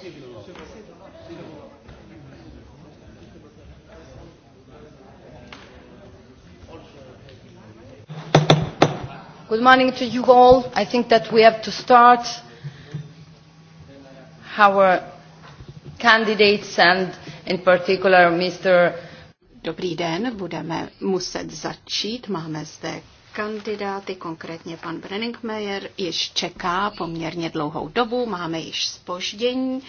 Good morning to you all. I think that we have to start our candidates and in particular Mr. Dobrý den, budeme muset začít. Máme zde kandidáty, konkrétně pan Brenningmeier, již čeká poměrně dlouhou dobu, máme již spoždění.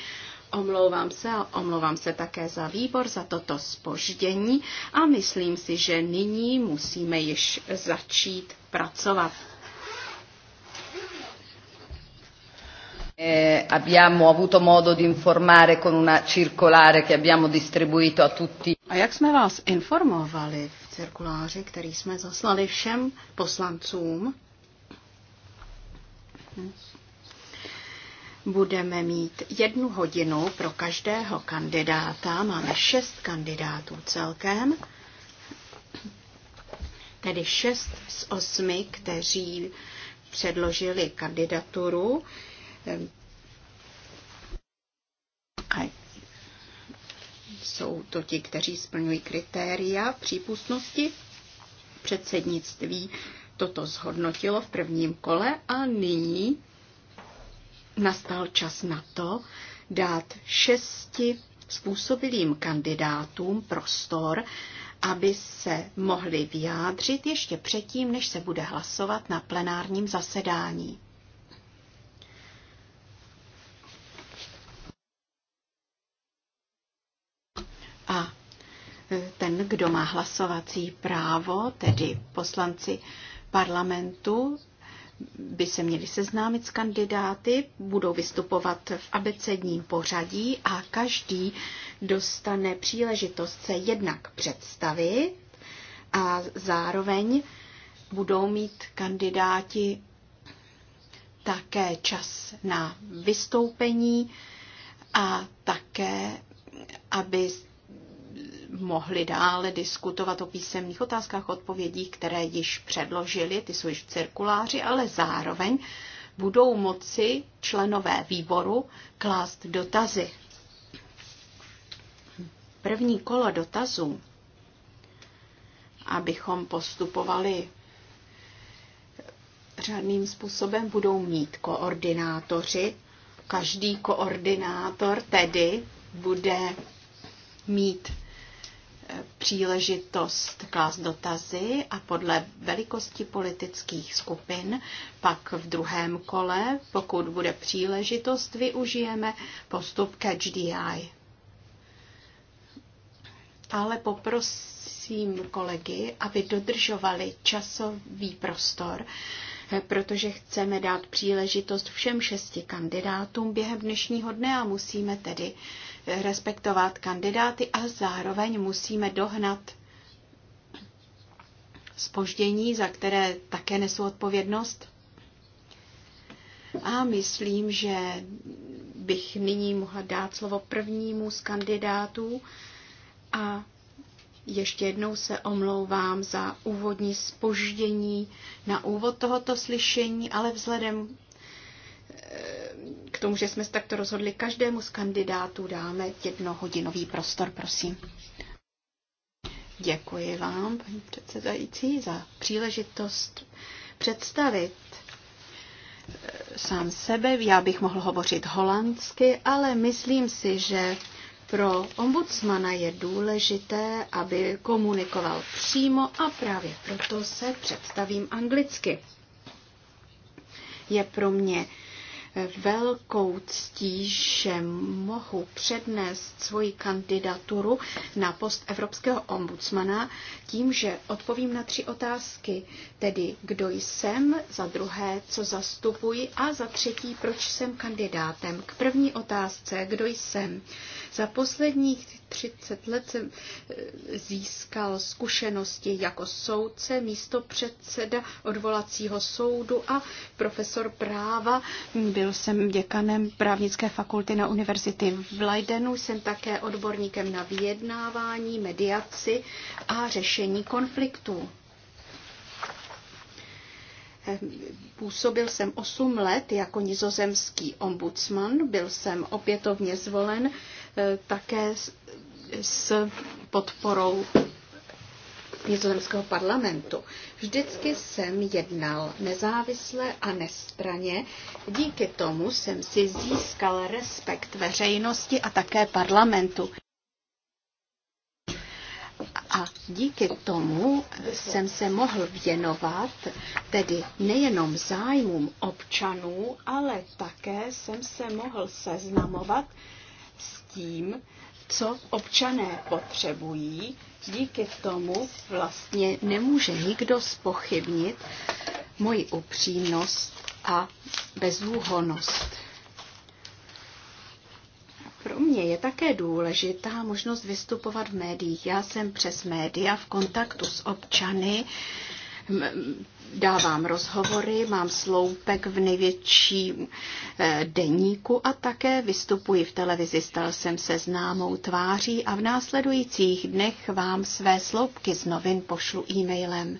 Omlouvám se a omlouvám se také za výbor, za toto spoždění a myslím si, že nyní musíme již začít pracovat. Eh, abbiamo avuto modo di informare con una circolare che abbiamo distribuito a tutti. A jak jsme vás informovali cirkuláři, který jsme zaslali všem poslancům. Budeme mít jednu hodinu pro každého kandidáta. Máme šest kandidátů celkem, tedy šest z osmi, kteří předložili kandidaturu. Jsou to ti, kteří splňují kritéria přípustnosti. Předsednictví toto zhodnotilo v prvním kole a nyní nastal čas na to dát šesti způsobilým kandidátům prostor, aby se mohli vyjádřit ještě předtím, než se bude hlasovat na plenárním zasedání. kdo má hlasovací právo, tedy poslanci parlamentu, by se měli seznámit s kandidáty, budou vystupovat v abecedním pořadí a každý dostane příležitost se jednak představit a zároveň budou mít kandidáti také čas na vystoupení a také, aby mohli dále diskutovat o písemných otázkách, odpovědích, které již předložili, ty jsou již v cirkuláři, ale zároveň budou moci členové výboru klást dotazy. První kolo dotazů, abychom postupovali řádným způsobem, budou mít koordinátoři. Každý koordinátor tedy bude mít příležitost klást dotazy a podle velikosti politických skupin pak v druhém kole, pokud bude příležitost, využijeme postup Catch the Eye. Ale poprosím kolegy, aby dodržovali časový prostor, protože chceme dát příležitost všem šesti kandidátům během dnešního dne a musíme tedy uh, respektovat kandidáty a zároveň musíme dohnat spoždění, za které také nesou odpovědnost. A myslím, že bych nyní mohla dát slovo prvnímu z kandidátů a ještě jednou se omlouvám za úvodní spoždění na úvod tohoto slyšení, ale vzhledem eh, k tomu, že jsme se takto rozhodli, každému z kandidátů dáme jednohodinový prostor, prosím. Děkuji vám, paní předsedající, za příležitost představit eh, sám sebe. Já bych mohl hovořit holandsky, ale myslím si, že pro ombudsmana je důležité, aby komunikoval přímo a právě proto se představím anglicky. Je pro mě velkou ctí, že mohu přednést svoji kandidaturu na post evropského ombudsmana tím, že odpovím na tři otázky, tedy kdo jsem, za druhé, co zastupuji a za třetí, proč jsem kandidátem. K první otázce, kdo jsem. Za posledních 30 let jsem eh, získal zkušenosti jako soudce, místo předseda odvolacího soudu a profesor práva. Byl jsem děkanem právnické fakulty na univerzity v Leidenu, jsem také odborníkem na vyjednávání, mediaci a řešení konfliktů. Eh, působil jsem 8 let jako nizozemský ombudsman, byl jsem opětovně zvolen eh, také s podporou nizozemského parlamentu. Vždycky jsem jednal nezávisle a nestraně. Díky tomu jsem si získal respekt veřejnosti a také parlamentu. A díky tomu jsem se mohl věnovat tedy nejenom zájmům občanů, ale také jsem se mohl seznamovat s tím, co občané potřebují. Díky tomu vlastně nemůže nikdo spochybnit moji upřímnost a bezúhonost. Pro mě je také důležitá možnost vystupovat v médiích. Já jsem přes média v kontaktu s občany, dávám rozhovory, mám sloupek v největším eh, deníku a také vystupuji v televizi. Stal jsem se známou tváří a v následujících dnech vám své sloupky z novin pošlu e-mailem.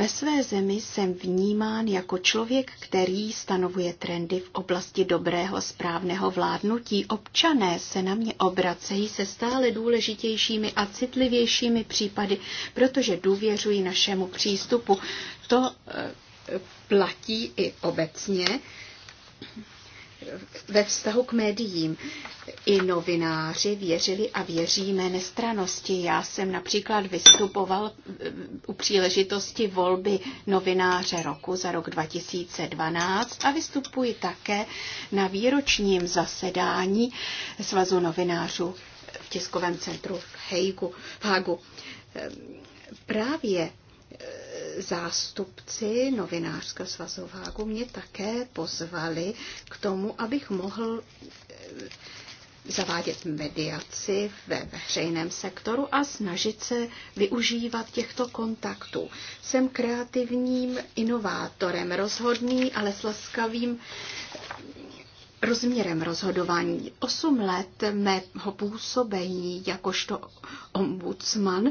Ve své zemi jsem vnímán jako člověk, který stanovuje trendy v oblasti dobrého správného vládnutí. Občané se na mě obracejí se stále důležitějšími a citlivějšími případy, protože důvěřují našemu přístupu. To eh, platí i obecně ve vztahu k médiím. I novináři věřili a věří mé nestranosti. Já jsem například vystupoval eh, u příležitosti volby novináře roku za rok 2012 a vystupuji také na výročním zasedání Svazu novinářů v tiskovém centru v, Hagu. Ehm, právě zástupci novinářského svazováku mě také pozvali k tomu, abych mohl eh, zavádět mediaci ve veřejném sektoru a snažit se využívat těchto kontaktů. Jsem kreativním inovátorem, rozhodný, ale slaskavým eh, rozměrem rozhodování. Osm let mého působení jakožto ombudsman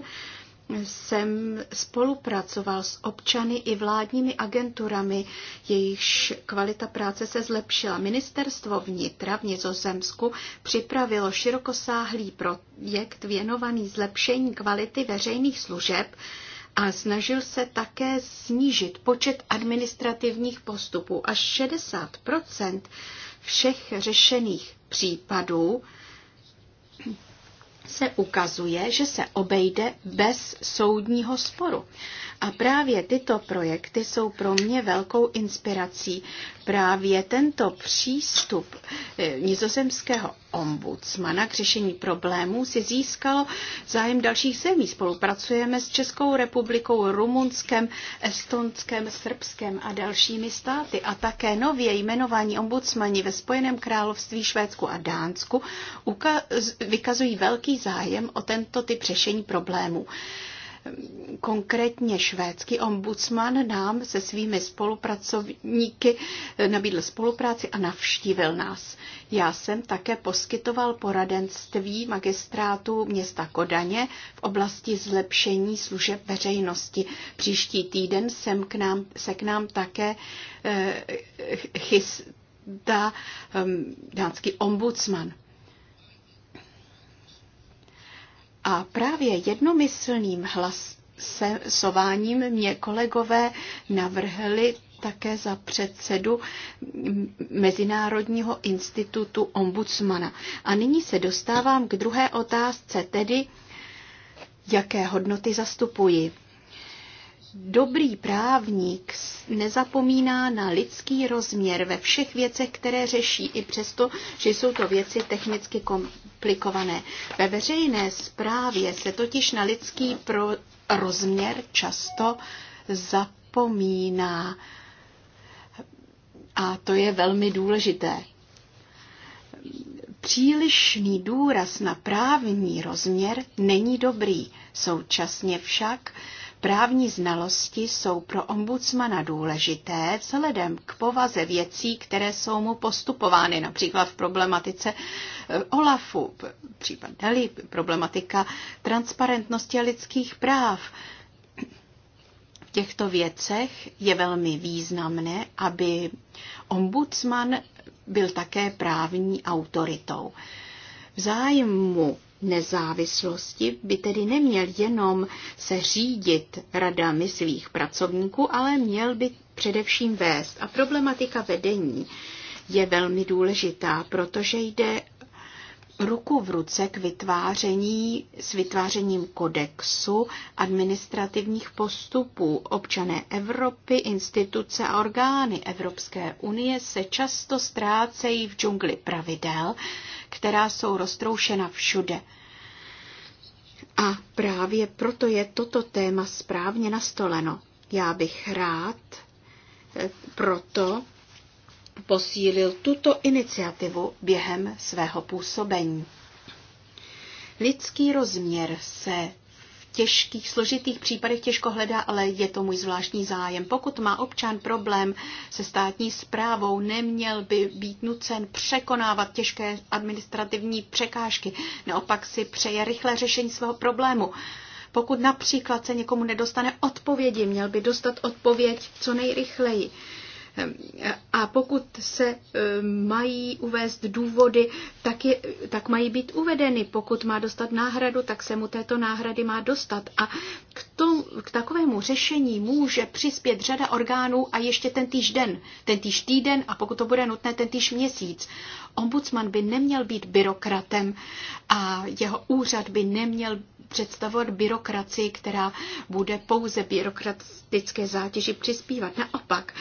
jsem spolupracoval s občany i vládními agenturami, jejichž kvalita práce se zlepšila. Ministerstvo vnitra v Nizozemsku připravilo širokosáhlý projekt věnovaný zlepšení kvality veřejných služeb a snažil se také snížit počet administrativních postupů. Až 60 všech řešených případů se ukazuje, že se obejde bez soudního sporu. A právě tyto projekty jsou pro mě velkou inspirací. Právě tento přístup eh, nizozemského ombudsmana k řešení problémů si získalo zájem dalších zemí. Spolupracujeme s Českou republikou, Rumunskem, Estonskem, Srbskem a dalšími státy a také nově jmenování ombudsmani ve Spojeném království, Švédsku a Dánsku vykazují velký zájem o tento typ řešení problémů. Konkrétně švédský ombudsman nám se svými spolupracovníky nabídl spolupráci a navštívil nás. Já jsem také poskytoval poradenství magistrátu města Kodaně v oblasti zlepšení služeb veřejnosti. Příští týden jsem k nám, se k nám také e, chystá ehm, dánský ombudsman. A právě jednomyslným hlasováním mě kolegové navrhli také za předsedu Mezinárodního institutu ombudsmana. A nyní se dostávám k druhé otázce, tedy jaké hodnoty zastupuji dobrý právník nezapomíná na lidský rozměr ve všech věcech, které řeší, i přesto, že jsou to věci technicky komplikované. Ve veřejné správě se totiž na lidský pro- rozměr často zapomíná. A to je velmi důležité. Přílišný důraz na právní rozměr není dobrý. Současně však uh, Právní znalosti jsou pro ombudsmana důležité vzhledem k povaze věcí, které jsou mu postupovány, například v problematice eh, OLAFu, případ Dali, problematika transparentnosti a lidských práv. V těchto věcech je velmi významné, aby ombudsman byl také právní autoritou. V zájmu nezávislosti by tedy neměl jenom se řídit radami svých pracovníků, ale měl by především vést. A problematika vedení je velmi důležitá, protože jde ruku v ruce k vytváření, s vytvářením kodexu administrativních postupů. Občané Evropy, instituce a orgány Evropské unie se často ztrácejí v džungli pravidel, která jsou roztroušena všude. A právě proto je toto téma správně nastoleno. Já bych rád eh, proto posílil tuto iniciativu během svého působení. Lidský rozměr se v těžkých, složitých případech těžko hledá, ale je to můj zvláštní zájem. Pokud má občan problém se státní zprávou, neměl by být nucen překonávat těžké administrativní překážky. Naopak si přeje rychlé řešení svého problému. Pokud například se někomu nedostane odpovědi, měl by dostat odpověď co nejrychleji. A pokud se e, mají uvést důvody, tak, je, tak mají být uvedeny. Pokud má dostat náhradu, tak se mu této náhrady má dostat. A k, to, k takovému řešení může přispět řada orgánů a ještě ten týž den, ten týž týden a pokud to bude nutné, ten týž měsíc. Ombudsman by neměl být byrokratem a jeho úřad by neměl představovat byrokracii, která bude pouze byrokratické zátěži přispívat. Naopak,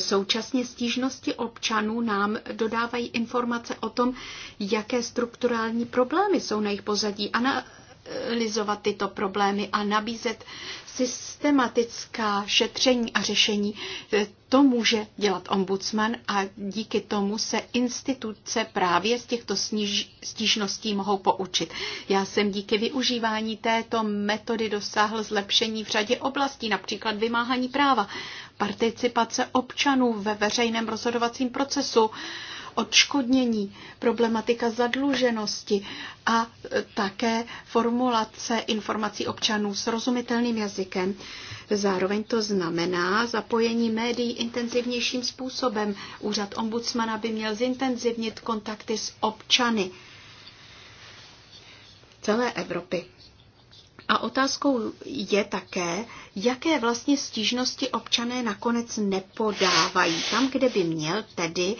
Současně stížnosti občanů nám dodávají informace o tom, jaké strukturální problémy jsou na jejich pozadí a na analyzovat tyto problémy a nabízet systematická šetření a řešení. To může dělat ombudsman a díky tomu se instituce právě z těchto stížností mohou poučit. Já jsem díky využívání této metody dosáhl zlepšení v řadě oblastí, například vymáhání práva, participace občanů ve veřejném rozhodovacím procesu, odškodnění, problematika zadluženosti a také formulace informací občanů s rozumitelným jazykem. Zároveň to znamená zapojení médií intenzivnějším způsobem. Úřad ombudsmana by měl zintenzivnit kontakty s občany celé Evropy. A otázkou je také, jaké vlastně stížnosti občané nakonec nepodávají. Tam, kde by měl tedy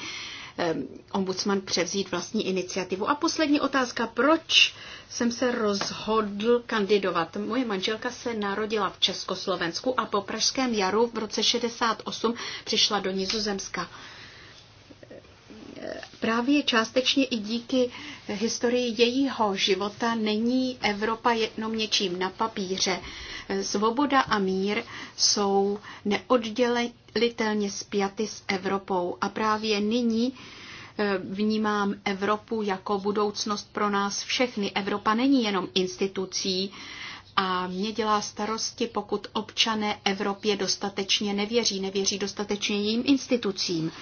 ombudsman převzít vlastní iniciativu. A poslední otázka, proč jsem se rozhodl kandidovat. Moje manželka se narodila v Československu a po Pražském jaru v roce 68 přišla do Nizozemska právě částečně i díky historii jejího života není Evropa jenom něčím na papíře. Svoboda a mír jsou neoddělení neoddělitelně spjaty s Evropou. A právě nyní eh, vnímám Evropu jako budoucnost pro nás všechny. Evropa není jenom institucí a mě dělá starosti, pokud občané Evropě dostatečně nevěří, nevěří dostatečně jejím institucím.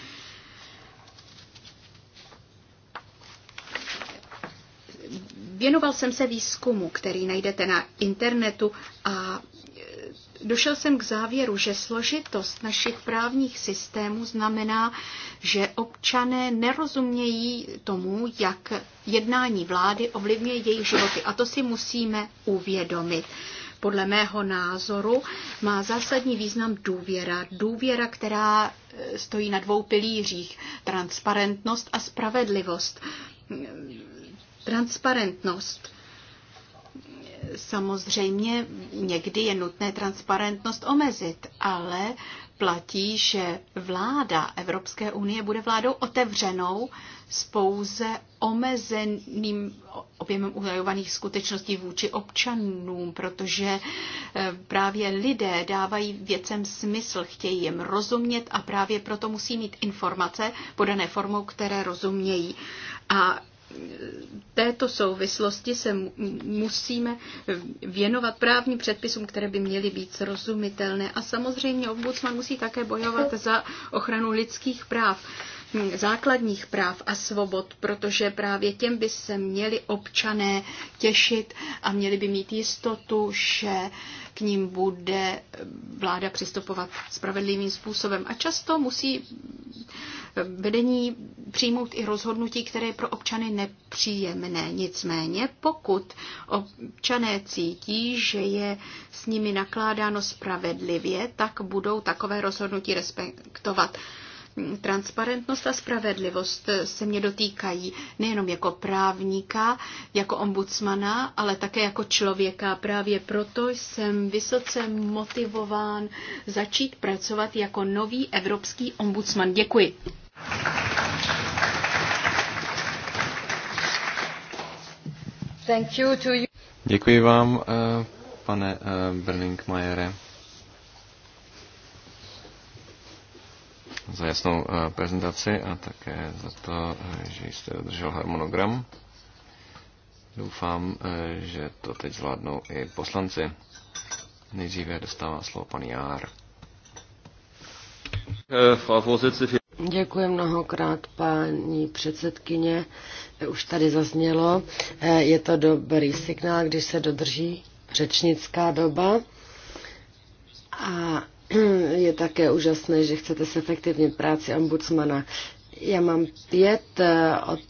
Věnoval jsem se výzkumu, který najdete na internetu a došel jsem k závěru, že složitost našich právních systémů znamená, že občané nerozumějí tomu, jak jednání vlády ovlivňuje jejich životy. A to si musíme uvědomit. Podle mého názoru má zásadní význam důvěra. Důvěra, která e, stojí na dvou pilířích. Transparentnost a spravedlivost. Transparentnost Samozřejmě někdy je nutné transparentnost omezit, ale platí, že vláda Evropské unie bude vládou otevřenou s pouze omezeným objemem údajovaných skutečností vůči občanům, protože eh, právě lidé dávají věcem smysl, chtějí jim rozumět a právě proto musí mít informace podané formou, které rozumějí. A této souvislosti se musíme věnovat právním předpisům, které by měly být srozumitelné. A samozřejmě ombudsman musí také bojovat za ochranu lidských práv základních práv a svobod, protože právě těm by se měli občané těšit a měli by mít jistotu, že k ním bude vláda přistupovat spravedlivým způsobem. A často musí vedení přijmout i rozhodnutí, které je pro občany nepříjemné. Nicméně, pokud občané cítí, že je s nimi nakládáno spravedlivě, tak budou takové rozhodnutí respektovat. Transparentnost a spravedlivost se mě dotýkají nejenom jako právníka, jako ombudsmana, ale také jako člověka. Právě proto jsem vysoce motivován začít pracovat jako nový evropský ombudsman. Děkuji. Děkuji vám, eh, pane eh, Brningmajere. za jasnou eh, prezentaci a také za to, eh, že jste dodržel harmonogram. Doufám, eh, že to teď zvládnou i poslanci. Nejdříve dostává slovo pan Jár. Děkuji mnohokrát, paní předsedkyně. Už tady zaznělo, je to dobrý signál, když se dodrží řečnická doba. A Je také úžasné, že chcete zefektivnit práci ombudsmana. Já mám pět eh, od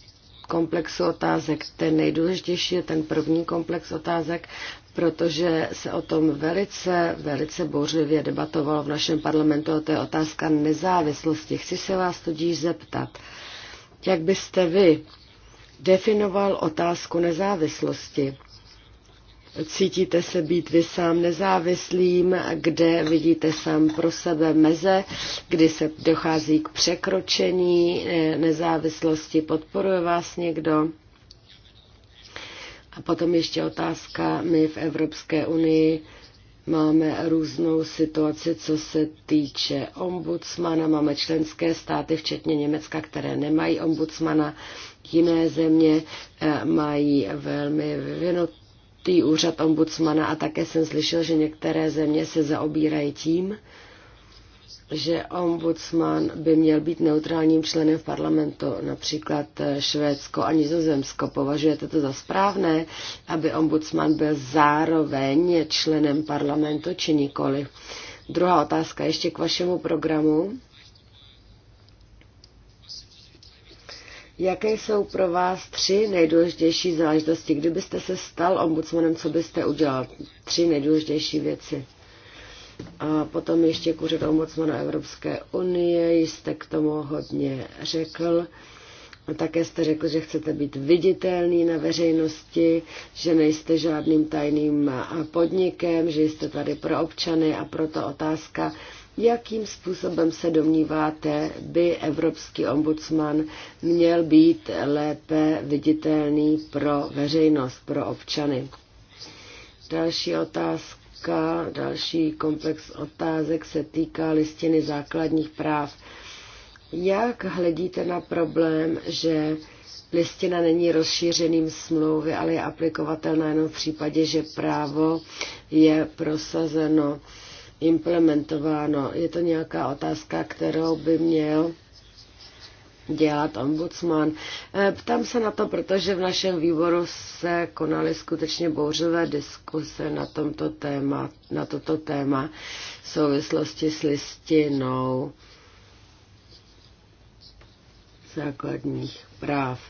komplexu otázek. Ten nejdůležitější je ten první komplex otázek, protože se o tom velice, velice bouřlivě debatovalo v našem parlamentu a to je otázka nezávislosti. Chci se vás tudíž zeptat, jak byste vy definoval otázku nezávislosti? cítíte se být vy sám nezávislým, kde vidíte sám pro sebe meze, kdy se dochází k překročení eh, nezávislosti, podporuje vás někdo? A potom ještě otázka, my v Evropské unii máme různou situaci, co se týče ombudsmana, máme členské státy, včetně Německa, které nemají ombudsmana, jiné země eh, mají velmi vyvinut tý úřad ombudsmana a také jsem slyšel, že některé země se zaobírají tím, že ombudsman by měl být neutrálním členem v parlamentu, například eh, Švédsko a Nizozemsko. Považujete to za správné, aby ombudsman byl zároveň členem parlamentu či nikoli? Druhá otázka ještě k vašemu programu. Jaké jsou pro vás tři nejdůležitější záležitosti? Kdybyste se stal ombudsmanem, co byste udělal? Tři nejdůležitější věci. A potom ještě k úřadu ombudsmana Evropské unie jste k tomu hodně řekl. A také jste řekl, že chcete být viditelný na veřejnosti, že nejste žádným tajným podnikem, že jste tady pro občany a proto otázka, Jakým způsobem se domníváte, by evropský ombudsman měl být lépe viditelný pro veřejnost, pro občany? Další otázka, další komplex otázek se týká listiny základních práv. Jak hledíte na problém, že listina není rozšířeným smlouvy, ale je aplikovatelná jenom v případě, že právo je prosazeno implementováno. Je to nějaká otázka, kterou by měl dělat ombudsman. Eh, ptám se na to, protože v našem výboru se konaly skutečně bouřové diskuse na, tomto téma, na toto téma v souvislosti s listinou základních práv.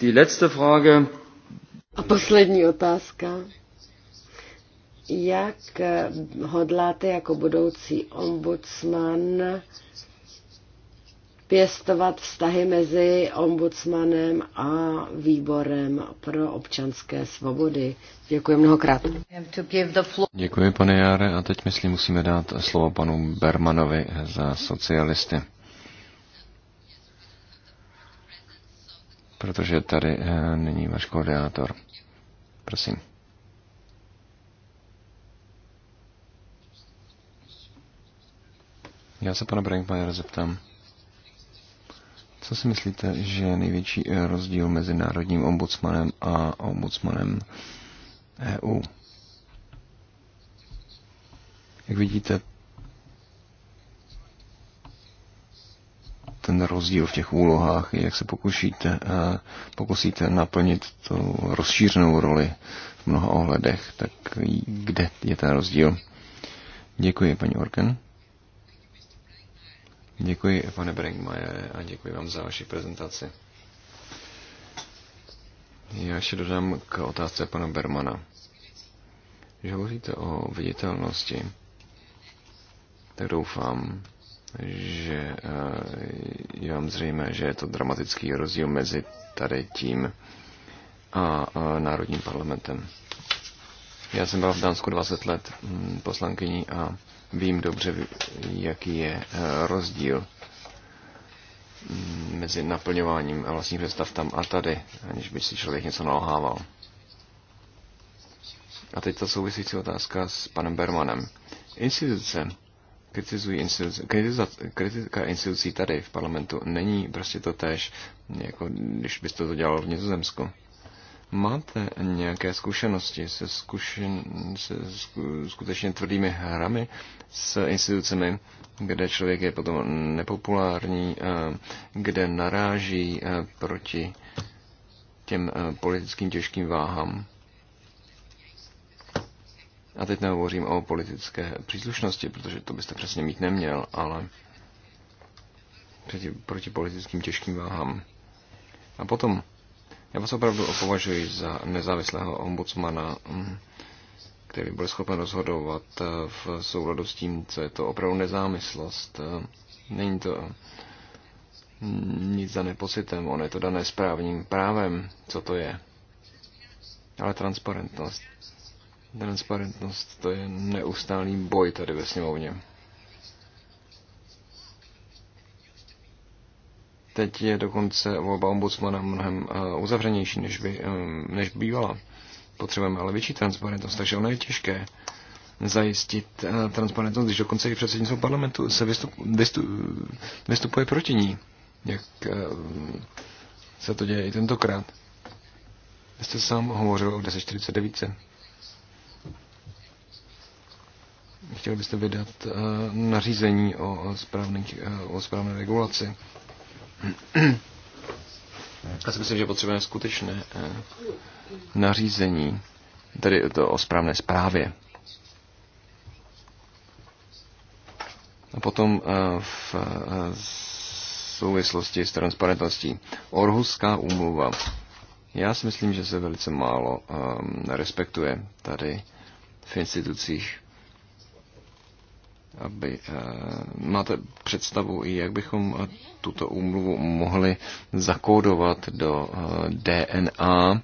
Die letzte Frage. A poslední otázka. Jak eh, hodláte jako budoucí ombudsman pěstovat vztahy mezi ombudsmanem a výborem pro občanské svobody. Děkuji mnohokrát. Děkuji, pane Jare, a teď myslím, musíme dát slovo panu Bermanovi za socialisty. Protože tady eh, není váš koordinátor. Prosím. Já se pana Brinkmajera zeptám. Co si myslíte, že je největší eh, rozdíl mezi národním ombudsmanem a ombudsmanem EU? Jak vidíte, ten rozdíl v těch úlohách, jak se pokusíte, eh, pokusíte naplnit tu rozšířenou roli v mnoha ohledech, tak kde je ten rozdíl? Děkuji, paní Orken. Děkuji, pane Brengmajer, a děkuji vám za vaši prezentaci. Já ještě dodám k otázce pana Bermana. Když hovoříte o viditelnosti, tak doufám, že eh, je vám zřejmé, že je to dramatický rozdíl mezi tady tím a Národním parlamentem. Já jsem byla v Dánsku 20 let mm, poslankyní a Vím dobře, jaký je eh, rozdíl mm, mezi naplňováním vlastních představ tam a tady, aniž by si člověk něco nalhával. A teď ta souvisící otázka s panem Bermanem. Instituce, kritizují instituce, kritiza, kritika institucí tady v parlamentu není prostě to tež, jako když byste to dělal v Nizozemsku. Máte nějaké zkušenosti se, zkušen, se skutečně tvrdými hrami s institucemi, kde člověk je potom nepopulární, eh, kde naráží eh, proti těm eh, politickým těžkým váhám? A teď nehovořím o politické příslušnosti, protože to byste přesně mít neměl, ale proti, proti politickým těžkým váhám. A potom já vás opravdu opovažuji za nezávislého ombudsmana, mm, který byl schopen rozhodovat eh, v souladu s tím, co je to opravdu nezávislost. Eh, Není to mm, nic za nepocitem, On je to dané správním právem, co to je. Ale transparentnost. Transparentnost to je neustálý boj tady ve sněmovně. Teď je dokonce volba ombudsmana mnohem eh, uzavřenější, než, by, než bývala. Potřebujeme ale větší transparentnost, takže ono je těžké zajistit eh, transparentnost, když dokonce i předsednictvo parlamentu se vystup, vystup, vystupuje proti ní, jak eh, se to děje i tentokrát. Vy jste sám hovořil o 1049. Chtěli byste vydat nařízení o, uh, o správné regulaci já si myslím, že potřebujeme skutečné eh, nařízení, tedy to o správné zprávě. A potom eh, v eh, souvislosti s transparentností. Orhuská úmluva. Já si myslím, že se velice málo ehm, respektuje tady v institucích aby eh, máte představu, jak bychom eh, tuto úmluvu mohli zakódovat do eh, DNA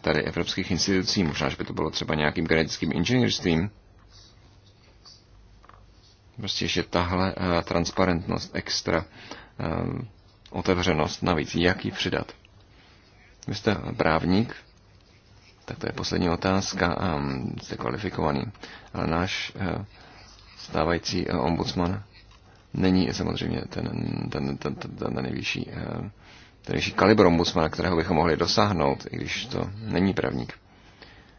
tady evropských institucí. Možná, že by to bylo třeba nějakým genetickým inženýrstvím. Prostě, že tahle transparentnost extra otevřenost navíc, jak ji přidat. Vy jste právník, tak to je poslední otázka. Ehm, jste kvalifikovaný. Ale náš eh, stávající eh, ombudsman není samozřejmě ten, ten, ten, ten, ten nejvyšší, eh, ten nejvyšší kalibr ombudsmana, kterého bychom mohli dosáhnout, i když to není právník.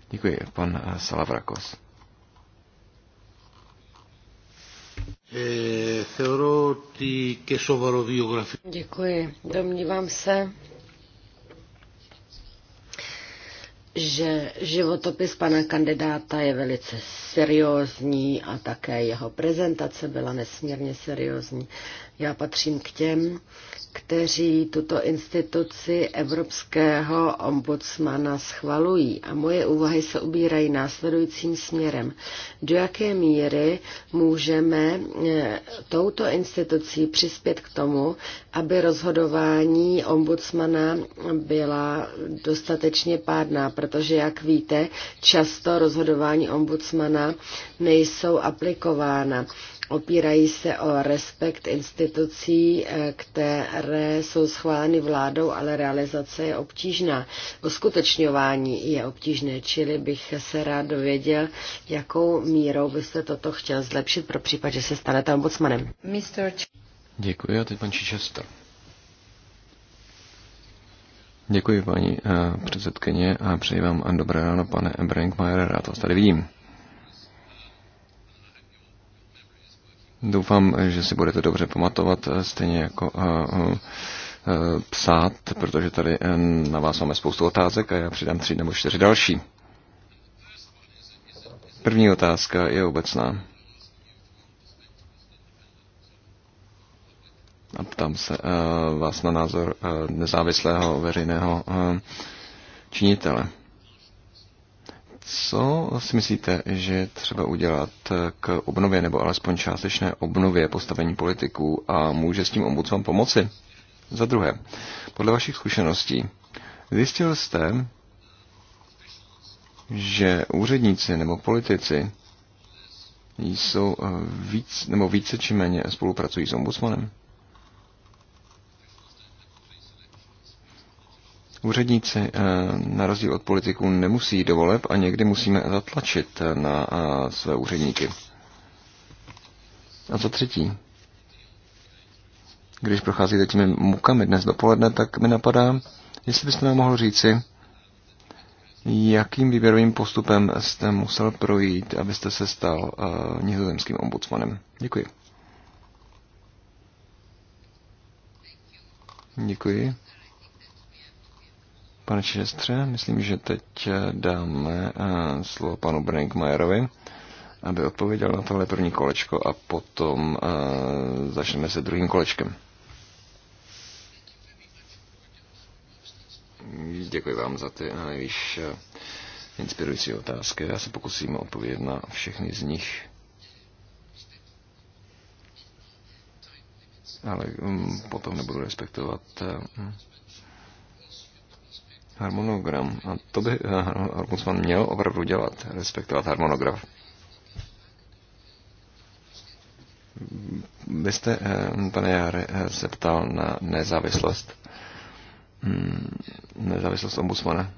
Děkuji, pan Salavrakos. Děkuji. Domnívám se, že životopis pana kandidáta je velice seriózní a také jeho prezentace byla nesmírně seriózní. Já patřím k těm, kteří tuto instituci evropského ombudsmana schvalují a moje úvahy se ubírají následujícím směrem. Do jaké míry můžeme eh, touto institucí přispět k tomu, aby rozhodování ombudsmana byla dostatečně pádná, protože, jak víte, často rozhodování ombudsmana nejsou aplikována opírají se o respekt institucí, eh, které jsou schváleny vládou, ale realizace je obtížná. Uskutečňování je obtížné, čili bych se rád dověděl, jakou mírou byste toto chtěl zlepšit pro případ, že se stanete ombudsmanem. Mr. Děkuji a teď pan Čičester. Děkuji, paní eh, předsedkyně, a přeji vám dobré ráno, pane Brinkmajer, rád vás tady vidím. Doufám, že si budete dobře pamatovat, eh, stejně jako eh, eh, psát, protože tady na vás máme spoustu otázek a já přidám tři nebo čtyři další. První otázka je obecná. A ptám se vás na názor nezávislého veřejného činitele. Co si myslíte, že je třeba udělat k obnově nebo alespoň částečné obnově postavení politiků a může s tím ombudsman pomoci? Za druhé, podle vašich zkušeností, zjistil jste, že úředníci nebo politici jsou eh, víc, nebo více či méně spolupracují s ombudsmanem? Úředníci eh, na rozdíl od politiků nemusí dovoleb a někdy musíme zatlačit eh, na eh, své úředníky. A co třetí, když procházíte těmi mukami dnes dopoledne, tak mi napadá, jestli byste nám mohl říci, jakým výběrovým postupem jste musel projít, abyste se stal uh, nizozemským ombudsmanem. Děkuji. Děkuji. Pane Čestře, myslím, že teď eh, dáme eh, slovo panu Brinkmajerovi, aby odpověděl na tohle první kolečko a potom eh, začneme se druhým kolečkem. Děkuji vám za ty nejvíc inspirující otázky. Já se pokusím odpovědět na všechny z nich. Ale mm, potom nebudu respektovat harmonogram. A to by eh, ombudsman měl opravdu dělat, respektovat harmonogram. Vy jste, eh, pane Jare, eh, se ptal na nezávislost. Mm, nezávislost ombudsmana.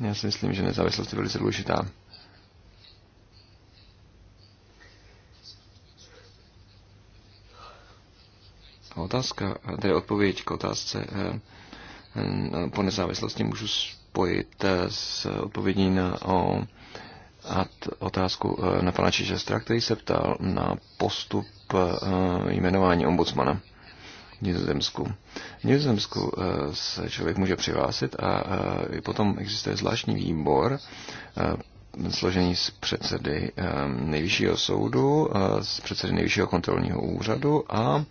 Já si myslím, že nezávislost je velice důležitá. Otázka, tedy odpověď k otázce eh, eh, po nezávislosti můžu spojit eh, s odpovědí na o, otázku na pana Čižestra, který se ptal na postup jmenování ombudsmana v Nizozemsku. V Nizozemsku se člověk může přihlásit a potom existuje zvláštní výbor složený z předsedy nejvyššího soudu, z předsedy nejvyššího kontrolního úřadu a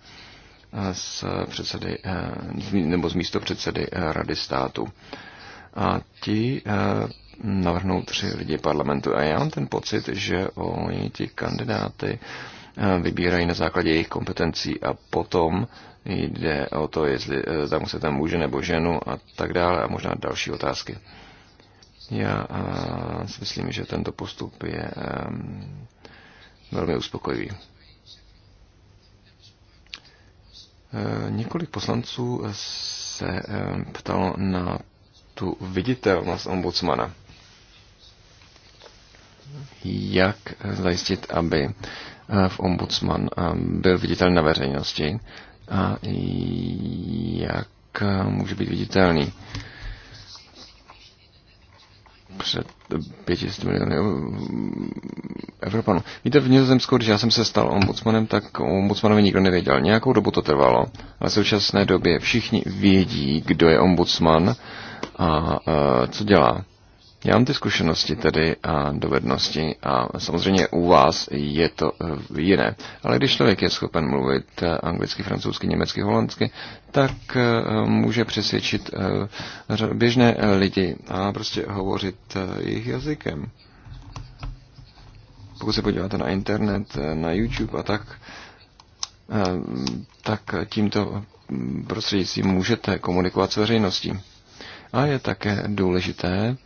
z předsedy, eh, nebo z místo předsedy eh, Rady státu. A ti eh, navrhnou tři lidi parlamentu. A já mám ten pocit, že oni ti kandidáty vybírají na základě jejich kompetencí a potom jde o to, jestli tam se tam muže nebo ženu a tak dále a možná další otázky. Já si myslím, že tento postup je velmi uspokojivý. Eh, několik poslanců se eh, ptalo na tu viditelnost ombudsmana. Jak zajistit, aby eh, v ombudsman byl viditelný na veřejnosti a jak může být viditelný před 500 miliony eh, Evropanů. Víte, v Nizozemsku, když já jsem se stal ombudsmanem, tak o ombudsmanovi nikdo nevěděl. Nějakou dobu to trvalo, ale v současné době všichni vědí, kdo je ombudsman a, a eh, co dělá. Já mám ty zkušenosti tedy a dovednosti a samozřejmě u vás je to eh, jiné. Ale když člověk je schopen mluvit eh, anglicky, francouzsky, německy, holandsky, tak eh, může přesvědčit běžné lidi a prostě hovořit jejich jazykem. Pokud se podíváte na internet, na YouTube a tak, tak tímto prostřednictvím můžete komunikovat s veřejností. A je také důležité,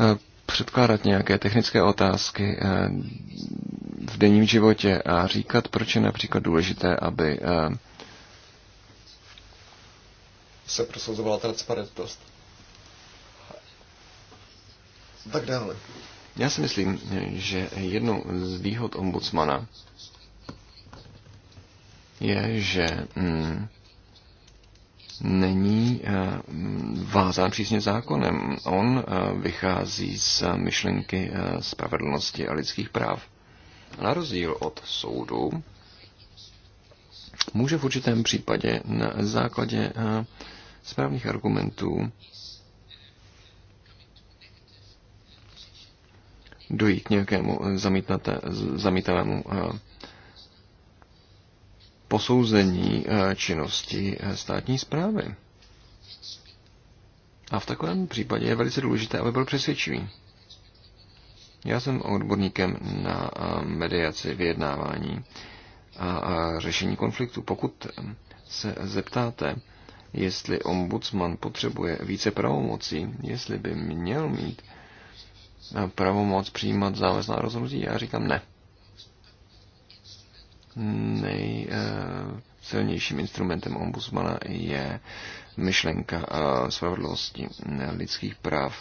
Eh, předkládat nějaké technické otázky eh, v denním životě a říkat, proč je například důležité, aby eh, se prosazovala transparentnost. Tak dále. Já si myslím, že jednou z výhod ombudsmana je, že mm, není eh, vázán přísně zákonem. On eh, vychází z myšlenky eh, spravedlnosti a lidských práv. Na rozdíl od soudu může v určitém případě na základě správných argumentů dojít k nějakému zamítavému posouzení eh, činnosti eh, státní zprávy. A v takovém případě je velice důležité, aby byl přesvědčivý. Já jsem odborníkem na eh, mediaci, vyjednávání a řešení konfliktu. Pokud se zeptáte, jestli ombudsman potřebuje více pravomocí, jestli by měl mít pravomoc přijímat závazná rozhodnutí, já říkám ne nejsilnějším instrumentem ombudsmana je myšlenka eh, spravedlnosti lidských práv.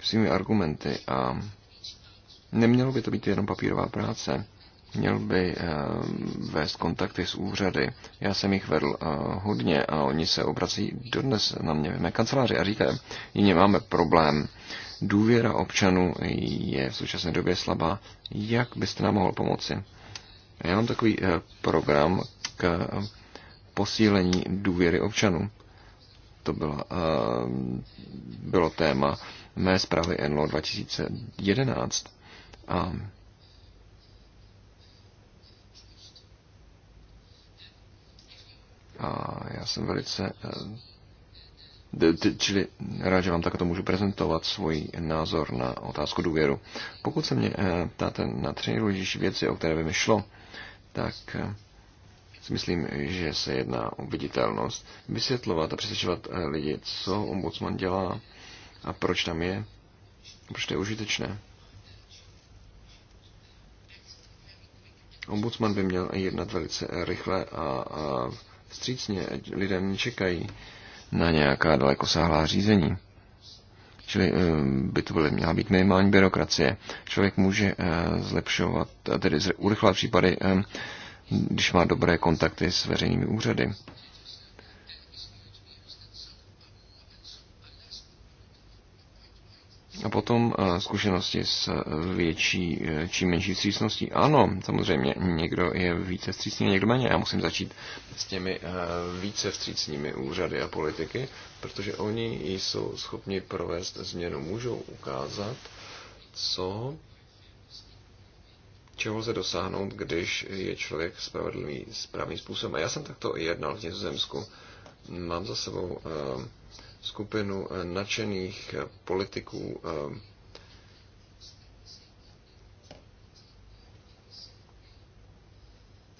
Svými argumenty a nemělo by to být jenom papírová práce měl by eh, vést kontakty s úřady. Já jsem jich vedl eh, hodně a oni se obrací dodnes na mě v mé kanceláři a říkají, jině máme problém důvěra občanů je v současné době slabá. Jak byste nám mohl pomoci? Já mám takový eh, program k eh, posílení důvěry občanů. To bylo, eh, bylo téma mé zprávy NLO 2011. A A já jsem velice Čili rád, že vám takto můžu prezentovat svůj názor na otázku důvěru. Pokud se mě eh, ptáte na tři nejdůležitější věci, o které by mi šlo, tak eh, si myslím, že se jedná o viditelnost. Vysvětlovat a přesvědčovat eh, lidi, co ombudsman dělá a proč tam je, proč to je užitečné. Ombudsman by měl jednat velice rychle a, a vstřícně. Lidé mě čekají na nějaká dalekosáhlá řízení. Čili eh, by to byly, měla být minimální byrokracie. Člověk může eh, zlepšovat, eh, tedy urychlovat případy, když má dobré kontakty s veřejnými úřady. A potom eh, zkušenosti s eh, větší eh, či menší vstřícností. Ano, samozřejmě, někdo je více vstřícný, někdo méně. Já musím začít s těmi více vstřícnými úřady a politiky, protože oni jsou schopni provést změnu, můžou ukázat, co čeho lze dosáhnout, když je člověk spravedlivý správným způsobem. A já jsem takto jednal v Nizozemsku. Mám za sebou uh, skupinu eh, nadšených eh, politiků eh,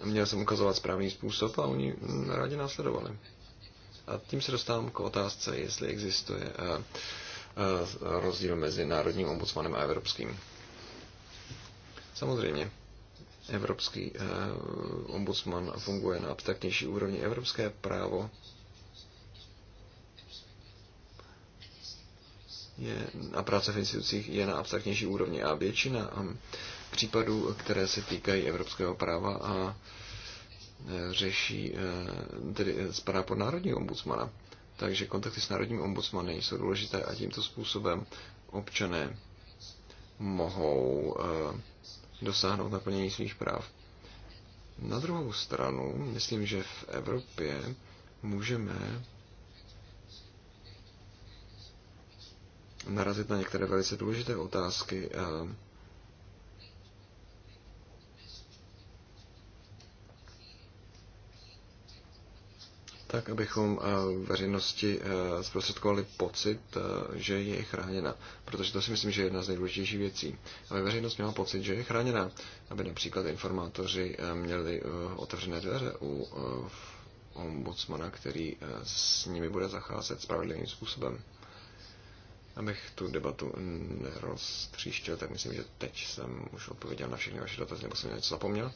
měl jsem ukazovat správný způsob a oni rádi následovali. A tím se dostávám k otázce, jestli existuje rozdíl mezi národním ombudsmanem a evropským. Samozřejmě, evropský ombudsman funguje na abstraktnější úrovni. Evropské právo je, a práce v institucích je na abstraktnější úrovni. A většina um, případů, které se týkají evropského práva a e, řeší, e, tedy spadá pod národní ombudsmana. Takže kontakty s národním ombudsmany jsou důležité a tímto způsobem občané mohou e, dosáhnout naplnění svých práv. Na druhou stranu, myslím, že v Evropě můžeme narazit na některé velice důležité otázky. Eh, tak, abychom eh, veřejnosti eh, zprostředkovali pocit, že je chráněna. Protože to si myslím, že je jedna z nejdůležitějších věcí. Aby veřejnost měla pocit, že je chráněna. Aby například informátoři měli otevřené dveře u ombudsmana, který s nimi bude zacházet spravedlivým způsobem. Abych tu debatu neroztříštil, tak myslím, že teď jsem už odpověděl na všechny vaše dotazy, nebo jsem něco zapomněl.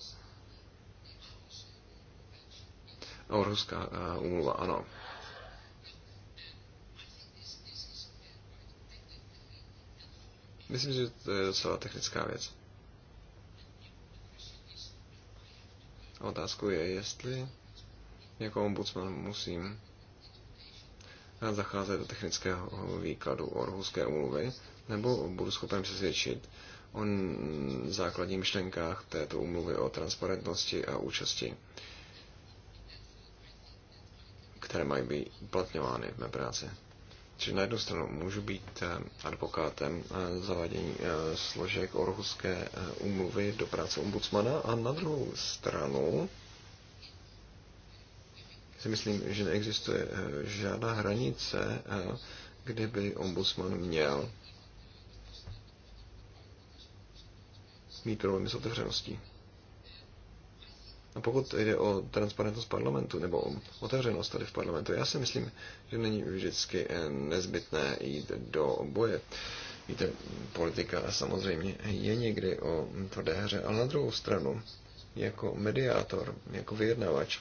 O, no, ruská eh, úmluva, ano. Myslím, že to je docela technická věc. Otázku je, jestli jako ombudsman musím zacházet do technického výkladu o Orhuské umluvy, nebo budu schopen přesvědčit o základních myšlenkách této umluvy o transparentnosti a účasti, které mají být uplatňovány v mé práci. Čili na jednu stranu můžu být eh, advokátem eh, zavádění eh, složek Orhuské umluvy do práce ombudsmana a na druhou stranu si myslím, že neexistuje eh, žádná hranice, eh, kde by ombudsman měl mít problémy s otevřeností. A pokud jde o transparentnost parlamentu nebo o otevřenost tady v parlamentu, já si myslím, že není vždycky eh, nezbytné jít do boje. Víte, politika samozřejmě je někdy o tvrdé hře, ale na druhou stranu, jako mediátor, jako vyjednavač,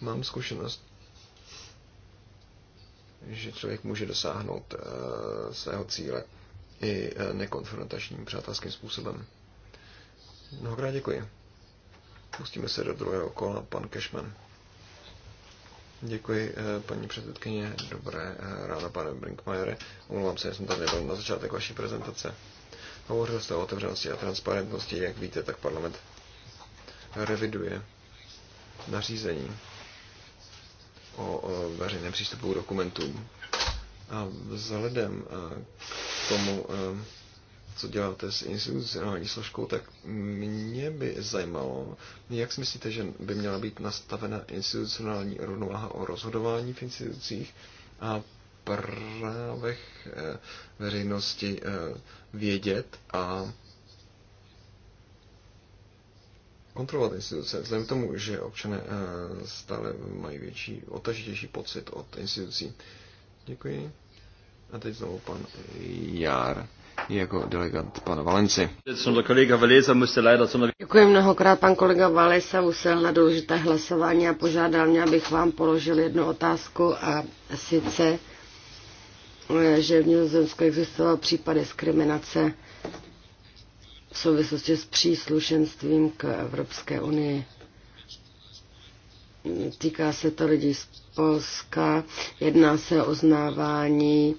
Mám zkušenost, že člověk může dosáhnout eh, svého cíle i eh, nekonfrontačním přátelským způsobem. Mnohokrát děkuji. Pustíme se do druhého kola, pan Cashman. Děkuji, eh, paní předsedkyně. Dobré ráno, pane Brinkmajere. Omlouvám se, že jsem tady nebyl na začátek vaší prezentace. Hovořil jste o otevřenosti a transparentnosti. Jak víte, tak parlament reviduje nařízení o veřejném přístupu k dokumentům. A vzhledem eh, k tomu, eh, co děláte s institucionální složkou, tak mě by zajímalo, jak si myslíte, že by měla být nastavena institucionální rovnováha o rozhodování v institucích a právech eh, veřejnosti vědět a kontrolovat instituce, vzhledem k tomu, že občané eh, stále mají větší, otažitější pocit od institucí. Děkuji. A teď znovu pan Jár jako delegant pana Valenci. Děkuji mnohokrát, pan kolega Valesa musel na důležité hlasování a požádal mě, abych vám položil jednu otázku a sice, eh, že v Nizozemsku existoval případ diskriminace v souvislosti s příslušenstvím k Evropské unii. Týká se to lidí z Polska, jedná se o uznávání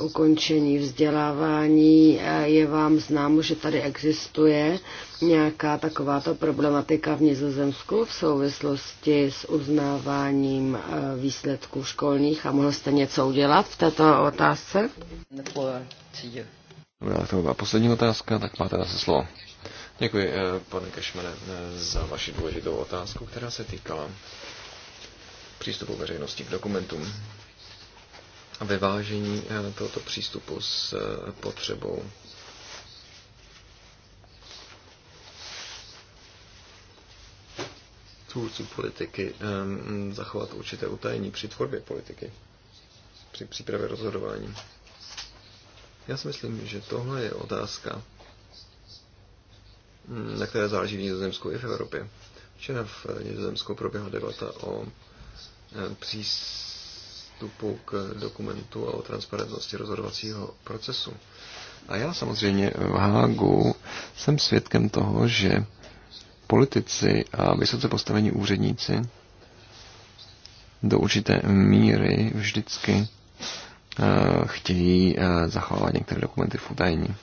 ukončení vzdělávání. Je vám známo, že tady existuje nějaká takováto problematika v Nizozemsku v souvislosti s uznáváním eh, výsledků školních a mohl jste něco udělat v této otázce? Dobrá, to byla poslední otázka, tak máte zase slovo. Děkuji, eh, pane Kašmane, eh, za vaši důležitou otázku, která se týkala přístupu veřejnosti k dokumentům a vyvážení eh, tohoto přístupu s potřebou tvůrců politiky zachovat určité utajení při tvorbě politiky, při přípravě rozhodování. Já si myslím, že tohle je otázka, na které záleží v Nizozemsku i v Evropě. Včera v Nizozemsku proběhla debata o eh, přístupu k dokumentu a o transparentnosti rozhodovacího procesu. A já samozřejmě v Hágu jsem svědkem toho, že politici a vysoce postavení úředníci do určité míry vždycky Eh, chtějí eh, zachovávat některé dokumenty v utajení.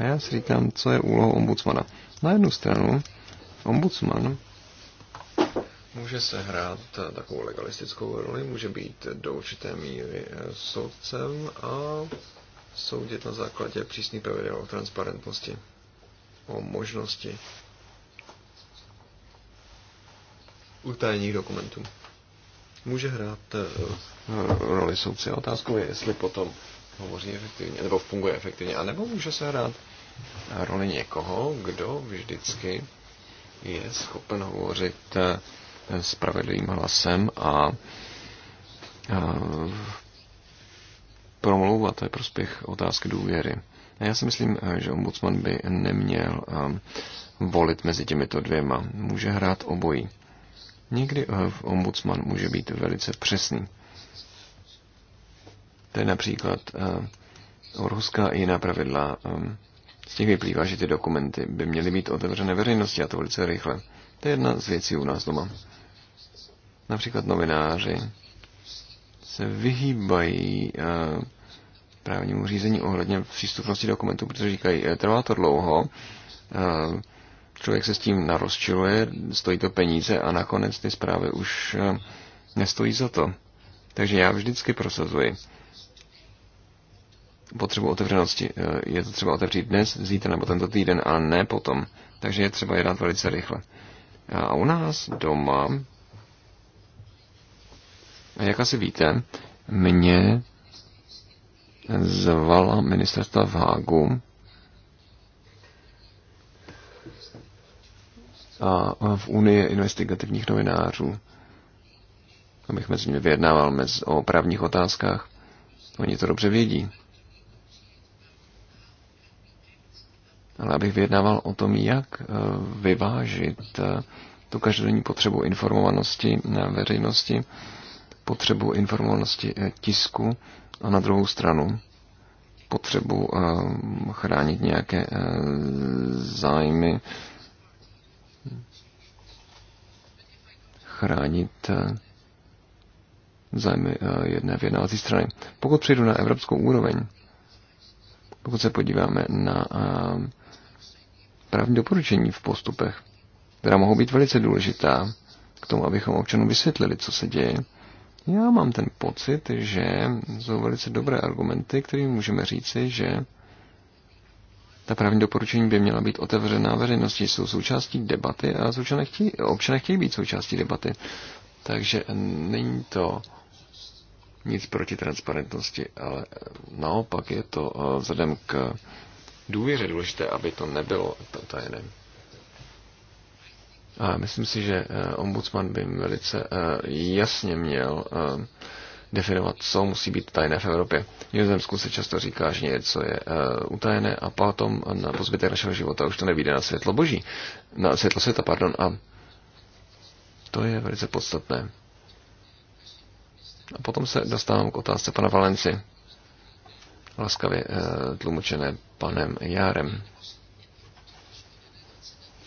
A já si říkám, co je úlohou ombudsmana. Na jednu stranu, ombudsman může se hrát eh, takovou legalistickou roli, může být do určité míry soudcem a soudit na základě přísný pravidel o transparentnosti, o možnosti utajených dokumentů může hrát eh, eh, roli soudce. Otázkou je, jestli potom hovoří efektivně, nebo funguje efektivně, anebo může se hrát roli někoho, kdo vždycky je schopen hovořit eh, spravedlivým hlasem a promlouvat ve prospěch otázky důvěry. Já si myslím, že ombudsman by neměl volit mezi těmito dvěma. Může hrát obojí. Někdy eh, ombudsman může být velice přesný. To je například eh, ruská i jiná pravidla. Eh, z těch vyplývá, že ty dokumenty by měly být otevřené veřejnosti a to velice rychle. To je jedna z věcí u nás doma. Například novináři se vyhýbají právnímu řízení ohledně přístupnosti dokumentů, protože říkají, trvá to dlouho, člověk se s tím narozčiluje, stojí to peníze a nakonec ty zprávy už eh, nestojí za to. Takže já vždycky prosazuji potřebu otevřenosti. Eh, je to třeba otevřít dnes, zítra nebo tento týden, a ne potom. Takže je třeba jednat velice rychle. A u nás doma, jak asi víte, mě zvala ministerstva v Hágu a v Unii investigativních novinářů, abych mezi nimi vyjednával mez, o právních otázkách. Oni to dobře vědí. Ale abych vyjednával o tom, jak eh, vyvážit eh, tu každodenní potřebu informovanosti na veřejnosti, potřebu informovanosti eh, tisku a na druhou stranu potřebu chránit nějaké zájmy chránit eh, zájmy eh, jedné vyjednávací strany. Pokud přejdu na evropskou úroveň, pokud se podíváme na eh, právní doporučení v postupech, která mohou být velice důležitá k tomu, abychom občanům vysvětlili, co se děje, já mám ten pocit, že jsou velice dobré argumenty, kterým můžeme říci, že ta právní doporučení by měla být otevřená veřejnosti, jsou součástí debaty a občané chtějí, občané chtějí být součástí debaty. Takže není to nic proti transparentnosti, ale naopak je to eh, vzhledem k důvěře důležité, aby to nebylo tajné. A myslím si, že eh, ombudsman by velice eh, jasně měl definovat, co musí být tajné v Evropě. V Nizozemsku se často říká, že něco je uh, utajené a potom na pozbytek našeho života už to nevíde na světlo boží, na světlo světa, pardon, a to je velice podstatné. A potom se dostávám k otázce pana Valenci, laskavě uh, tlumočené panem Járem.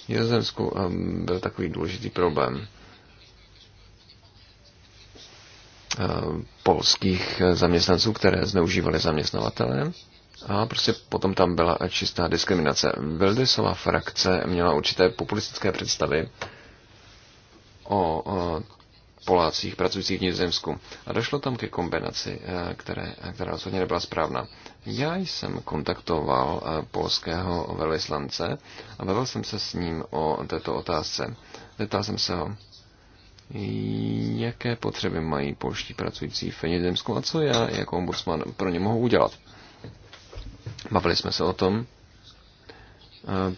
V Nizozemsku um, byl takový důležitý problém Eh, polských zaměstnanců, které zneužívali zaměstnavatele. A prostě potom tam byla čistá diskriminace. Wildesova frakce měla určité populistické představy o Polácích pracujících v Nizozemsku. A došlo tam ke kombinaci, eh, které, která rozhodně nebyla správná. Já jsem kontaktoval eh, polského velvyslance a bavil jsem se s ním o této otázce. Zeptal jsem se ho, jaké potřeby mají polští pracující v Nizozemsku a co já jako ombudsman pro ně mohu udělat. Bavili jsme se o tom,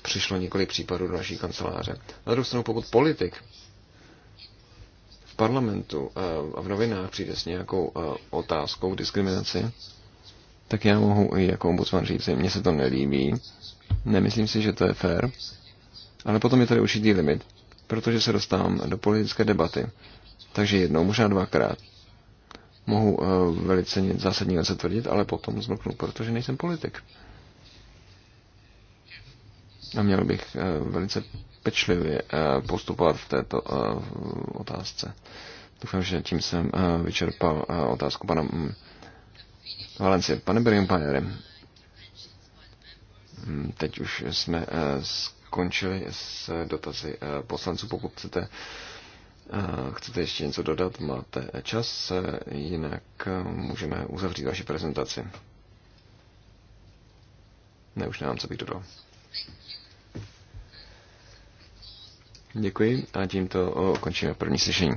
přišlo několik případů do naší kanceláře. Na druhou stranu, pokud politik v parlamentu eh, a v novinách přijde s nějakou eh, otázkou diskriminaci, tak já mohu i jako ombudsman říct, mně se to nelíbí, nemyslím si, že to je fér, ale potom je tady určitý limit protože se dostávám do politické debaty. Takže jednou, možná dvakrát. Mohu uh, velice zásadní věci tvrdit, ale potom zmlknu, protože nejsem politik. A měl bych uh, velice pečlivě uh, postupovat v této uh, otázce. Doufám, že tím jsem uh, vyčerpal uh, otázku pana um, Valencie. Pane Berium um, hm, teď už jsme uh, skončili s dotazy eh, poslanců. Pokud chcete, eh, chcete ještě něco dodat, máte čas, eh, jinak můžeme uzavřít vaši prezentaci. Ne, už nemám, co bych dodal. Děkuji a tímto končíme první slyšení.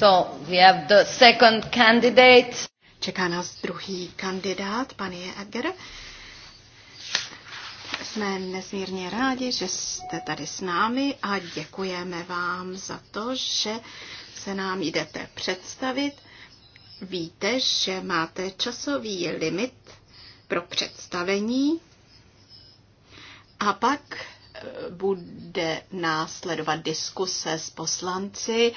So we have the second candidate. Čeká nás druhý kandidát, pan je Edgar. Jsme nesmírně rádi, že jste tady s námi a děkujeme vám za to, že se nám jdete představit. Víte, že máte časový limit pro představení a pak eh, bude bude následovat diskuse s poslanci.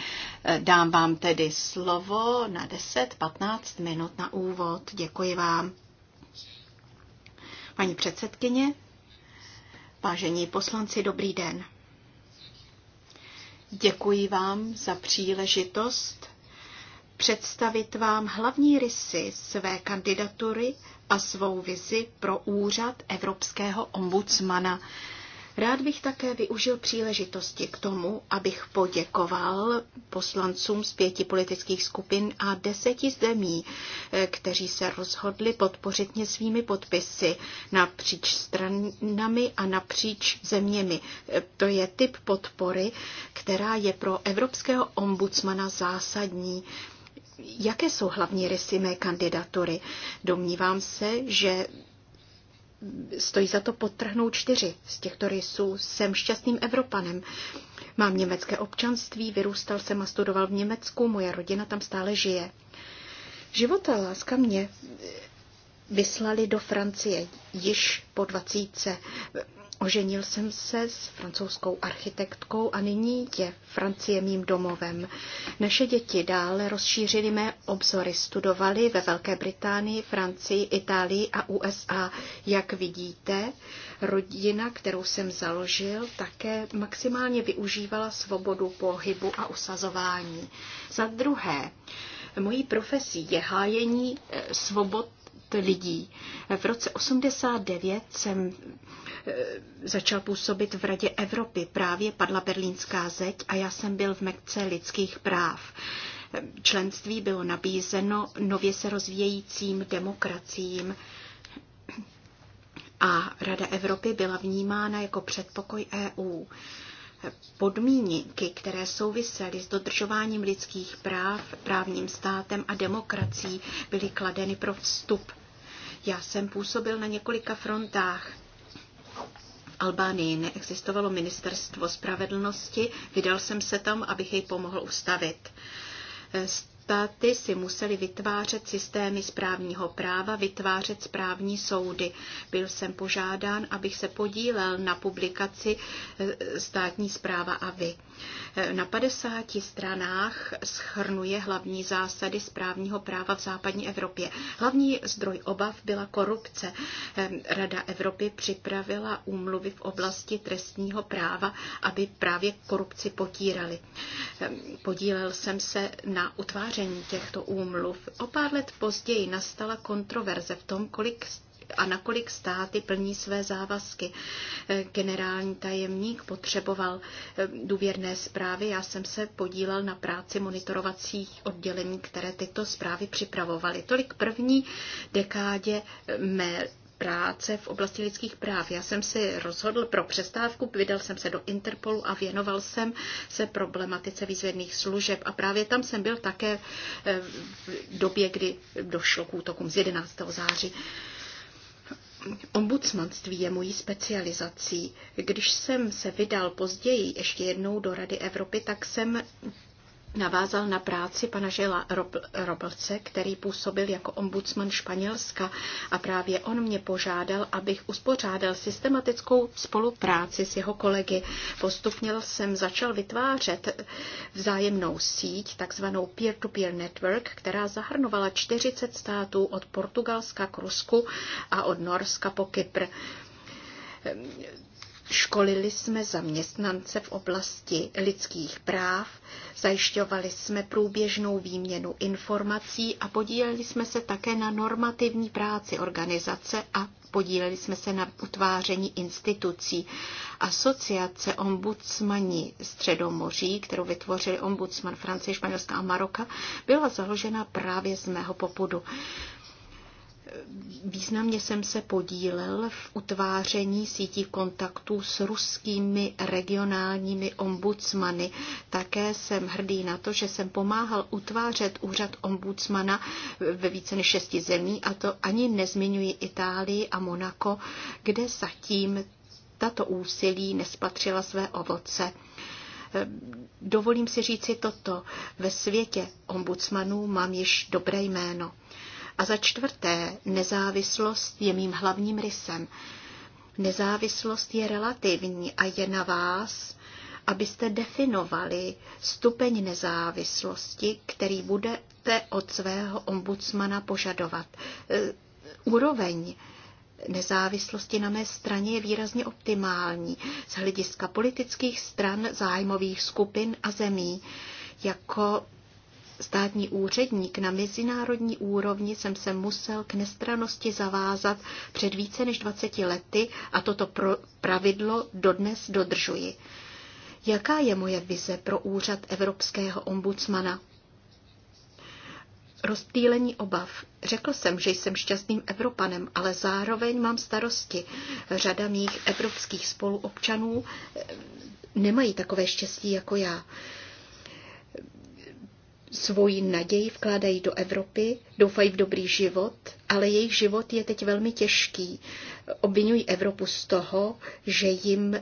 Dám vám tedy slovo na 10-15 minut na úvod. Děkuji vám. Paní předsedkyně, vážení poslanci, dobrý den. Děkuji vám za příležitost představit vám hlavní rysy své kandidatury a svou vizi pro úřad Evropského ombudsmana. Rád bych také využil příležitosti k tomu, abych poděkoval poslancům z pěti politických skupin a deseti zemí, eh, kteří se rozhodli podpořit mě svými podpisy napříč stranami a napříč zeměmi. Eh, to je typ podpory, která je pro evropského ombudsmana zásadní. Jaké jsou hlavní rysy mé kandidatury? Domnívám se, že stojí za to potrhnout čtyři z těchto rysů. Jsem šťastným Evropanem. Mám německé občanství, vyrůstal jsem a studoval v Německu, moje rodina tam stále žije. Život a láska mě vyslali do Francie již po dvacítce. Oženil jsem se s francouzskou architektkou a nyní je Francie mým domovem. Naše děti dále rozšířily mé obzory, studovali ve Velké Británii, Francii, Itálii a USA. Jak vidíte, rodina, kterou jsem založil, také maximálně využívala svobodu pohybu a usazování. Za druhé, mojí profesí je hájení eh, svobod lidí. V roce 89 jsem eh, začal působit v Radě Evropy. Právě padla berlínská zeď a já jsem byl v Mekce lidských práv. Členství bylo nabízeno nově se rozvíjejícím demokraciím a Rada Evropy byla vnímána jako předpokoj EU podmínky, které souvisely s dodržováním lidských práv, právním státem a demokracií, byly kladeny pro vstup. Já jsem působil na několika frontách. V Albánii neexistovalo ministerstvo spravedlnosti, vydal jsem se tam, abych jej pomohl ustavit státy si museli vytvářet systémy správního práva, vytvářet správní soudy. Byl jsem požádán, abych se podílel na publikaci eh, státní zpráva a vy. Eh, na 50 stranách schrnuje hlavní zásady správního práva v západní Evropě. Hlavní zdroj obav byla korupce. Eh, Rada Evropy připravila úmluvy v oblasti trestního práva, aby právě korupci potírali. Podílel jsem se na utváření uzavření těchto úmluv o pár let později nastala kontroverze v tom, kolik a nakolik státy plní své závazky. Eh, generální tajemník potřeboval eh, důvěrné zprávy. Já jsem se podílel na práci monitorovacích oddělení, které tyto zprávy připravovaly. Tolik první dekádě mé práce v oblasti lidských práv. Já jsem si rozhodl pro přestávku, vydal jsem se do Interpolu a věnoval jsem se problematice výzvědných služeb. A právě tam jsem byl také eh, v době, kdy došlo k útokům z 11. září. Ombudsmanství je mojí specializací. Když jsem se vydal později ještě jednou do Rady Evropy, tak jsem navázal na práci pana Žela Roblce, který působil jako ombudsman Španělska a právě on mě požádal, abych uspořádal systematickou spolupráci s jeho kolegy. Postupně jsem začal vytvářet vzájemnou síť, takzvanou peer-to-peer network, která zahrnovala 40 států od Portugalska k Rusku a od Norska po Kypr Školili jsme zaměstnance v oblasti lidských práv, zajišťovali jsme průběžnou výměnu informací a podíleli jsme se také na normativní práci organizace a podíleli jsme se na utváření institucí. Asociace ombudsmani Středomoří, kterou vytvořili ombudsman Francie, Španělská a Maroka, byla založena právě z mého popudu. Významně jsem se podílel v utváření sítí kontaktů s ruskými regionálními ombudsmany. Také jsem hrdý na to, že jsem pomáhal utvářet úřad ombudsmana ve více než šesti zemí, a to ani nezmiňuji Itálii a Monako, kde zatím tato úsilí nespatřila své ovoce. Dovolím si říci toto. Ve světě ombudsmanů mám již dobré jméno. A za čtvrté, nezávislost je mým hlavním rysem. Nezávislost je relativní a je na vás, abyste definovali stupeň nezávislosti, který budete od svého ombudsmana požadovat. E, úroveň nezávislosti na mé straně je výrazně optimální z hlediska politických stran, zájmových skupin a zemí. Jako státní úředník na mezinárodní úrovni jsem se musel k nestranosti zavázat před více než 20 lety a toto pravidlo dodnes dodržuji. Jaká je moje vize pro úřad evropského ombudsmana? rozptýlení obav. Řekl jsem, že jsem šťastným Evropanem, ale zároveň mám starosti. Řada mých evropských spoluobčanů eh, nemají takové štěstí jako já svoji naději vkládají do Evropy, doufají v dobrý život, ale jejich život je teď velmi těžký. Obvinují Evropu z toho, že jim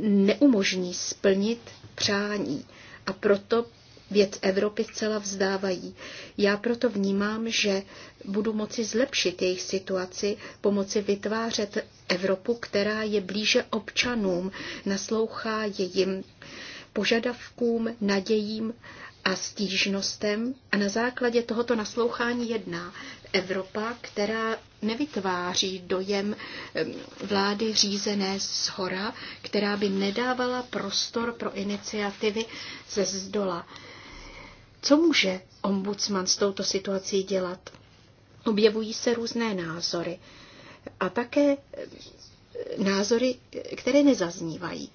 neumožní splnit přání a proto věc Evropy zcela vzdávají. Já proto vnímám, že budu moci zlepšit jejich situaci, pomoci vytvářet Evropu, která je blíže občanům, naslouchá jejím požadavkům, nadějím a stížnostem a na základě tohoto naslouchání jedná Evropa, která nevytváří dojem vlády řízené z hora, která by nedávala prostor pro iniciativy ze zdola. Co může ombudsman s touto situací dělat? Objevují se různé názory a také názory, které nezaznívají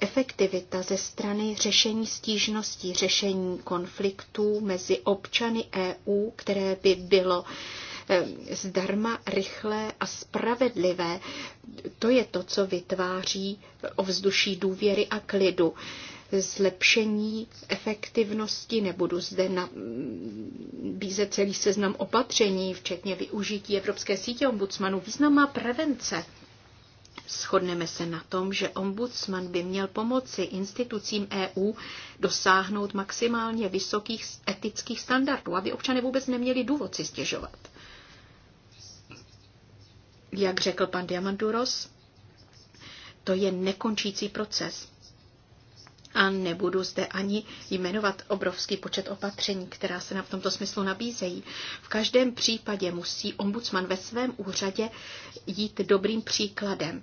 efektivita ze strany řešení stížností, řešení konfliktů mezi občany EU, které by bylo zdarma, rychlé a spravedlivé. To je to, co vytváří ovzduší důvěry a klidu. Zlepšení efektivnosti, nebudu zde nabízet celý seznam opatření, včetně využití Evropské sítě ombudsmanů, významná prevence Shodneme se na tom, že ombudsman by měl pomoci institucím EU dosáhnout maximálně vysokých etických standardů, aby občané vůbec neměli důvod si stěžovat. Jak řekl pan Diamanduros, to je nekončící proces a nebudu zde ani jmenovat obrovský počet opatření, která se na v tomto smyslu nabízejí. V každém případě musí ombudsman ve svém úřadě jít dobrým příkladem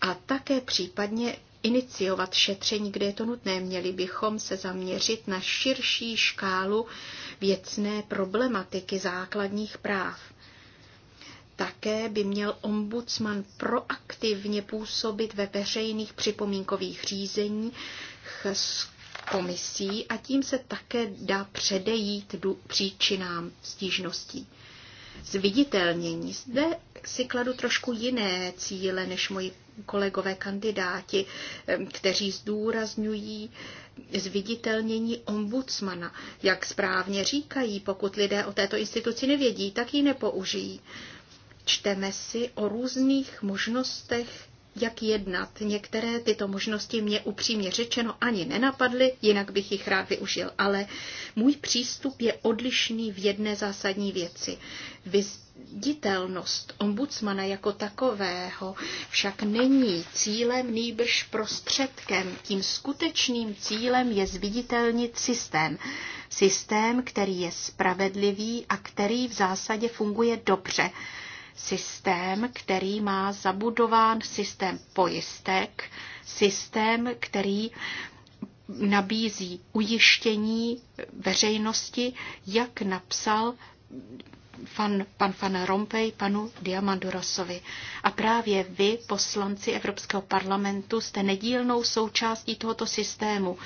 a také případně iniciovat šetření, kde je to nutné. Měli bychom se zaměřit na širší škálu věcné problematiky základních práv. Také by měl ombudsman proaktivně působit ve veřejných připomínkových řízení, s komisí a tím se také dá předejít příčinám stížností. Zviditelnění. Zde si kladu trošku jiné cíle než moji kolegové kandidáti, kteří zdůrazňují zviditelnění ombudsmana. Jak správně říkají, pokud lidé o této instituci nevědí, tak ji nepoužijí. Čteme si o různých možnostech jak jednat. Některé tyto možnosti mě upřímně řečeno ani nenapadly, jinak bych jich rád využil, ale můj přístup je odlišný v jedné zásadní věci. Viditelnost ombudsmana jako takového však není cílem nýbrž prostředkem. Tím skutečným cílem je zviditelnit systém. Systém, který je spravedlivý a který v zásadě funguje dobře systém, který má zabudován systém pojistek, systém, který nabízí ujištění veřejnosti, jak napsal pan, pan Van Rompuy panu Diamandurasovi. A právě vy, poslanci Evropského parlamentu, jste nedílnou součástí tohoto systému.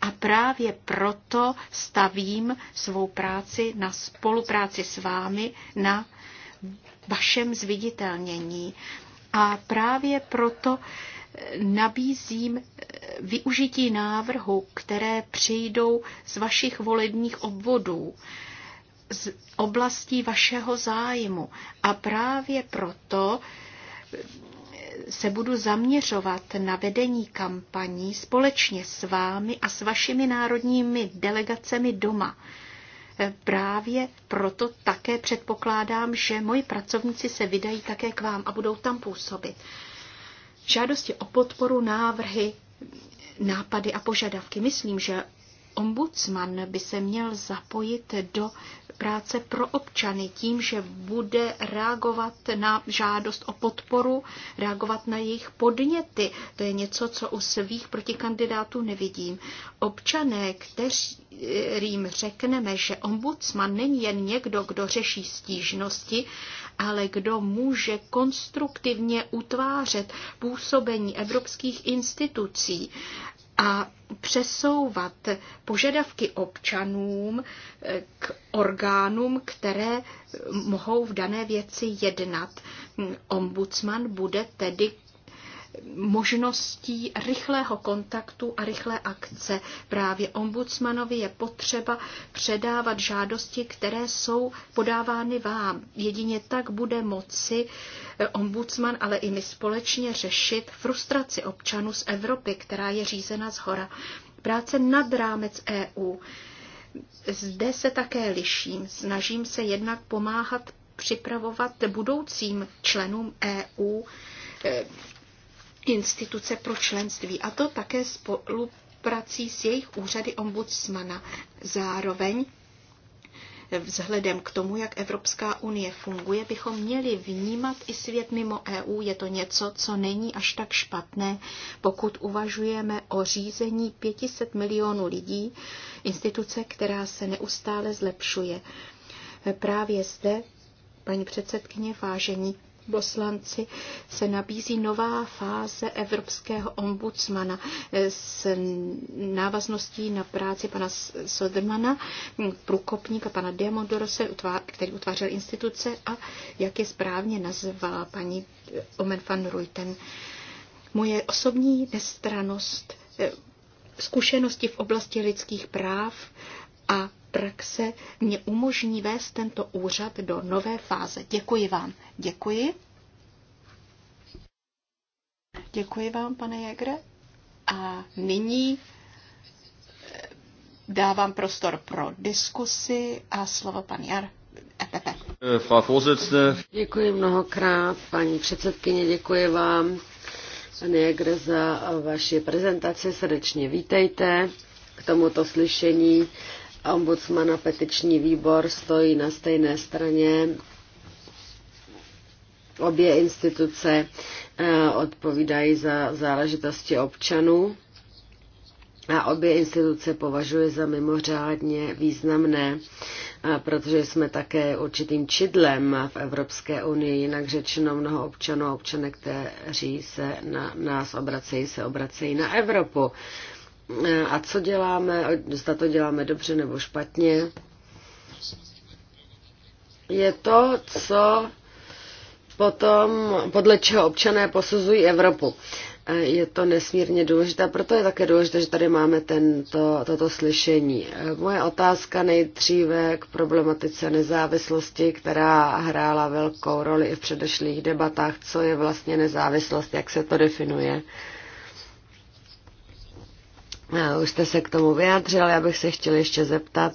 A právě proto stavím svou práci na spolupráci s vámi na vašem zviditelnění. A právě proto nabízím využití návrhu, které přijdou z vašich volebních obvodů, z oblastí vašeho zájmu. A právě proto se budu zaměřovat na vedení kampaní společně s vámi a s vašimi národními delegacemi doma. Právě proto také předpokládám, že moji pracovníci se vydají také k vám a budou tam působit. Žádosti o podporu, návrhy, nápady a požadavky. Myslím, že Ombudsman by se měl zapojit do práce pro občany tím, že bude reagovat na žádost o podporu, reagovat na jejich podněty. To je něco, co u svých protikandidátů nevidím. Občané, kterým řekneme, že ombudsman není jen někdo, kdo řeší stížnosti, ale kdo může konstruktivně utvářet působení evropských institucí a přesouvat požadavky občanům eh, k orgánům, které eh, mohou v dané věci jednat. Hm, ombudsman bude tedy možností rychlého kontaktu a rychlé akce. Právě ombudsmanovi je potřeba předávat žádosti, které jsou podávány vám. Jedině tak bude moci eh, ombudsman, ale i my společně řešit frustraci občanů z Evropy, která je řízena z hora. Práce nad rámec EU. Zde se také liším. Snažím se jednak pomáhat připravovat budoucím členům EU eh, instituce pro členství, a to také spoluprací s jejich úřady ombudsmana. Zároveň Vzhledem k tomu, jak Evropská unie funguje, bychom měli vnímat i svět mimo EU. Je to něco, co není až tak špatné, pokud uvažujeme o řízení 500 milionů lidí, instituce, která se neustále zlepšuje. Právě zde, paní předsedkyně, vážení poslanci se nabízí nová fáze evropského ombudsmana s návazností na práci pana Sodermana, průkopníka pana Diamondorose, který utvářel instituce a jak je správně nazvala paní Omen van Ruyten. Moje osobní nestranost, eh, zkušenosti v oblasti lidských práv a praxe mě umožní vést tento úřad do nové fáze. Děkuji vám. Děkuji. Děkuji vám, pane Jegre. A nyní eh, dávám prostor pro diskusi a slovo pan Jar. E děkuji mnohokrát, paní předsedkyně, děkuji vám, pane Jegre, za vaši prezentaci. Srdečně vítejte k tomuto slyšení ombudsman a petiční výbor stojí na stejné straně. Obě instituce eh, odpovídají za záležitosti občanů a obě instituce považuje za mimořádně významné, eh, protože jsme také určitým čidlem v Evropské unii, jinak řečeno mnoho občanů a občanek, kteří se na nás obracejí, se obracejí na Evropu. E, a co děláme, zda to děláme dobře nebo špatně, je to, co potom, podle čeho občané posuzují Evropu. E, je to nesmírně důležité, proto je také důležité, že tady máme tento, toto slyšení. E, moje otázka nejdříve k problematice nezávislosti, která hrála velkou roli i v předešlých debatách, co je vlastně nezávislost, jak se to definuje. Uh, už jste se k tomu vyjádřil, já bych se chtěl ještě zeptat,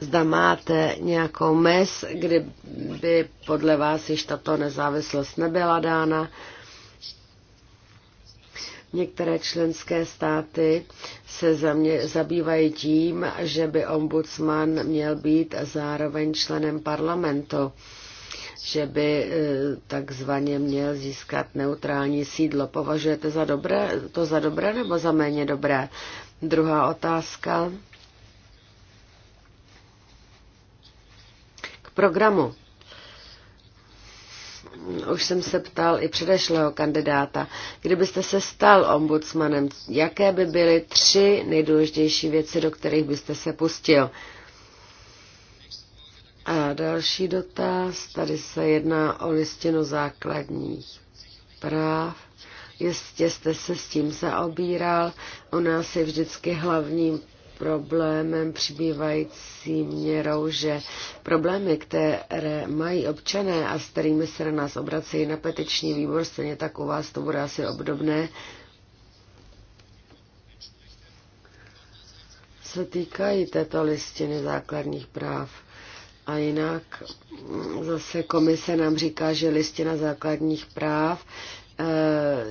zda máte nějakou mes, kdyby podle vás již tato nezávislost nebyla dána. Některé členské státy se zamě, zabývají tím, že by ombudsman měl být zároveň členem parlamentu, že by e, takzvaně měl získat neutrální sídlo. Považujete za dobré, to za dobré nebo za méně dobré? Druhá otázka. K programu. Už jsem se ptal i předešlého kandidáta. Kdybyste se stal ombudsmanem, jaké by byly tři nejdůležitější věci, do kterých byste se pustil? A další dotaz. Tady se jedná o listinu základních práv. Jistě jste se s tím zaobíral. U nás je vždycky hlavním problémem přibývající měrou, že problémy, které mají občané a s kterými se na nás obracejí na petiční výbor, stejně tak u vás to bude asi obdobné, se týkají této listiny základních práv. A jinak mm, zase komise nám říká, že listina základních práv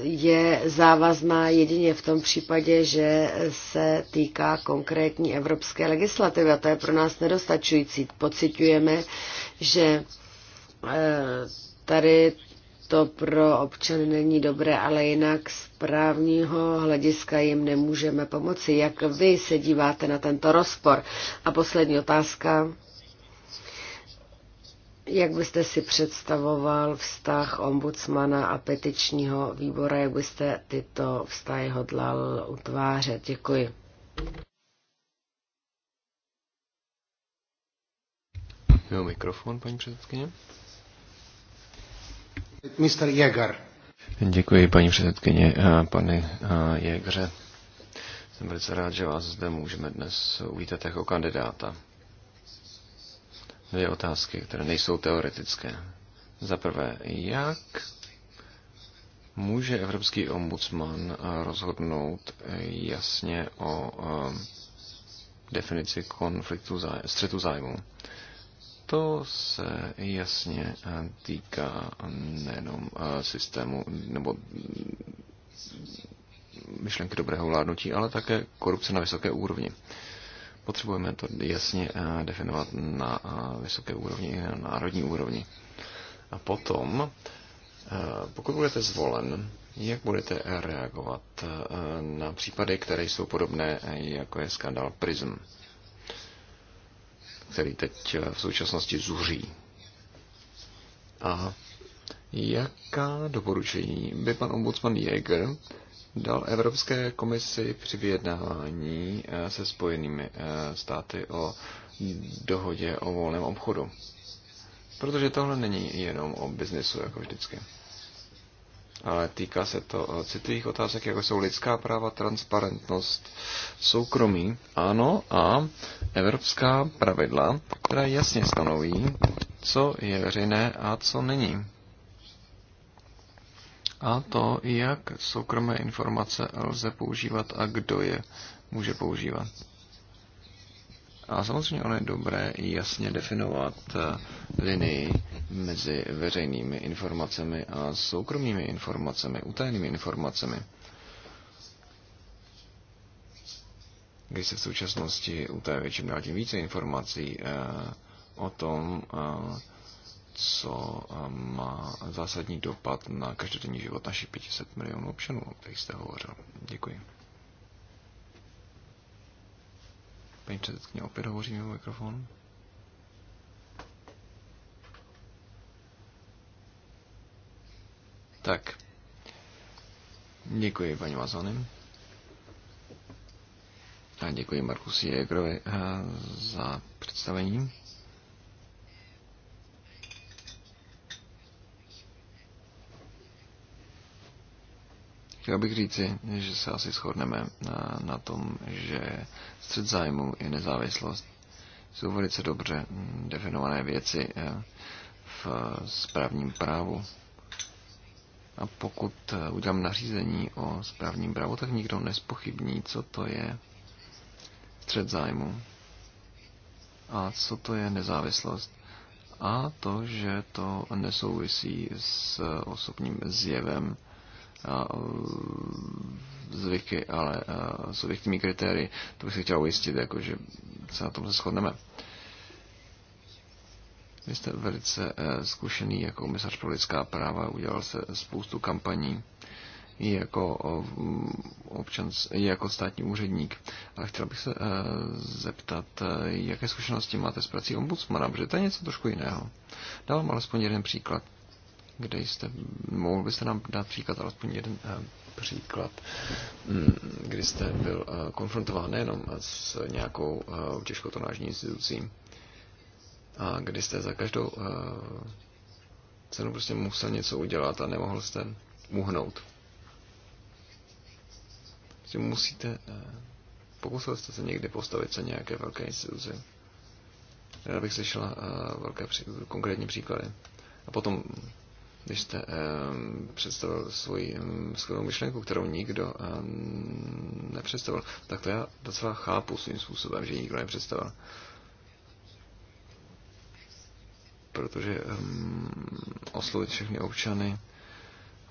je závazná jedině v tom případě, že se týká konkrétní evropské legislativy a to je pro nás nedostačující. Pocitujeme, že eh, tady to pro občany není dobré, ale jinak z právního hlediska jim nemůžeme pomoci. Jak vy se díváte na tento rozpor? A poslední otázka. Jak byste si představoval vztah ombudsmana a petičního výbora, jak byste tyto vztahy hodlal utvářet? Děkuji. Měl mikrofon, paní předsedkyně. Mr. Jäger. Děkuji, paní předsedkyně. Eh, pane eh, Jägře, jsem velice rád, že vás zde můžeme dnes uvítat jako kandidáta dvě otázky, které nejsou teoretické. Za prvé, jak může Evropský ombudsman eh, rozhodnout eh, jasně o eh, definici konfliktu zájmu, střetu zájmu? To se jasně týká nejenom systému nebo myšlenky dobrého vládnutí, ale také korupce na vysoké úrovni. Potřebujeme to jasně eh, definovat na eh, vysoké úrovni na národní úrovni. A potom, eh, pokud budete zvolen, jak budete reagovat na případy, které jsou podobné, jako je skandal PRISM, který teď v současnosti zuří? A jaká doporučení by pan ombudsman Jäger dal Evropské komisi při vyjednávání eh, se spojenými eh, státy o dohodě o volném obchodu. Protože tohle není jenom o biznesu, jako vždycky. Ale týká se to eh, citlivých otázek, jako jsou lidská práva, transparentnost, soukromí, ano, a evropská pravidla, která jasně stanoví, co je veřejné a co není a to, jak soukromé informace lze používat a kdo je může používat. A samozřejmě ono je dobré jasně definovat eh, linii mezi veřejnými informacemi a soukromými informacemi, utajenými informacemi. Když se v současnosti utajuje čím dál tím více informací eh, o tom, eh, co eh, má zásadní dopad na každodenní život našich 500 milionů občanů, o kterých jste hovořil. Děkuji. Paní předsedkyně opět hovoří mimo mikrofon. Tak. Děkuji paní Mazonem. A děkuji Markusi Jägerovi eh, za představení. Chtěl bych říci, že se asi shodneme na, na tom, že střed zájmu i nezávislost jsou velice dobře definované věci eh, v správním právu. A pokud eh, udělám nařízení o správním právu, tak nikdo nespochybní, co to je střed zájmu a co to je nezávislost. A to, že to nesouvisí s osobním zjevem, a eh, zvyky, ale eh, subjektní kritérii. To bych se chtěl ujistit, jako že se na tom shodneme. Vy jste velice eh, zkušený jako komisař pro lidská práva, udělal se spoustu kampaní i jako, občan, i jako státní úředník. Ale chtěl bych se zeptat, jaké zkušenosti máte s prací ombudsmana, protože to je něco trošku jiného. Dávám alespoň jeden příklad kde jste, mohl byste nám dát příklad, alespoň jeden eh, příklad, mm, kdy jste byl eh, konfrontován nejenom s nějakou eh, těžkotonážní institucí, a kdy jste za každou cenu prostě musel něco udělat a nemohl jste uhnout. Prostě musíte, pokusil jste se někdy postavit se nějaké velké instituci. Já bych slyšela velké konkrétní příklady. A potom když jste eh, představil svoji hm, myšlenku, kterou nikdo eh, nepředstavil, tak to já docela chápu svým způsobem, že nikdo nepředstavil. Protože eh, oslovit všechny občany,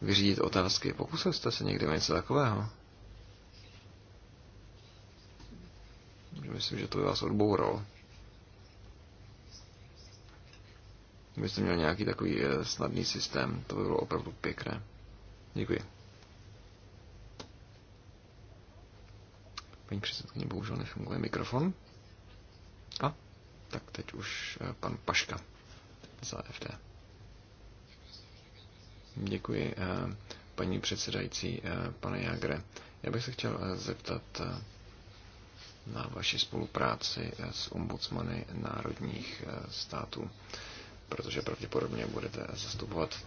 vyřídit otázky, pokusil jste se někdy něco takového? Myslím, že to by vás odbouralo. Kdybyste měl nějaký takový eh, snadný systém, to by bylo opravdu pěkné. Děkuji. Paní předsedkyně, bohužel nefunguje mikrofon. A tak teď už eh, pan Paška za FD. Děkuji, eh, paní předsedající, pane Jagre. Já bych se chtěl zeptat na vaši spolupráci s ombudsmany národních států protože pravděpodobně budete zastupovat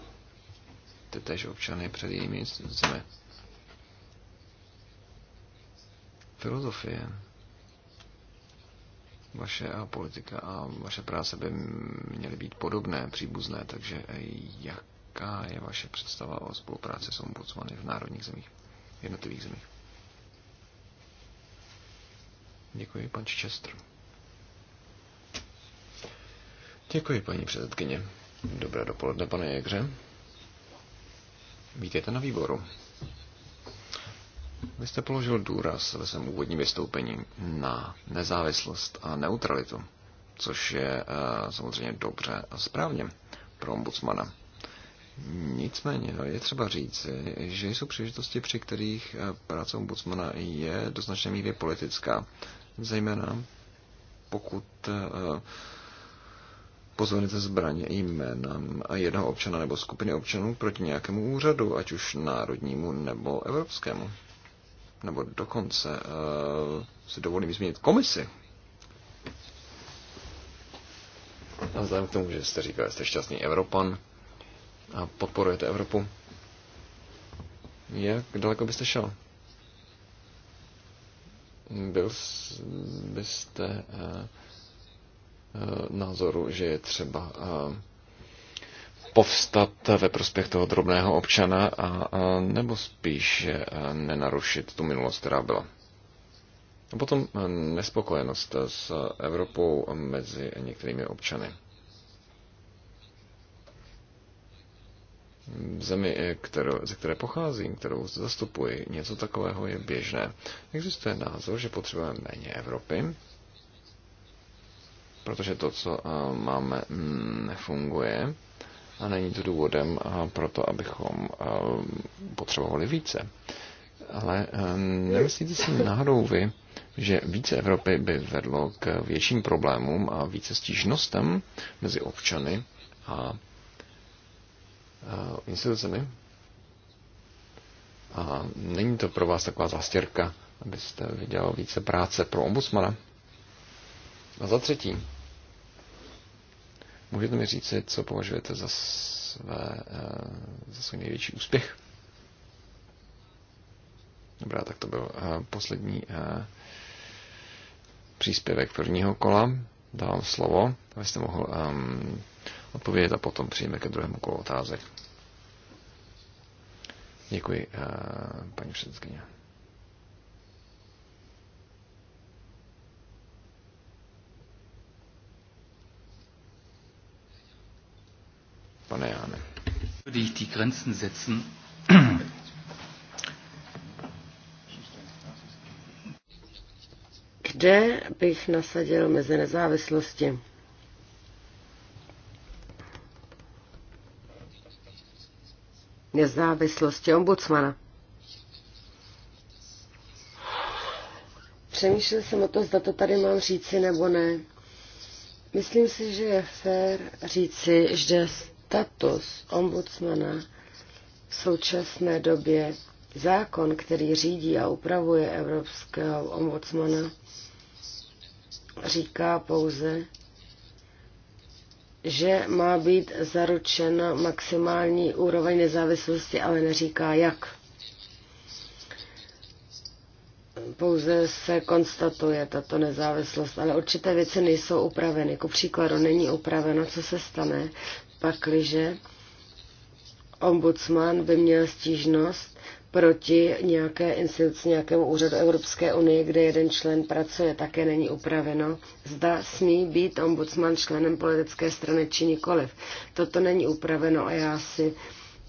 ty též občany před jejími institucemi. Filozofie vaše a politika a vaše práce by měly být podobné, příbuzné, takže jaká je vaše představa o spolupráci s ombudsmany v národních zemích, jednotlivých zemích? Děkuji, pan Čestr. Děkuji, paní předsedkyně. Dobré dopoledne, pane Jekře. Vítejte na výboru. Vy jste položil důraz ve svém úvodním vystoupení na nezávislost a neutralitu, což je eh, samozřejmě dobře a správně pro ombudsmana. Nicméně je třeba říci, že jsou příležitosti, při kterých eh, práce ombudsmana je do značné míry politická, zejména pokud eh, ze zbraně jménem jednoho občana nebo skupiny občanů proti nějakému úřadu, ať už národnímu nebo evropskému. Nebo dokonce uh, si dovolím změnit komisi. A vzhledem k tomu, že jste říkal, že jste šťastný Evropan a podporujete Evropu, jak daleko byste šel? Byl byste uh, Eh, názoru, že je třeba eh, povstat ve prospěch toho drobného občana, a, a, nebo spíš eh, nenarušit tu minulost, která byla. A potom nespokojenost s Evropou mezi některými občany. V zemi, kterou, ze které pocházím, kterou zastupuji, něco takového je běžné. Existuje názor, že potřebujeme méně Evropy, protože to, co eh, máme, mm, nefunguje a není to důvodem eh, pro to, abychom eh, potřebovali více. Ale nemyslíte si náhodou vy, že více Evropy by vedlo k větším problémům a více stížnostem mezi občany a institucemi? A není to pro vás taková zastěrka, abyste viděl více práce pro ombudsmana? A za třetí, Můžete mi říct, co považujete za, své, eh, za svůj největší úspěch? Dobrá, tak to byl eh, poslední eh, příspěvek prvního kola. Dávám slovo, abyste mohl ehm, odpovědět a potom přijeme ke druhému kolu otázek. Děkuji, paní předsedkyně. pane Jáne. ty Grenzen setzen. Kde bych nasadil mezi nezávislosti? Nezávislosti ombudsmana. Přemýšlel jsem o to, zda to tady mám říci nebo ne. Myslím si, že je fér říci, že status ombudsmana v současné době zákon, který řídí a upravuje evropského ombudsmana, říká pouze, že má být zaručena maximální úroveň nezávislosti, ale neříká jak. Pouze se konstatuje tato nezávislost, ale určité věci nejsou upraveny. Ku příkladu není upraveno, co se stane, pakliže ombudsman by měl stížnost proti nějaké instituci, nějakému úřadu Evropské unie, kde jeden člen pracuje, také není upraveno. Zda smí být ombudsman členem politické strany či nikoliv. Toto není upraveno a já si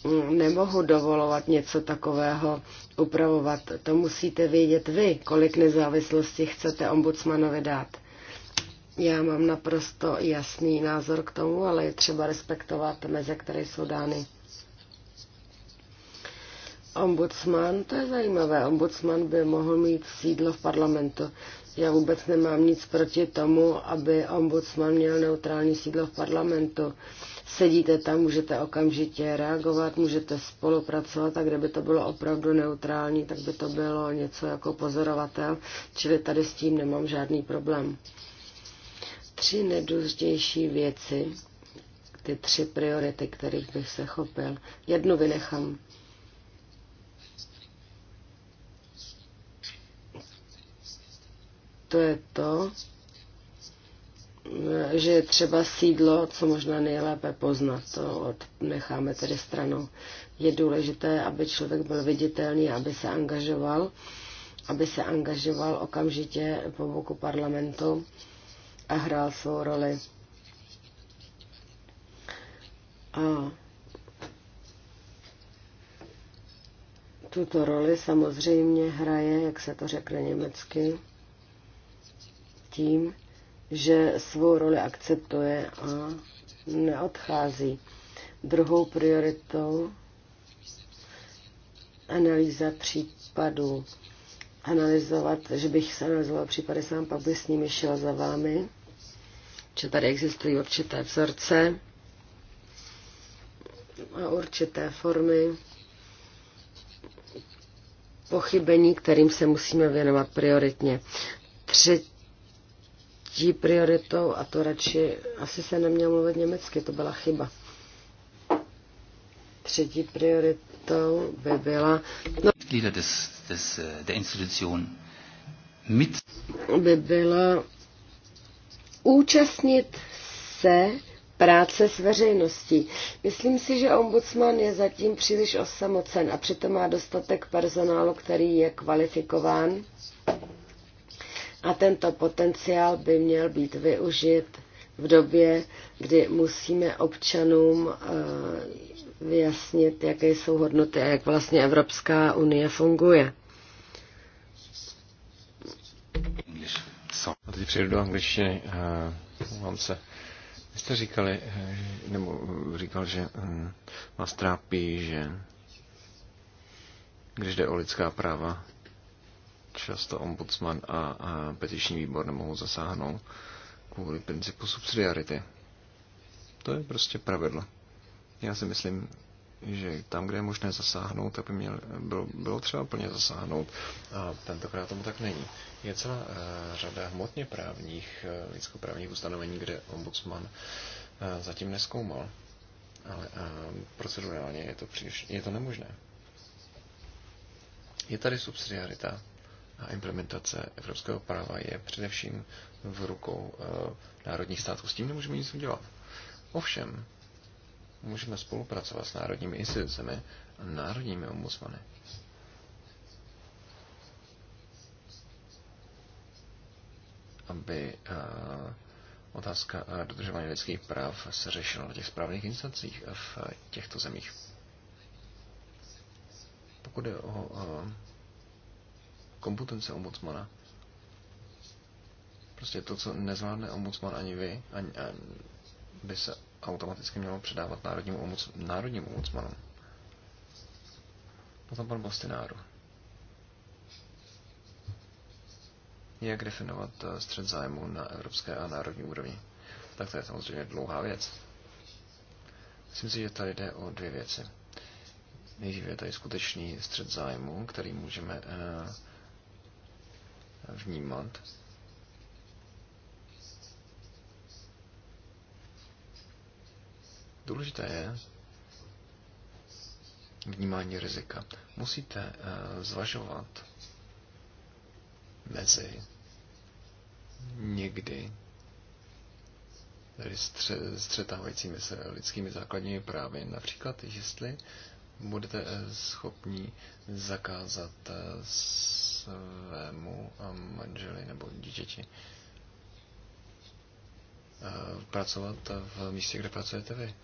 mm, nemohu dovolovat něco takového upravovat. To musíte vědět vy, kolik nezávislosti chcete ombudsmanovi dát. Já mám naprosto jasný názor k tomu, ale je třeba respektovat meze, které jsou dány. Ombudsman, to je zajímavé. Ombudsman by mohl mít sídlo v parlamentu. Já vůbec nemám nic proti tomu, aby ombudsman měl neutrální sídlo v parlamentu. Sedíte tam, můžete okamžitě reagovat, můžete spolupracovat a kdyby to bylo opravdu neutrální, tak by to bylo něco jako pozorovatel, čili tady s tím nemám žádný problém. Tři nejdůležitější věci, ty tři priority, kterých bych se chopil. Jednu vynechám. To je to, že je třeba sídlo, co možná nejlépe poznat, to od, necháme tedy stranou. Je důležité, aby člověk byl viditelný, aby se angažoval, aby se angažoval okamžitě po boku parlamentu hrál svou roli. A tuto roli samozřejmě hraje, jak se to řekne německy, tím, že svou roli akceptuje a neodchází. Druhou prioritou analýza případů. Analyzovat, že bych se analyzoval případy sám, pak bych s nimi šel za vámi že tady existují určité vzorce a určité formy pochybení, kterým se musíme věnovat prioritně. Třetí prioritou, a to radši asi se neměl mluvit německy, to byla chyba. Třetí prioritou by byla... No, des, des, der mit by byla účastnit se práce s veřejností. Myslím si, že ombudsman je zatím příliš osamocen a přitom má dostatek personálu, který je kvalifikován a tento potenciál by měl být využit v době, kdy musíme občanům eh, vyjasnit, jaké jsou hodnoty a jak vlastně Evropská unie funguje něco. A teď přijdu do angličtiny. Uh, mám se. Vy jste říkali, eh, nebo říkal, že um, vás trápí, že když jde o lidská práva, často ombudsman a, a petiční výbor nemohou zasáhnout kvůli principu subsidiarity. To je prostě pravidlo. Já si myslím, že tam, kde je možné zasáhnout, tak by měl, bylo, bylo třeba plně zasáhnout. A tentokrát tomu tak není. Je celá eh, řada hmotně právních, eh, lidskoprávních ustanovení, kde ombudsman eh, zatím neskoumal. Ale procedurálně je to, příliš, je to nemožné. Je tady subsidiarita a implementace evropského práva je především v rukou národních států. S tím nemůžeme nic udělat. Ovšem, můžeme spolupracovat s národními institucemi a národními ombudsmany. Aby eh, otázka eh, dodržování lidských práv se řešila na těch správných instancích v eh, těchto zemích. Pokud je o kompetence ombudsmana, prostě to, co nezvládne ombudsman ani vy, ani, ani by se automaticky mělo předávat národním, ombuds, národním ombudsmanům. Potom pan Bostináru. Jak definovat eh, střed zájmu na evropské a národní úrovni? Tak to je samozřejmě dlouhá věc. Myslím si, že tady jde o dvě věci. Nejdříve je tady skutečný střed zájmu, který můžeme eh, vnímat Důležité je vnímání rizika. Musíte eh, zvažovat mezi někdy tedy střetávajícími se lidskými základními právy. Například, jestli budete eh, schopni zakázat eh, svému manželi nebo dítěti pracovat v místě, kde pracujete vy.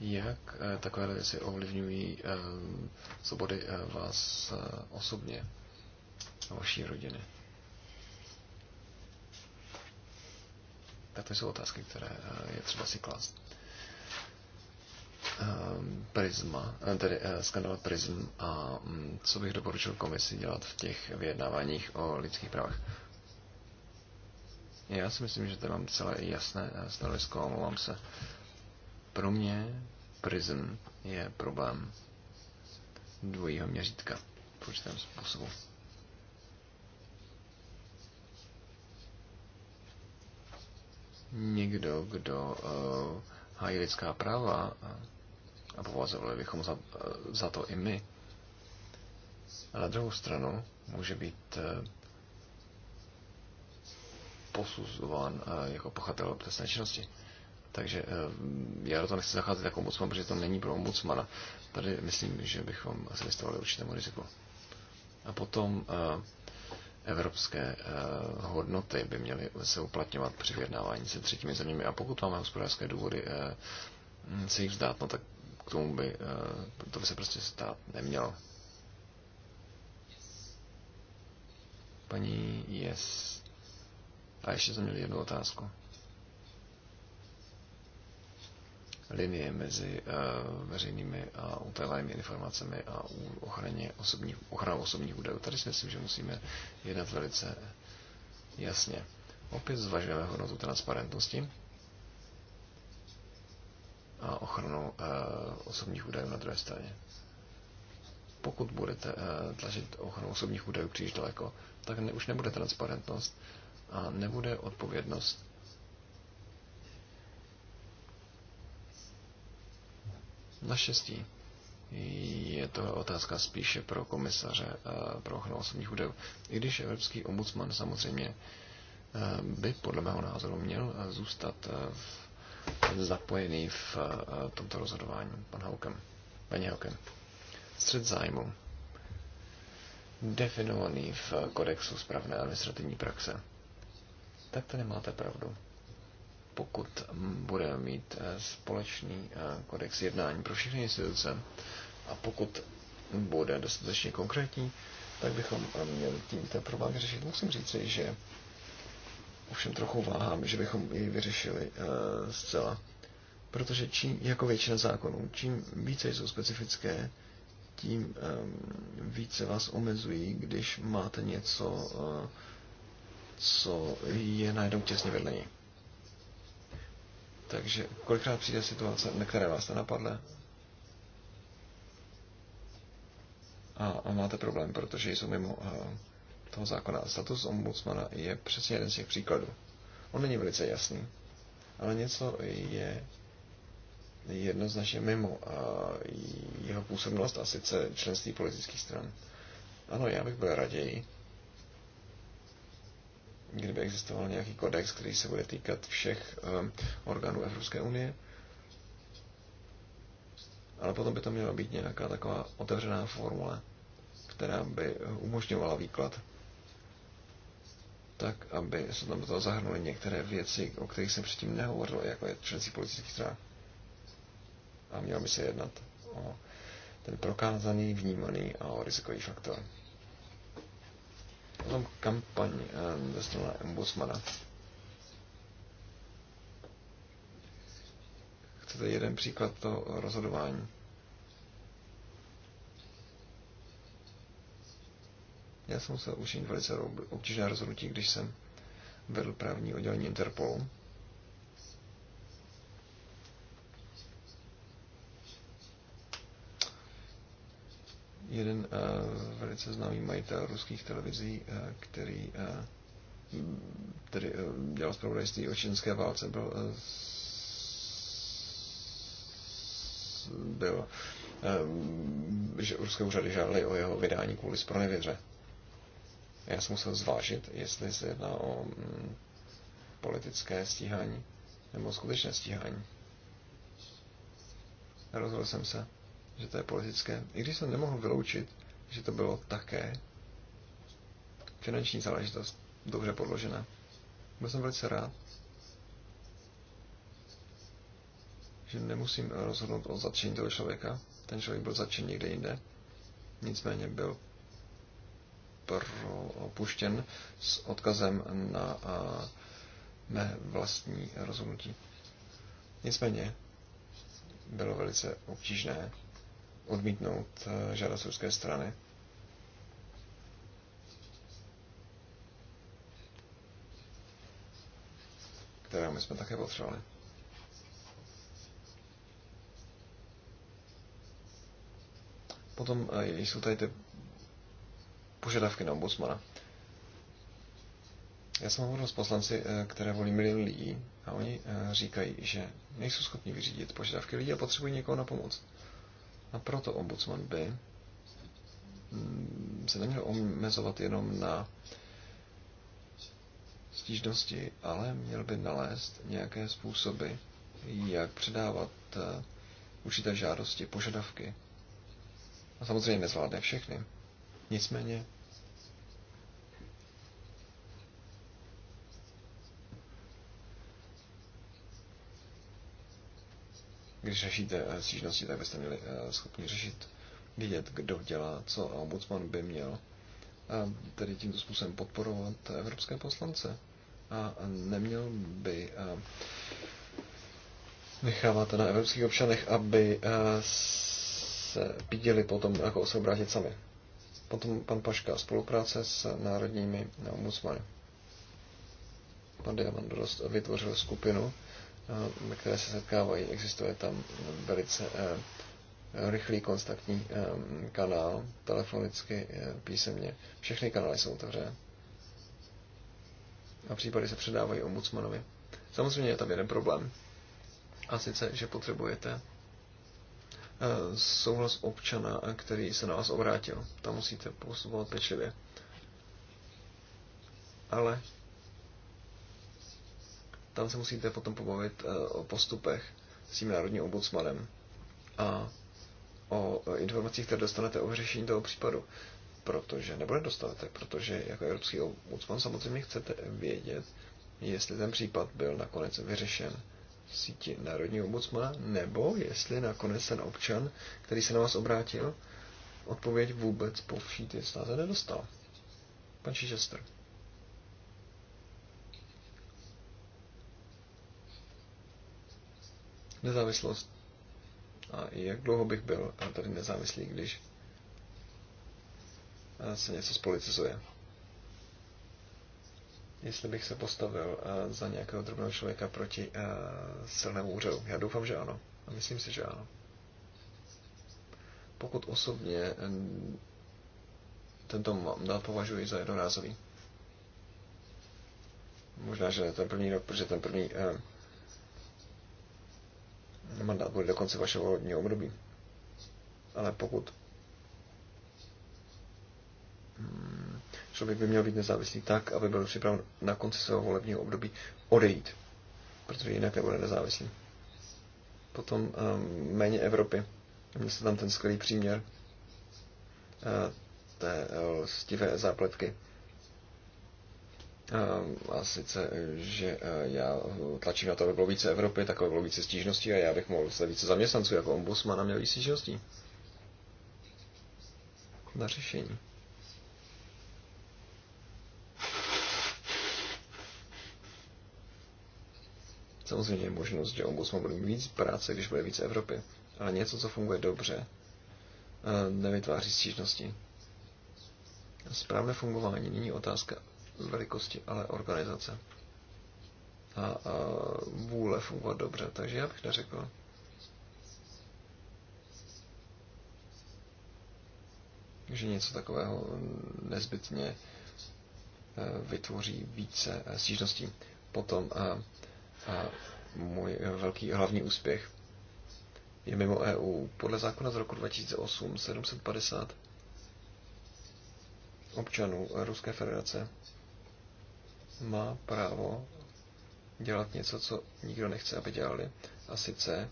Jak eh, takové věci ovlivňují eh, svobody eh, vás osobně a vaší rodiny? Tak to jsou otázky, které je třeba si klást. Ehm, Prisma, tedy skandal Prism a mm, co bych doporučil komisi dělat v těch vyjednáváních o lidských právech. Já si myslím, že tady mám celé jasné stanovisko, omlouvám se. Pro mě Prism je problém dvojího měřítka v určitém způsobu. Někdo, kdo uh, hájí lidská práva, a považovali bychom za, eh, za to i my, a na druhou stranu může být eh, posuzován jako pochatel trestné činnosti. Takže eh, já do toho nechci zacházet jako ombudsman, protože to není pro ombudsmana. Tady myslím, že bychom se vystavili určitému riziku. A potom eh, evropské eh, hodnoty by měly se uplatňovat při vyjednávání se třetími zeměmi. A pokud máme hospodářské důvody se jich vzdát, no tak k tomu by, to by se prostě stát nemělo. Paní Yes. A ještě jsem měl jednu otázku. linie mezi eh, veřejnými a utajenými informacemi a ochraně osobních, ochranou osobních údajů. Tady si myslím, že musíme jednat velice jasně. Opět zvažujeme hodnotu transparentnosti a ochranu eh, osobních údajů na druhé straně. Pokud budete eh, tlačit ochranu osobních údajů příliš daleko, tak už nebude transparentnost a nebude odpovědnost Naštěstí je to otázka spíše pro komisaře eh, pro ochranu osobních údajů. I když Evropský ombudsman samozřejmě eh, by podle mého názoru měl eh, zůstat v, zapojený v tomto rozhodování. Pan Haukem, paní Haukem. Střed zájmu definovaný v kodexu správné administrativní praxe. Tak tady máte pravdu pokud budeme mít eh, společný eh, kodex jednání pro všechny instituce a pokud bude dostatečně konkrétní, tak bychom eh, měli tím ten problém vyřešit. Musím říct, že ovšem trochu váhám, že bychom ji vyřešili zcela. Protože čím, jako většina zákonů, čím více jsou specifické, tím více vás omezují, když máte něco, co je najednou těsně vedle ní. Takže kolikrát přijde situace, na které vás nenapadne? A, a máte problém, protože jsou mimo eh, toho zákona. Status ombudsmana je přesně jeden z těch příkladů. On není velice jasný, ale něco je jednoznačně mimo eh, jeho působnost a sice členství politických stran. Ano, já bych byl raději, kdyby existoval nějaký kodex, který se bude týkat všech ehm, orgánů Evropské unie. Ale potom by to měla být nějaká taková otevřená formule, která by umožňovala výklad tak, aby se tam do toho zahrnuly některé věci, o kterých jsem předtím nehovořil, jako je členství politických strán. A mělo by se jednat o ten prokázaný, vnímaný a o rizikový faktor. Potom kampaň eh, ze strany ombudsmana. Chcete jeden příklad toho rozhodování? Já jsem musel učinit velice obtížné rozhodnutí, když jsem vedl právní oddělení Interpolu. jeden eh, velice známý majitel ruských televizí, eh, který eh, tedy dělal zpravodajství o čínské válce, byl, byl že ruské úřady žádaly o jeho vydání kvůli spronevěře. Já jsem musel zvážit, jestli se jedná o mm, politické stíhání nebo skutečné stíhání. Rozhodl jsem se že to je politické, i když jsem nemohl vyloučit, že to bylo také finanční záležitost, dobře podložená. Byl jsem velice rád, že nemusím rozhodnout o zatčení toho člověka. Ten člověk byl zatčen někde jinde. Nicméně byl opuštěn s odkazem na mé vlastní rozhodnutí. Nicméně bylo velice obtížné odmítnout eh, žádost ruské strany. kterou my jsme také potřebovali. Potom eh, jsou tady ty požadavky na ombudsmana. Já jsem hovořil s poslanci, eh, které volí milion lidí a oni říkají, že nejsou schopni vyřídit požadavky lidí a potřebují někoho na pomoc. A proto ombudsman by mm, se neměl omezovat jenom na stížnosti, ale měl by nalézt nějaké způsoby, jak předávat eh, určité žádosti, požadavky. A samozřejmě nezvládne všechny. Nicméně když řešíte stížnosti, tak byste měli eh, schopni řešit, vidět, kdo dělá co a ombudsman by měl eh, tedy tímto způsobem podporovat evropské poslance. A neměl by eh, nechávat na evropských občanech, aby se píděli potom, jako se obrátit sami. Potom pan Paška, spolupráce s národními ombudsmany. Pan Diamandoros vytvořil skupinu, Eh, na které se setkávají. Existuje tam velice eh, rychlý kontaktní eh, kanál, telefonicky, písemně. Všechny kanály jsou otevřené. A případy se předávají ombudsmanovi. Samozřejmě je tam jeden problém. A sice, že potřebujete souhlas občana, který se na vás obrátil. Tam musíte postupovat pečlivě. Ale tam se musíte potom pobavit eh, o postupech s tím národním ombudsmanem a o eh, informacích, které dostanete o řešení toho případu. Protože nebo dostatek, protože jako evropský ombudsman samozřejmě chcete vědět, jestli ten případ byl nakonec vyřešen v síti národního ombudsmana, nebo jestli nakonec ten občan, který se na vás obrátil, odpověď vůbec po vší ty snaze nedostal. Pan Chichester. nezávislost. A jak dlouho bych byl a tady nezávislý, když se něco spolicizuje. Jestli bych se postavil eh, za nějakého drobného člověka proti eh, silnému úřadu. Já doufám, že ano. A myslím si, že ano. Pokud osobně eh, tento mandát považuji za jednorázový. Možná, že ten první rok, protože ten první mandát bude do konce vašeho volebního období. Ale pokud hmm, člověk by měl být nezávislý tak, aby byl připraven na konci svého volebního období odejít, protože jinak nebude nezávislý. Potom um, méně Evropy. Měl se tam ten skvělý příměr uh, té uh, eh, stivé zápletky Ehm, a sice, eh, že eh, já eh, tlačím na to, aby bylo více Evropy, tak aby bylo více stížností a já bych mohl se více zaměstnanců jako ombudsman a měl víc stížností. Na řešení. Samozřejmě je možnost, že ombudsman bude mít víc práce, když bude víc Evropy. Ale něco, co funguje dobře, nevytváří stížnosti. Správné fungování není otázka velikosti, ale organizace a, a vůle fungovat dobře. Takže já bych neřekl, že něco takového nezbytně eh, vytvoří více eh, stížností. Potom a, eh, a můj velký hlavní úspěch je mimo EU. Podle zákona z roku 2008 750 občanů Ruské federace má právo dělat něco, co nikdo nechce, aby dělali, a sice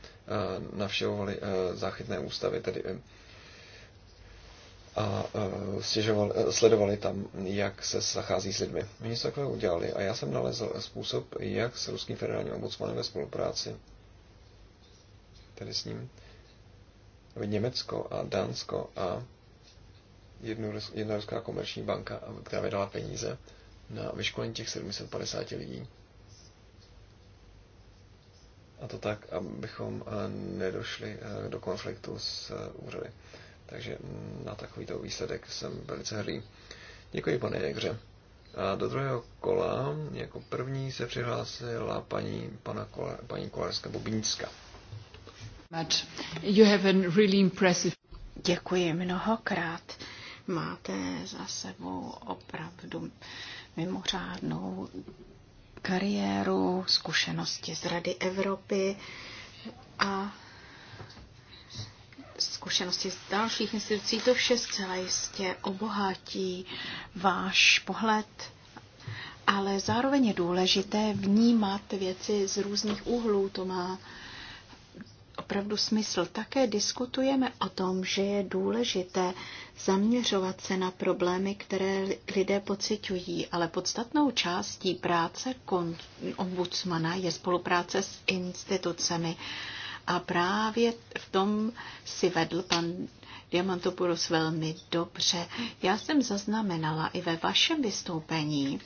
eh, navštěvovali eh, záchytné ústavy, tedy eh, a stěžovali, sledovali tam, jak se zachází s lidmi. Oni se takové udělali a já jsem nalezl způsob, jak s ruským federálním ombudsmanem ve spolupráci, tedy s ním, Německo a Dánsko a jednu, jedna ruská komerční banka, která vydala peníze, na vyškolení těch 750 lidí. A to tak, abychom eh, nedošli eh, do konfliktu s eh, úřady. Takže na takovýto výsledek jsem velice hrdý. Děkuji, pane Jekře. A do druhého kola jako první se přihlásila paní, pana Kola, paní Kolářská Bobínská. You have a really impressive... Děkuji mnohokrát. Máte za sebou opravdu mimořádnou kariéru, zkušenosti z Rady Evropy a zkušenosti z dalších institucí. To vše zcela jistě obohatí váš pohled, ale zároveň je důležité vnímat věci z různých úhlů. To má opravdu smysl. Také diskutujeme o tom, že je důležité zaměřovat se na problémy, které lidé pociťují, ale podstatnou částí práce ombudsmana je spolupráce s institucemi. A právě v tom si vedl pan Diamantopoulos velmi dobře. Já jsem zaznamenala i ve vašem vystoupení,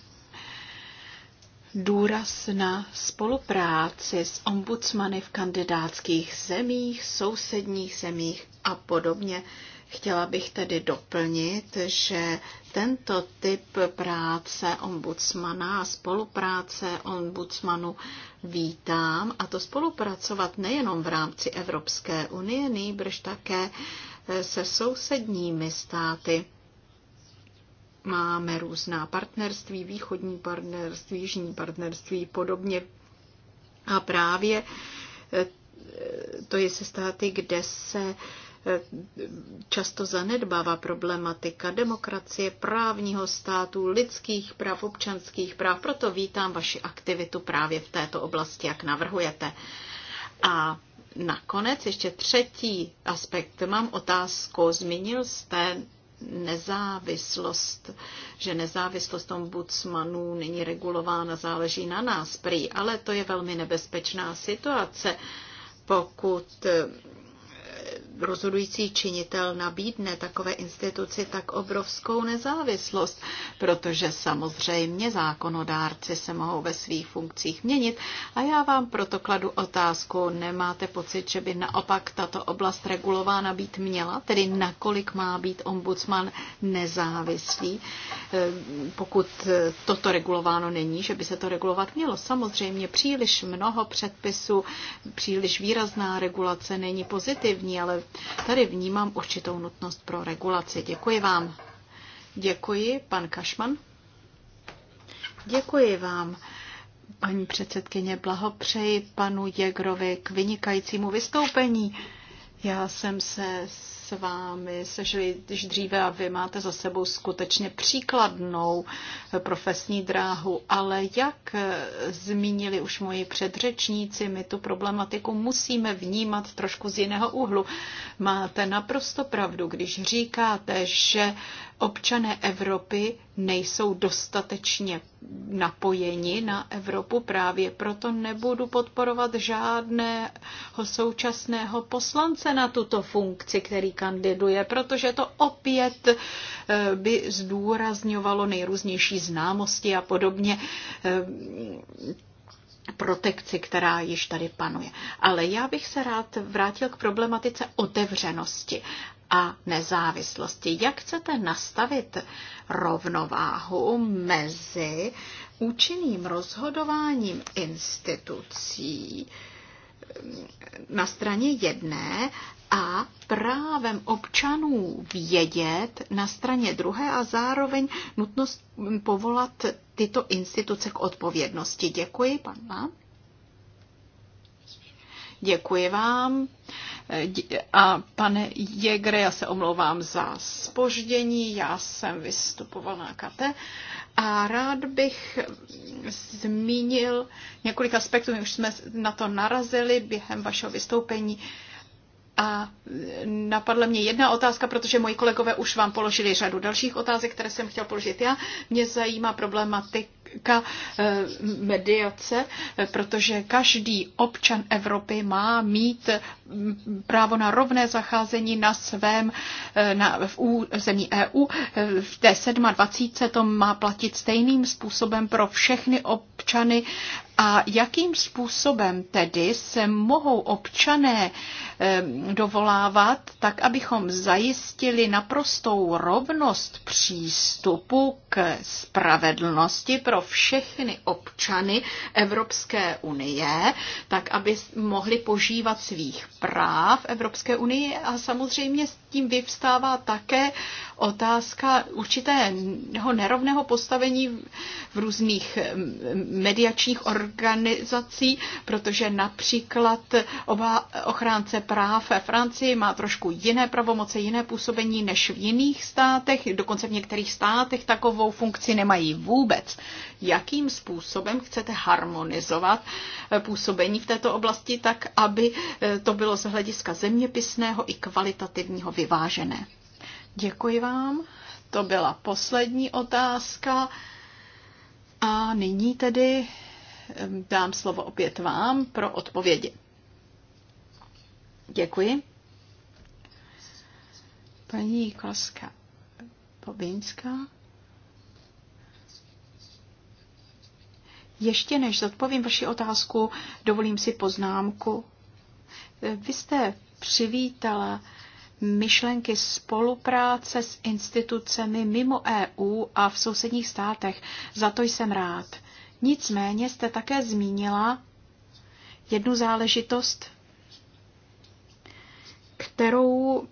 důraz na spolupráci s ombudsmany v kandidátských zemích, sousedních zemích a podobně. Chtěla bych tedy doplnit, že tento typ práce ombudsmana a spolupráce ombudsmanu vítám a to spolupracovat nejenom v rámci Evropské unie, nýbrž také se sousedními státy Máme různá partnerství, východní partnerství, jižní partnerství, podobně. A právě eh, to je se státy, kde se eh, často zanedbává problematika demokracie, právního státu, lidských práv, občanských práv. Proto vítám vaši aktivitu právě v této oblasti, jak navrhujete. A nakonec ještě třetí aspekt. Mám otázku. Zmínil jste nezávislost, že nezávislost ombudsmanů není regulována, záleží na nás prý, ale to je velmi nebezpečná situace, pokud rozhodující činitel nabídne takové instituci tak obrovskou nezávislost, protože samozřejmě zákonodárci se mohou ve svých funkcích měnit. A já vám proto kladu otázku, nemáte pocit, že by naopak tato oblast regulována být měla, tedy nakolik má být ombudsman nezávislý, eh, pokud toto regulováno není, že by se to regulovat mělo. Samozřejmě příliš mnoho předpisů, příliš výrazná regulace není pozitivní, ale tady vnímám určitou nutnost pro regulaci. Děkuji vám. Děkuji, pan Kašman. Děkuji vám. Paní předsedkyně, blahopřeji panu Jegrovi k vynikajícímu vystoupení. Já jsem se se vámi sešli již dříve a vy máte za sebou skutečně příkladnou profesní dráhu, ale jak zmínili už moji předřečníci, my tu problematiku musíme vnímat trošku z jiného úhlu. Máte naprosto pravdu, když říkáte, že občané Evropy nejsou dostatečně napojeni na Evropu, právě proto nebudu podporovat žádného současného poslance na tuto funkci, který kandiduje, protože to opět eh, by zdůrazňovalo nejrůznější známosti a podobně eh, protekci, která již tady panuje. Ale já bych se rád vrátil k problematice otevřenosti a nezávislosti. Jak chcete nastavit rovnováhu mezi účinným rozhodováním institucí na straně jedné a právem občanů vědět na straně druhé a zároveň nutnost povolat tyto instituce k odpovědnosti. Děkuji, pan Děkuji vám. A pane Jegre, já se omlouvám za spoždění, já jsem vystupoval na kate a rád bych zmínil několik aspektů, my už jsme na to narazili během vašeho vystoupení. A napadla mě jedna otázka, protože moji kolegové už vám položili řadu dalších otázek, které jsem chtěl položit já. Mě zajímá problematika politika eh, mediace, eh, protože každý občan Evropy má mít mm, právo na rovné zacházení na svém eh, na, v území EU. V té 27. to má platit stejným způsobem pro všechny občany a jakým způsobem tedy se mohou občané dovolávat, tak abychom zajistili naprostou rovnost přístupu k spravedlnosti pro všechny občany Evropské unie, tak aby mohli požívat svých práv Evropské unie a samozřejmě s tím vyvstává také otázka určitého nerovného postavení v různých mediačních organizací, protože například oba ochránce práv ve Francii má trošku jiné pravomoce, jiné působení než v jiných státech, dokonce v některých státech takovou funkci nemají vůbec. Jakým způsobem chcete harmonizovat eh, působení v této oblasti tak, aby eh, to bylo z hlediska zeměpisného i kvalitativního vyvážené? Děkuji vám. To byla poslední otázka. A nyní tedy dám slovo opět vám pro odpovědi. Děkuji. Paní Koska Pobínská. Ještě než zodpovím vaši otázku, dovolím si poznámku. Vy jste přivítala myšlenky spolupráce s institucemi mimo EU a v sousedních státech. Za to jsem rád. Nicméně jste také zmínila jednu záležitost, kterou eh,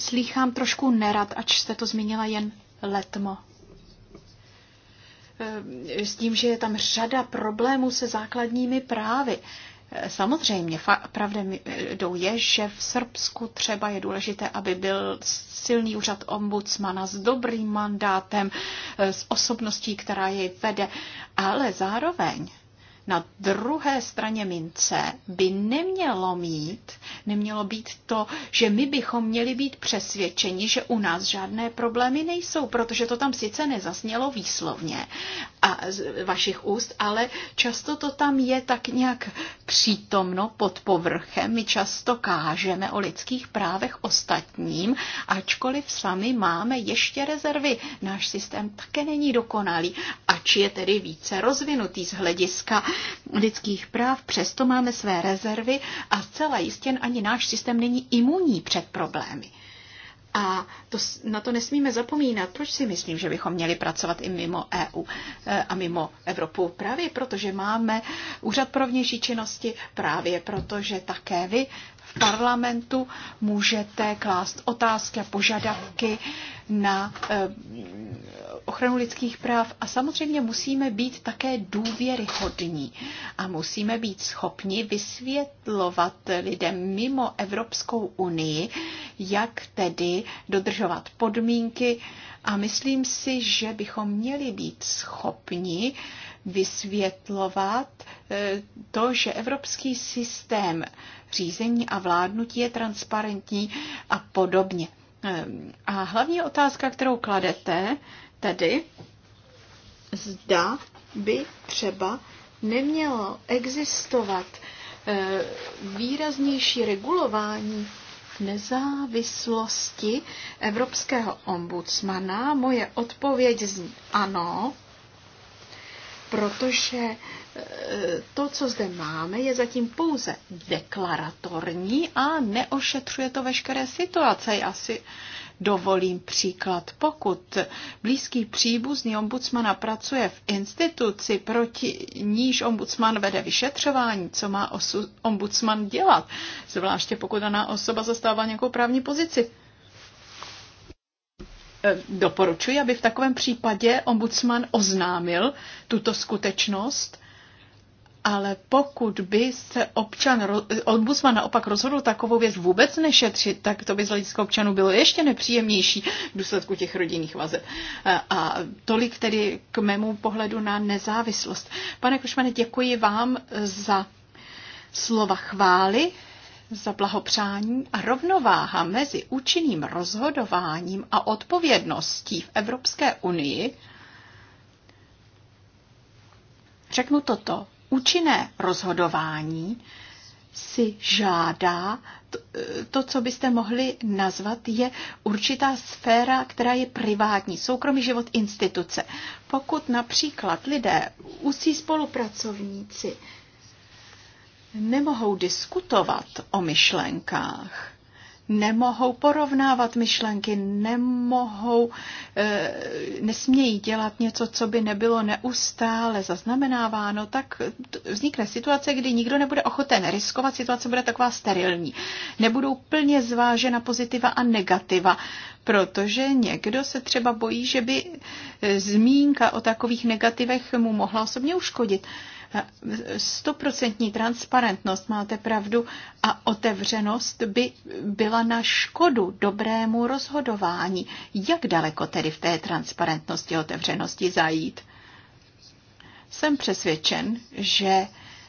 slýchám trošku nerad, ač jste to zmínila jen letmo. Eh, s tím, že je tam řada problémů se základními právy. Samozřejmě, pravdem eh, jdou je, že v Srbsku třeba je důležité, aby byl silný úřad ombudsmana s dobrým mandátem, eh, s osobností, která jej vede, ale zároveň na druhé straně mince by nemělo mít, nemělo být to, že my bychom měli být přesvědčeni, že u nás žádné problémy nejsou, protože to tam sice nezasnělo výslovně a z vašich úst, ale často to tam je tak nějak přítomno pod povrchem. My často kážeme o lidských právech ostatním, ačkoliv sami máme ještě rezervy. Náš systém také není dokonalý, ač je tedy více rozvinutý z hlediska lidských práv, přesto máme své rezervy a zcela jistě ani náš systém není imunní před problémy. A to, na to nesmíme zapomínat. Proč si myslím, že bychom měli pracovat i mimo EU eh, a mimo Evropu? Právě protože máme úřad pro vnější činnosti, právě protože také vy parlamentu můžete klást otázky a požadavky na eh, ochranu lidských práv a samozřejmě musíme být také důvěryhodní a musíme být schopni vysvětlovat lidem mimo Evropskou unii, jak tedy dodržovat podmínky a myslím si, že bychom měli být schopni uh, vysvětlovat eh, to, že evropský systém řízení a vládnutí je transparentní a podobně. Eh, a hlavní otázka, kterou kladete, tedy zda by třeba nemělo existovat eh, výraznější regulování nezávislosti evropského ombudsmana. Moje odpověď zní ano, protože eh, to, co zde máme, je zatím pouze deklaratorní a neošetřuje to veškeré situace. Já si dovolím příklad. Pokud blízký příbuzný ombudsmana pracuje v instituci, proti níž ombudsman vede vyšetřování, co má osu, ombudsman dělat, zvláště pokud daná osoba zastává nějakou právní pozici. Eh, doporučuji, aby v takovém případě ombudsman oznámil tuto skutečnost, ale pokud by se občan, ombudsman naopak rozhodl takovou věc vůbec nešetřit, tak to by z hlediska občanů bylo ještě nepříjemnější v důsledku těch rodinných vazeb. Eh, a tolik tedy k mému pohledu na nezávislost. Pane Košmane, děkuji vám za slova chvály za blahopřání a rovnováha mezi účinným rozhodováním a odpovědností v Evropské unii. Řeknu toto. Účinné rozhodování si žádá to, to, co byste mohli nazvat, je určitá sféra, která je privátní, soukromý život instituce. Pokud například lidé, usí spolupracovníci, nemohou diskutovat o myšlenkách, nemohou porovnávat myšlenky, nemohou, e, nesmějí dělat něco, co by nebylo neustále zaznamenáváno, tak vznikne situace, kdy nikdo nebude ochoten riskovat, situace bude taková sterilní. Nebudou plně zvážena pozitiva a negativa, protože někdo se třeba bojí, že by eh, zmínka o takových negativech mu mohla osobně uškodit. E, Stoprocentní transparentnost, máte pravdu, a otevřenost by byla na škodu dobrému rozhodování. Jak daleko tedy v té transparentnosti a otevřenosti zajít? Jsem přesvědčen, že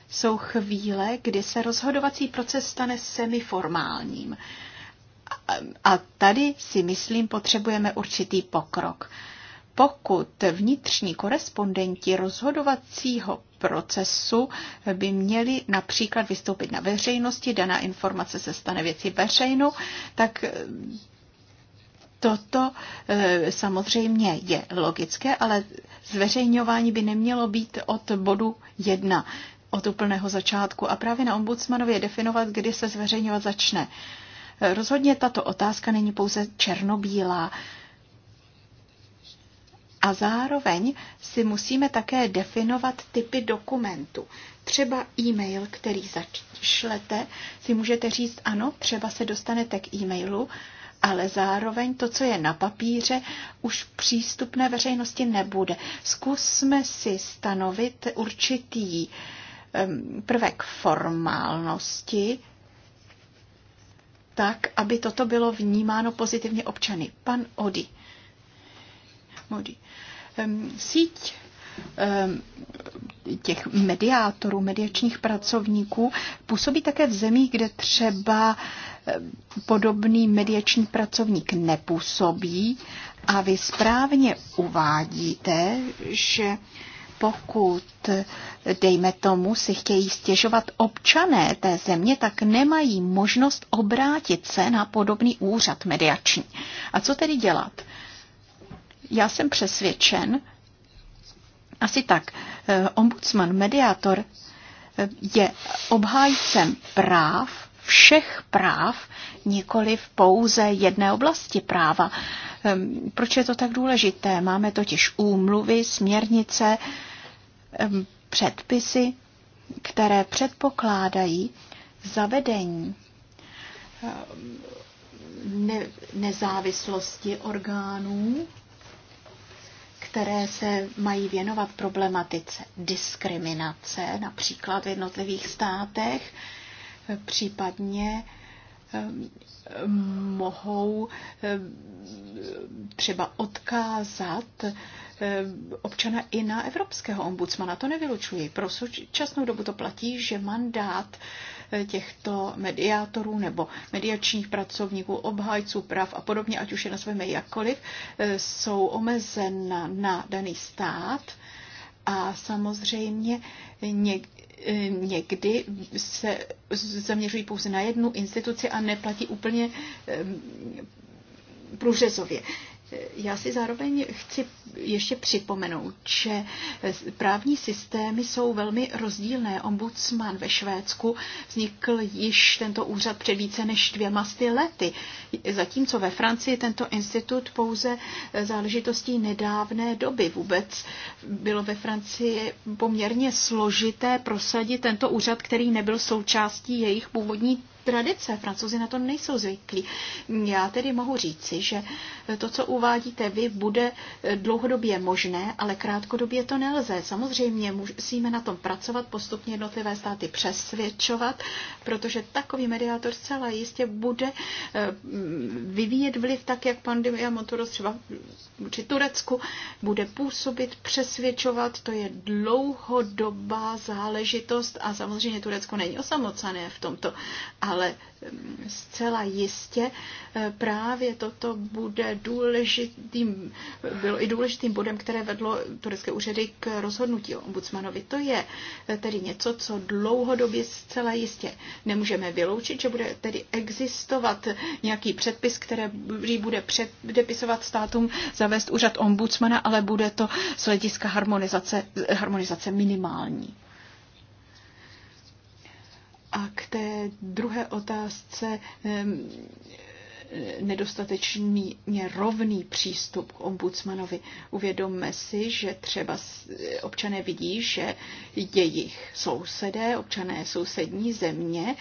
jsou chvíle, kdy se rozhodovací proces stane semiformálním. A tady si myslím, potřebujeme určitý pokrok pokud vnitřní korespondenti rozhodovacího procesu by měli například vystoupit na veřejnosti, daná informace se stane věcí veřejnou, tak eh, toto eh, samozřejmě je logické, ale zveřejňování by nemělo být od bodu jedna, od úplného začátku. A právě na ombudsmanově definovat, kdy se zveřejňovat začne. Eh, rozhodně tato otázka není pouze černobílá. A zároveň si musíme také definovat typy dokumentů. Třeba e-mail, který zašlete, si můžete říct, ano, třeba se dostanete k e-mailu, ale zároveň to, co je na papíře, už přístupné veřejnosti nebude. Zkusme si stanovit určitý prvek formálnosti, tak, aby toto bylo vnímáno pozitivně občany. Pan Odi. Um, Síť těch mediátorů, mediačních pracovníků působí také v zemích, kde třeba podobný mediační pracovník nepůsobí a vy správně uvádíte, že pokud, dejme tomu, si chtějí stěžovat občané té země, tak nemají možnost obrátit se na podobný úřad mediační. A co tedy dělat? Já jsem přesvědčen, asi tak, eh, ombudsman, mediátor eh, je obhájcem práv, všech práv, nikoli v pouze jedné oblasti práva. Ehm, proč je to tak důležité? Máme totiž úmluvy, směrnice, ehm, předpisy, které předpokládají zavedení ehm, nezávislosti orgánů které se mají věnovat problematice diskriminace, například v jednotlivých státech, případně ehm, mohou ehm, třeba odkázat ehm, občana i na evropského ombudsmana. To nevylučuji. Pro současnou dobu to platí, že mandát těchto mediátorů nebo mediačních pracovníků, obhájců práv a podobně, ať už je nazveme jakkoliv, eh, jsou omezena na daný stát a samozřejmě eh, někdy se zaměřují pouze na jednu instituci a neplatí úplně eh, průřezově já si zároveň chci ještě připomenout, že právní systémy jsou velmi rozdílné. Ombudsman ve Švédsku vznikl již tento úřad před více než dvěma sty lety, zatímco ve Francii tento institut pouze záležitostí nedávné doby vůbec. Bylo ve Francii poměrně složité prosadit tento úřad, který nebyl součástí jejich původní tradice. Francouzi na to nejsou zvyklí. Já tedy mohu říci, že to, co uvádíte vy, bude dlouhodobě možné, ale krátkodobě to nelze. Samozřejmě musíme na tom pracovat, postupně jednotlivé státy přesvědčovat, protože takový mediátor zcela jistě bude eh, vyvíjet vliv tak, jak pandemia Monturos třeba či Turecku bude působit, přesvědčovat, to je dlouhodobá záležitost a samozřejmě Turecko není osamocené v tomto, a ale zcela jistě e, právě toto bude důležitým, bylo i důležitým bodem, které vedlo turecké úřady k rozhodnutí o ombudsmanovi. To je e, tedy něco, co dlouhodobě zcela jistě nemůžeme vyloučit, že bude tedy existovat nějaký předpis, který bude předepisovat státům zavést úřad ombudsmana, ale bude to z hlediska harmonizace, harmonizace minimální. A k té druhé otázce nedostatečný rovný přístup k ombudsmanovi. Uvědomme si, že třeba občané vidí, že jejich sousedé, občané sousední země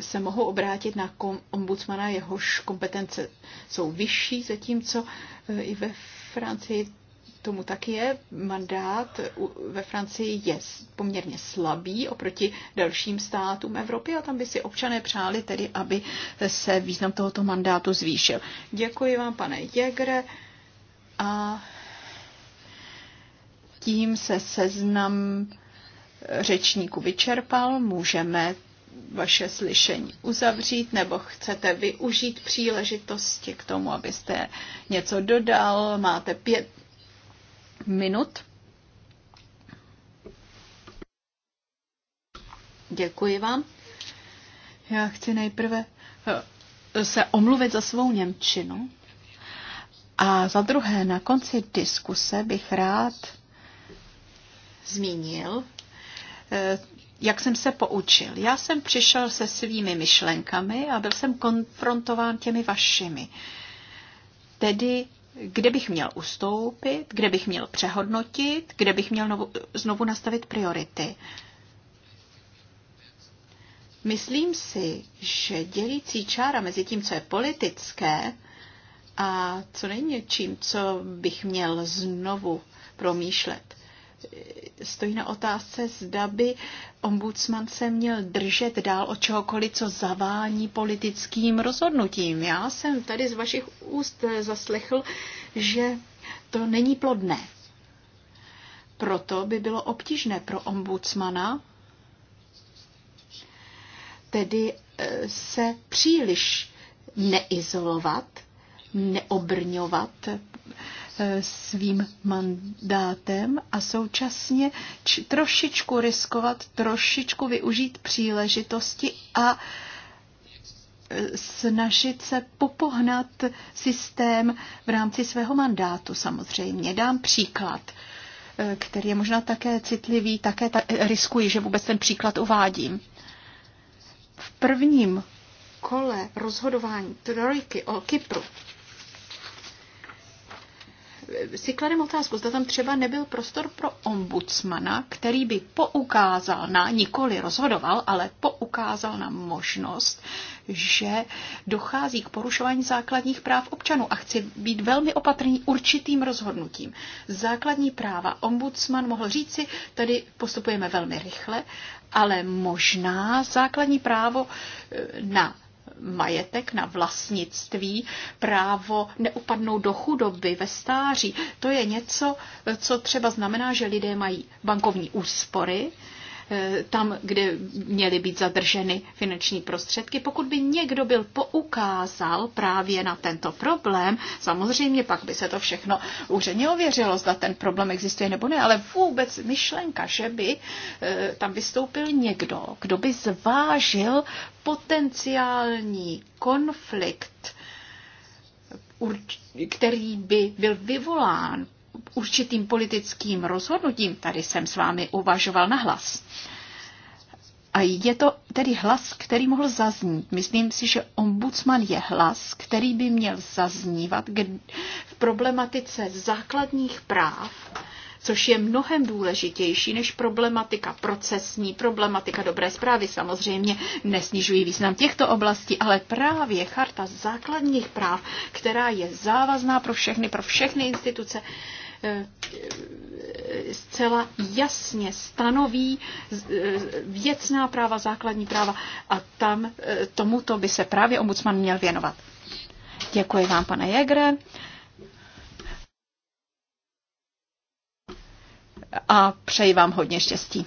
se mohou obrátit na ombudsmana, jehož kompetence jsou vyšší, zatímco eh, i ve Francii tomu tak je. Mandát ve Francii je poměrně slabý oproti dalším státům Evropy a tam by si občané přáli tedy, aby se význam tohoto mandátu zvýšil. Děkuji vám, pane Jegre. A tím se seznam řečníku vyčerpal. Můžeme vaše slyšení uzavřít, nebo chcete využít příležitosti k tomu, abyste něco dodal. Máte pět minut. Děkuji vám. Já chci nejprve eh, se omluvit za svou Němčinu. A za druhé, na konci diskuse bych rád zmínil, eh, jak jsem se poučil. Já jsem přišel se svými myšlenkami a byl jsem konfrontován těmi vašimi. Tedy kde bych měl ustoupit, kde bych měl přehodnotit, kde bych měl novu, znovu nastavit priority. Myslím si, že dělící čára mezi tím, co je politické a co není čím co bych měl znovu promýšlet, stojí na otázce, zda by ombudsman se měl držet dál od čehokoliv, co zavání politickým rozhodnutím. Já jsem tady z vašich úst zaslechl, že to není plodné. Proto by bylo obtížné pro ombudsmana tedy eh, se příliš neizolovat, neobrňovat, Eh, svým mandátem a současně trošičku riskovat, trošičku využít příležitosti a eh, snažit se popohnat systém v rámci svého mandátu samozřejmě. Dám příklad, eh, který je možná také citlivý, také ta- riskuji, že vůbec ten příklad uvádím. V prvním kole rozhodování trojky o Kypru si kladem otázku, zda tam třeba nebyl prostor pro ombudsmana, který by poukázal na, nikoli rozhodoval, ale poukázal na možnost, že dochází k porušování základních práv občanů a chci být velmi opatrný určitým rozhodnutím. Základní práva ombudsman mohl říci, tady postupujeme velmi rychle, ale možná základní právo eh, na majetek, na vlastnictví, právo neupadnout do chudoby ve stáří. To je něco, co třeba znamená, že lidé mají bankovní úspory, Eh, tam, kde měly být zadrženy finanční prostředky. Pokud by někdo byl poukázal právě na tento problém, samozřejmě pak by se to všechno úředně ověřilo, zda ten problém existuje nebo ne, ale vůbec myšlenka, že by eh, tam vystoupil někdo, kdo by zvážil potenciální konflikt, který by byl vyvolán určitým politickým rozhodnutím. Tady jsem s vámi uvažoval na hlas. A je to tedy hlas, který mohl zaznít. Myslím si, že ombudsman je hlas, který by měl zaznívat v problematice základních práv, což je mnohem důležitější než problematika procesní, problematika dobré zprávy. Samozřejmě nesnižují význam těchto oblastí, ale právě charta základních práv, která je závazná pro všechny, pro všechny instituce, Eh, zcela jasně stanoví eh, věcná práva, základní práva a tam eh, tomuto by se právě ombudsman měl věnovat. Děkuji vám, pane Jegre. A přeji vám hodně štěstí.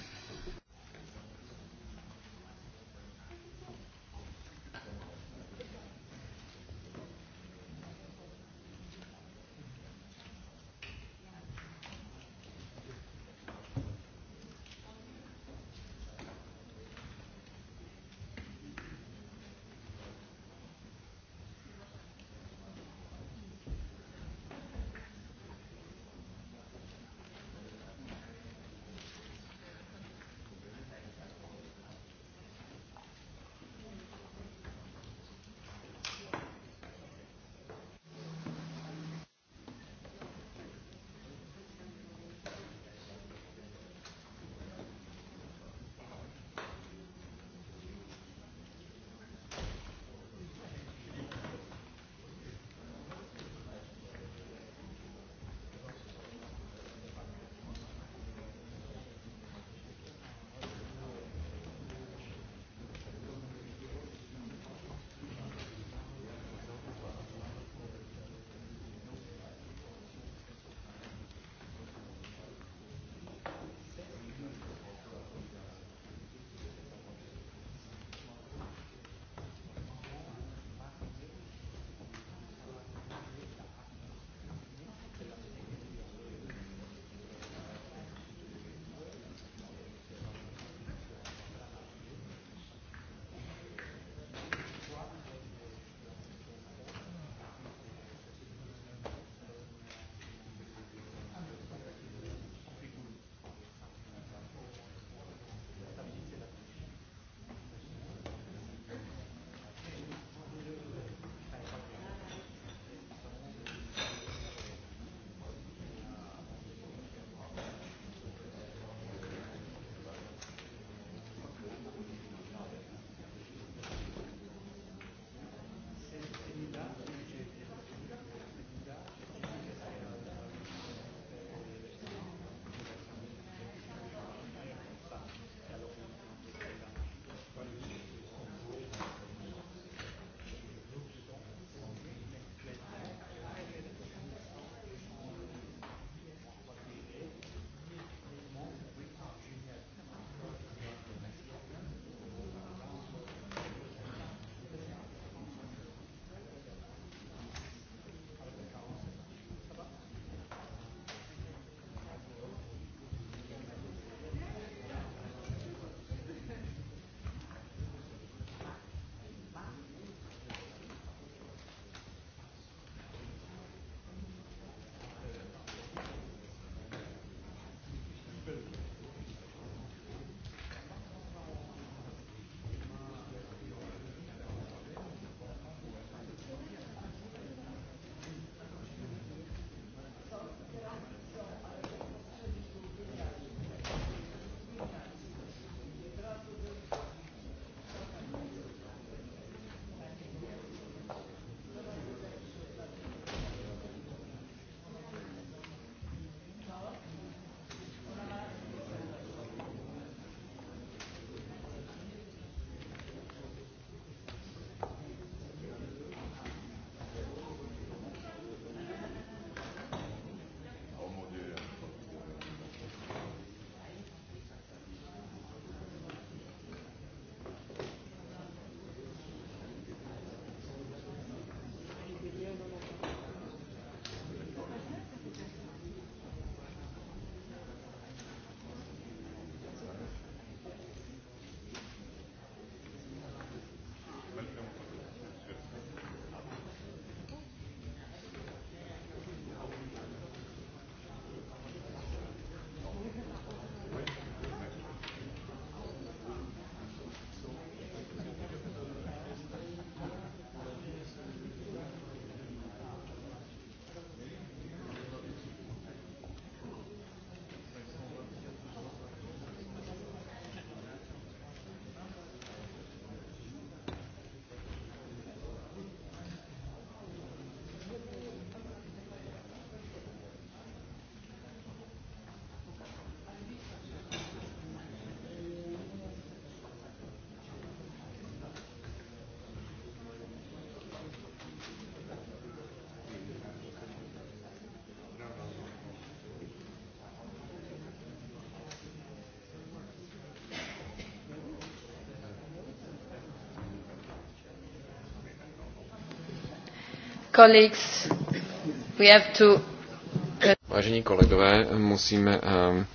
Vážení kolegové, musíme ehm,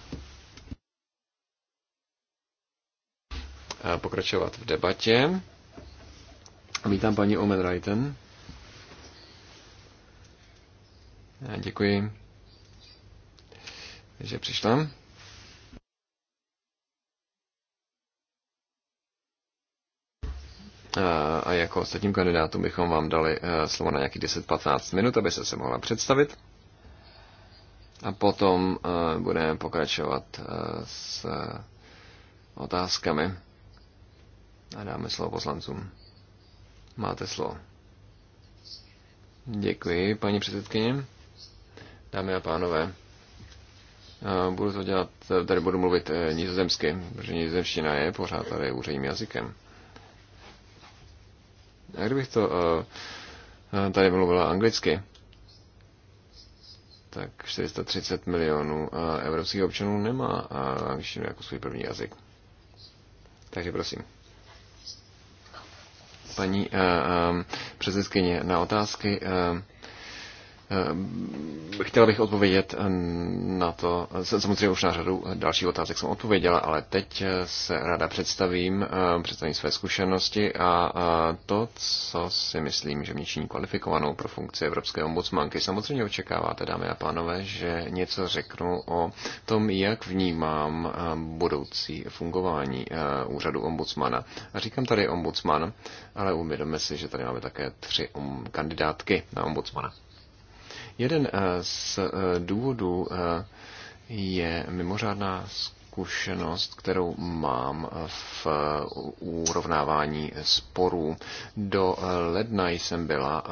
eh, pokračovat v debatě. Vítám paní Omen Reiten. Eh, děkuji, že přišla. jako ostatním kandidátům bychom vám dali eh, slovo na nějakých 10-15 minut, aby se se mohla představit. A potom eh, budeme pokračovat eh, s otázkami a dáme slovo poslancům. Máte slovo. Děkuji, paní předsedkyně. Dámy a pánové, budu to dělat, tady budu mluvit nizozemsky, protože nizozemština je pořád tady úředním jazykem jak bych to eh, eh, tady mluvila anglicky, tak 430 milionů eh, evropských občanů nemá angličtinu jako svůj první jazyk. Takže prosím. Paní předsedkyně, na otázky Ehm, chtěl bych odpovědět eh, na to, samozřejmě už na řadu dalších otázek jsem odpověděla, ale teď eh, se ráda představím, eh, představím své zkušenosti a to, co si myslím, že mě činí kvalifikovanou pro funkci Evropské ombudsmanky. Samozřejmě očekáváte, dámy a pánové, že něco řeknu o tom, jak vnímám budoucí fungování úřadu ombudsmana. Říkám tady ombudsman, ale uvědomme si, že tady máme také tři kandidátky na ombudsmana. Jeden eh, z eh, důvodů eh, je mimořádná zkušenost, kterou mám v urovnávání sporů. Do ledna jsem byla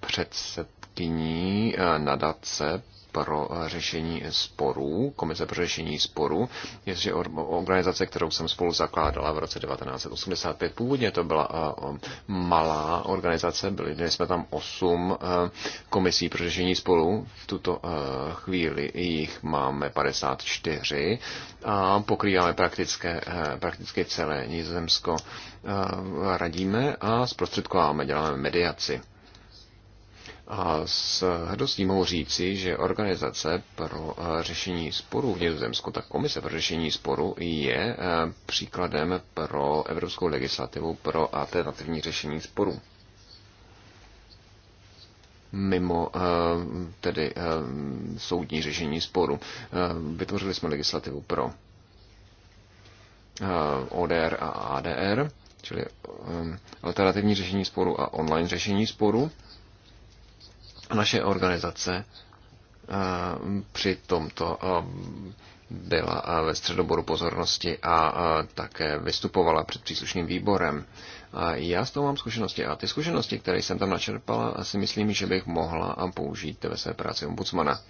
předsedkyní nadace pro eh, řešení sporů, komise pro řešení sporů, je organizace, kterou jsem spolu zakládala v roce 1985. Původně to byla eh, eh, malá organizace, byli jsme tam osm komisí pro řešení sporů. V tuto chvíli jich máme 54 a pokrýváme praktické, prakticky celé Nizozemsko. Radíme a zprostředkováme, děláme mediaci. A s hrdostí mohu říci, že organizace pro eh, řešení sporů v Nizozemsku, tak komise pro řešení sporů je eh, příkladem pro evropskou legislativu pro alternativní řešení sporů. Mimo eh, tedy soudní řešení sporu. Vytvořili jsme legislativu pro ODR a ADR, čili alternativní řešení sporu a online řešení sporu naše organizace eh, při tomto eh, byla eh, ve středoboru pozornosti a také vystupovala před příslušným výborem. A já s tou mám zkušenosti a ty zkušenosti, které jsem tam načerpala, si myslím, že bych mohla použít ve své práci ombudsmana.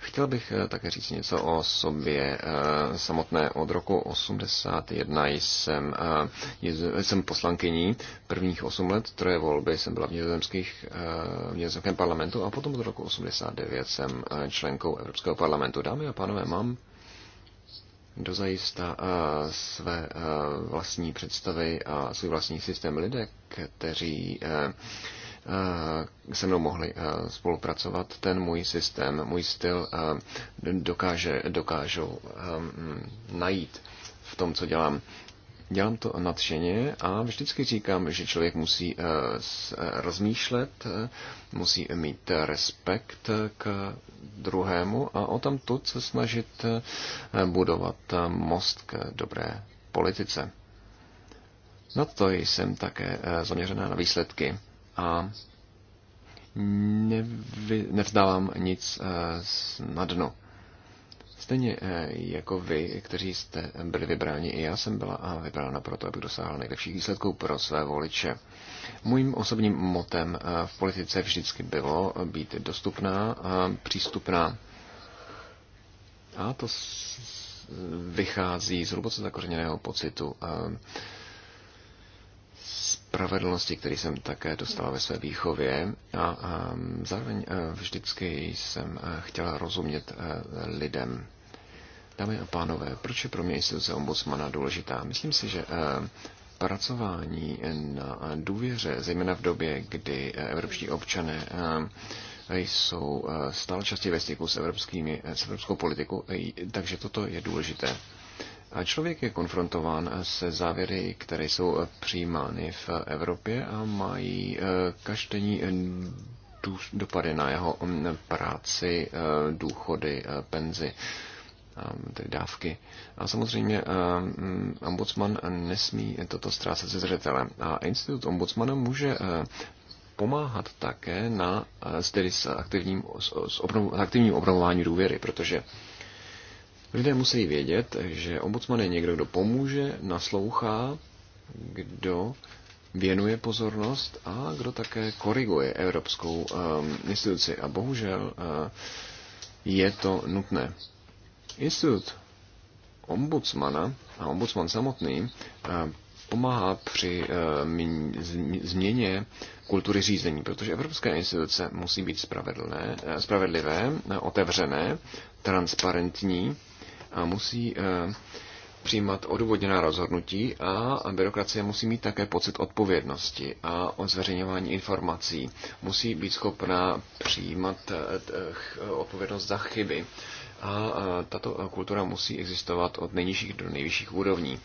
Chtěl bych eh, také říct něco o sobě eh, samotné. Od roku 81 jsem, eh, jsem poslankyní prvních 8 let, troje volby jsem byla v, nizozemských, nizozemském parlamentu a potom od roku 89 jsem členkou Evropského parlamentu. Dámy a pánové, mám dozajista své vlastní představy a svůj vlastní systém lidé, kteří Eh, se mnou mohli eh, spolupracovat. Ten můj systém, můj styl eh, dokáže, dokážou najít v tom, co dělám. Dělám to nadšeně a vždycky říkám, že člověk musí rozmýšlet, musí mít respekt k druhému a o tam tu se snažit budovat most k dobré politice. Na to jsem také zaměřená na výsledky a nevy, nevzdávám nic eh, na dno. Stejně eh, jako vy, kteří jste byli vybráni, i já jsem byla a eh, vybrána proto, abych dosáhla nejlepších výsledků pro své voliče. Mým osobním motem v politice vždycky bylo být dostupná, přístupná. A to vychází z hluboce zakořeněného pocitu spravedlnosti, který jsem také dostala ve své výchově a, a zároveň e, vždycky jsem e, chtěla rozumět e, lidem. Dámy a pánové, proč je pro mě instituce ombudsmana důležitá? Myslím si, že pracování na důvěře, zejména v době, kdy evropští občané jsou stále častěji ve styku s, s evropskou politikou, takže toto je důležité. A člověk je konfrontován se závěry, které jsou přijímány v Evropě a mají eh, každení eh, dopady na jeho mm, práci, eh, důchody, penzi tedy dávky. A samozřejmě mm, ombudsman nesmí toto ztrácet se zřetelem. A institut ombudsmana může pomáhat také na, tedy s aktivním, s, obnov, s aktivním obnovování důvěry, protože Lidé musí vědět, že ombudsman je někdo, kdo pomůže, naslouchá, kdo věnuje pozornost a kdo také koriguje evropskou um, instituci. A bohužel uh, je to nutné. Institut ombudsmana a ombudsman samotný uh, pomáhá při změně kultury řízení, protože evropské instituce musí být spravedlné, eh, spravedlivé, otevřené, transparentní a musí eh, přijímat odůvodněná rozhodnutí a byrokracie musí mít také pocit odpovědnosti a o zveřejňování informací. Musí být schopná přijímat eh, odpovědnost za chyby. A eh, tato kultura musí existovat od nejnižších do nejvyšších úrovní.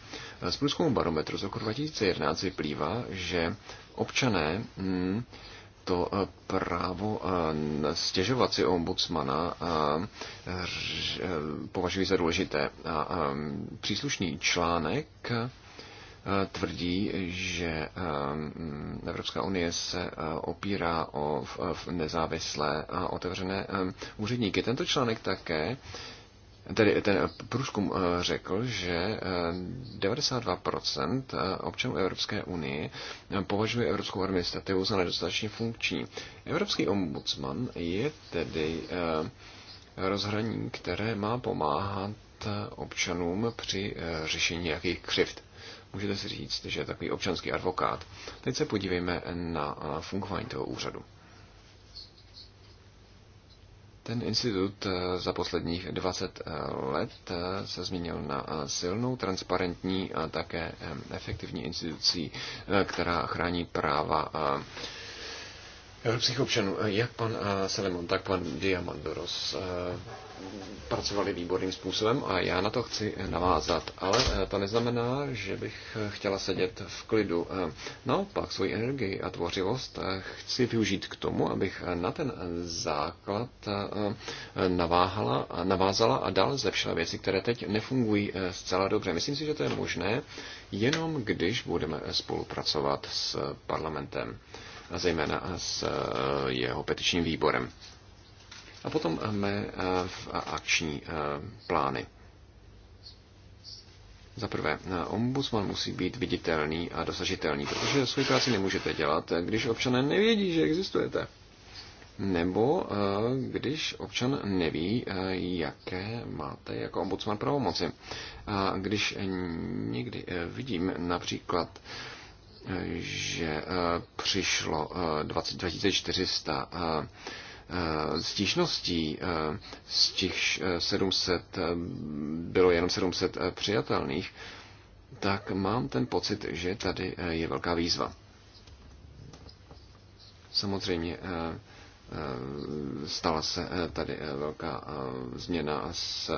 Z průzkumu barometru z roku 2011 vyplývá, že občané hm, to eh, právo eh, stěžovat si ombudsmana eh, považuji za důležité. A příslušný článek tvrdí, že Evropská unie se opírá o nezávislé a otevřené úředníky. Tento článek také tedy ten průzkum eh, řekl, že 92% eh, eh, občanů Evropské unie považuje evropskou administrativu za nedostatečně funkční. Evropský ombudsman je tedy rozhraní, které má pomáhat občanům při řešení nějakých křivt. Můžete si říct, že je takový občanský advokát. Teď se podívejme na fungování toho úřadu. Ten institut eh, za posledních 20 eh, let eh, se změnil na silnou, transparentní a také efektivní institucí, která chrání práva evropských občanů. Jak pan eh, Selemon, tak pan Diamandoros eh, pracovali výborným způsobem a já na to chci navázat. Ale eh, to neznamená, že bych chtěla sedět v klidu. Naopak svoji energii a tvořivost chci využít k tomu, abych na ten základ naváhala, navázala a dál zlepšila věci, které teď nefungují zcela dobře. Myslím si, že to je možné, jenom když budeme spolupracovat s parlamentem a zejména s eh, jeho petičním výborem. A potom mé eh, akční eh, plány. Za prvé, ombudsman musí být viditelný a dosažitelný, protože svoji práci nemůžete dělat, když občané nevědí, že existujete. Nebo když občan neví, jaké máte jako ombudsman pravomoci. A když někdy vidím například že eh, přišlo 2400 eh, eh, stížností, z těch 700 bylo jenom 700 přijatelných, tak mám ten pocit, že tady je velká výzva. Samozřejmě Eh, stala se eh, tady eh, velká změna s,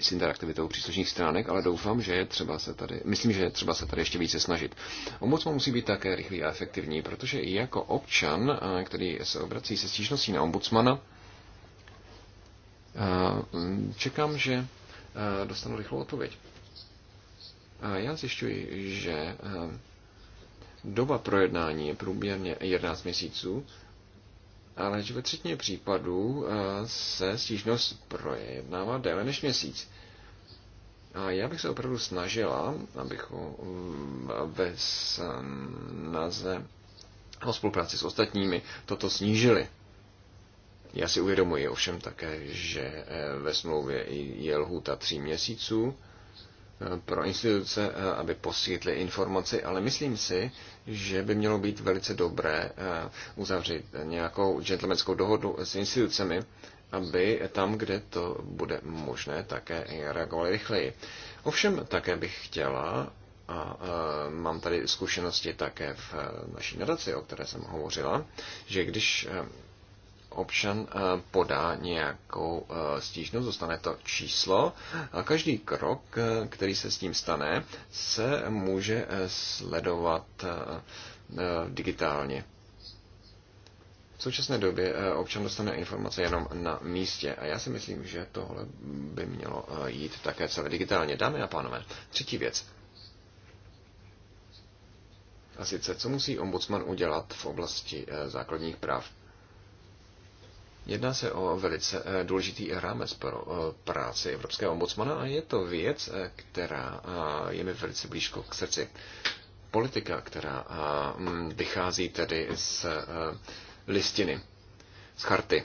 s interaktivitou příslušných stránek, ale doufám, že je třeba se tady, myslím, že je třeba se tady ještě více snažit. Ombudsman musí být také rychlý a efektivní, protože i jako občan, který se obrací se stížností na ombudsmana, čekám, že dostanu rychlou odpověď. já zjišťuji, že doba projednání je průměrně 11 měsíců, ale že ve třetině případů eh, se stížnost projednává déle než měsíc. A já bych se opravdu snažila, abych eh, ve snaze o spolupráci s ostatními toto snížili. Já si uvědomuji ovšem také, že eh, ve smlouvě je lhůta tří měsíců pro instituce, eh, aby poskytly informaci, ale myslím si, že by mělo být velice dobré eh, uzavřít nějakou gentlemanskou dohodu s institucemi, aby tam, kde to bude možné, také reagovali rychleji. Ovšem také bych chtěla, a eh, mám tady zkušenosti také v naší nadaci, o které jsem hovořila, že když občan eh, podá nějakou eh, stížnost, dostane to číslo a každý krok, eh, který se s tím stane, se může sledovat digitálně. V současné době občan dostane informace jenom na místě a já si myslím, že tohle by mělo jít také celé digitálně. Dámy a pánové, třetí věc. A sice, co musí ombudsman udělat v oblasti základních práv? Jedná se o velice eh, důležitý rámec pro eh, práci Evropského ombudsmana a je to věc, eh, která je mi velice blízko k srdci. Politika, která mm, vychází tedy z listiny, z charty.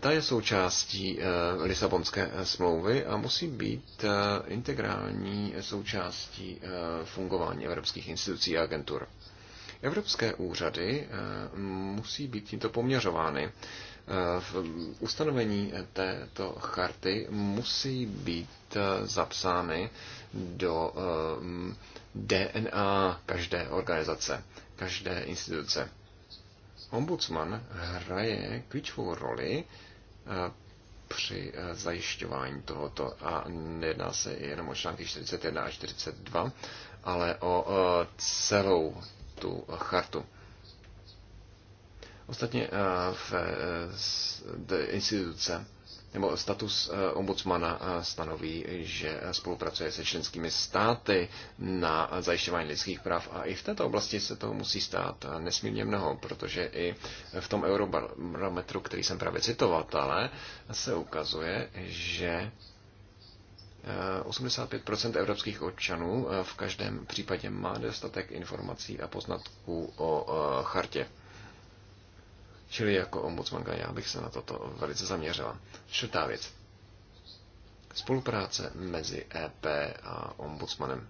Ta je součástí Lisabonské smlouvy a musí být integrální součástí fungování evropských institucí a agentur. Evropské úřady musí být tímto poměřovány Eh, mm, ustanovení této charty musí být eh, zapsány do eh, mm, DNA každé organizace, každé instituce. Ombudsman hraje klíčovou roli při zajišťování tohoto a nejedná se jenom o články 41 a 42, ale o celou tu chartu. Ostatně eh, v eh, instituce nebo status eh, ombudsmana stanoví, že spolupracuje se členskými státy na zajišťování lidských práv a i v této oblasti se toho musí stát nesmírně mnoho, protože i v tom eurobarometru, který jsem právě citoval, ale se ukazuje, že 85% evropských občanů v každém případě má dostatek informací a poznatků o chartě. Čili jako ombudsmanka já bych se na toto velice zaměřila. Čtvrtá věc. Spolupráce mezi EP a ombudsmanem.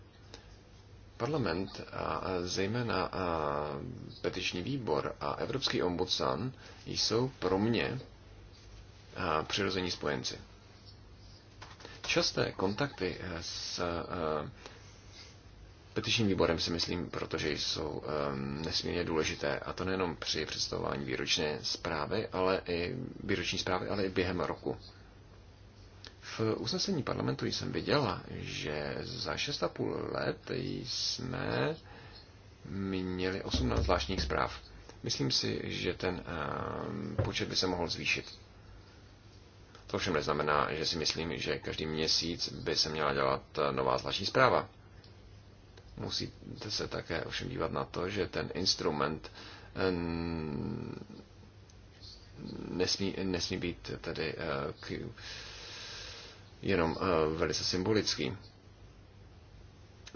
Parlament a zejména a petiční výbor a evropský ombudsman jsou pro mě přirození spojenci. Časté kontakty s petičním výborem, si myslím, protože jsou eh, nesmírně důležité. A to nejenom při představování výročné zprávy, ale i výroční zprávy, ale i během roku. V usnesení parlamentu jsem viděla, že za 6,5 let jsme měli 18 zvláštních zpráv. Myslím si, že ten eh, počet by se mohl zvýšit. To všem neznamená, že si myslím, že každý měsíc by se měla dělat nová zvláštní zpráva. Musíte se také ovšem dívat na to, že ten instrument eh, nesmí, nesmí být tedy eh, k, jenom eh, velice symbolický.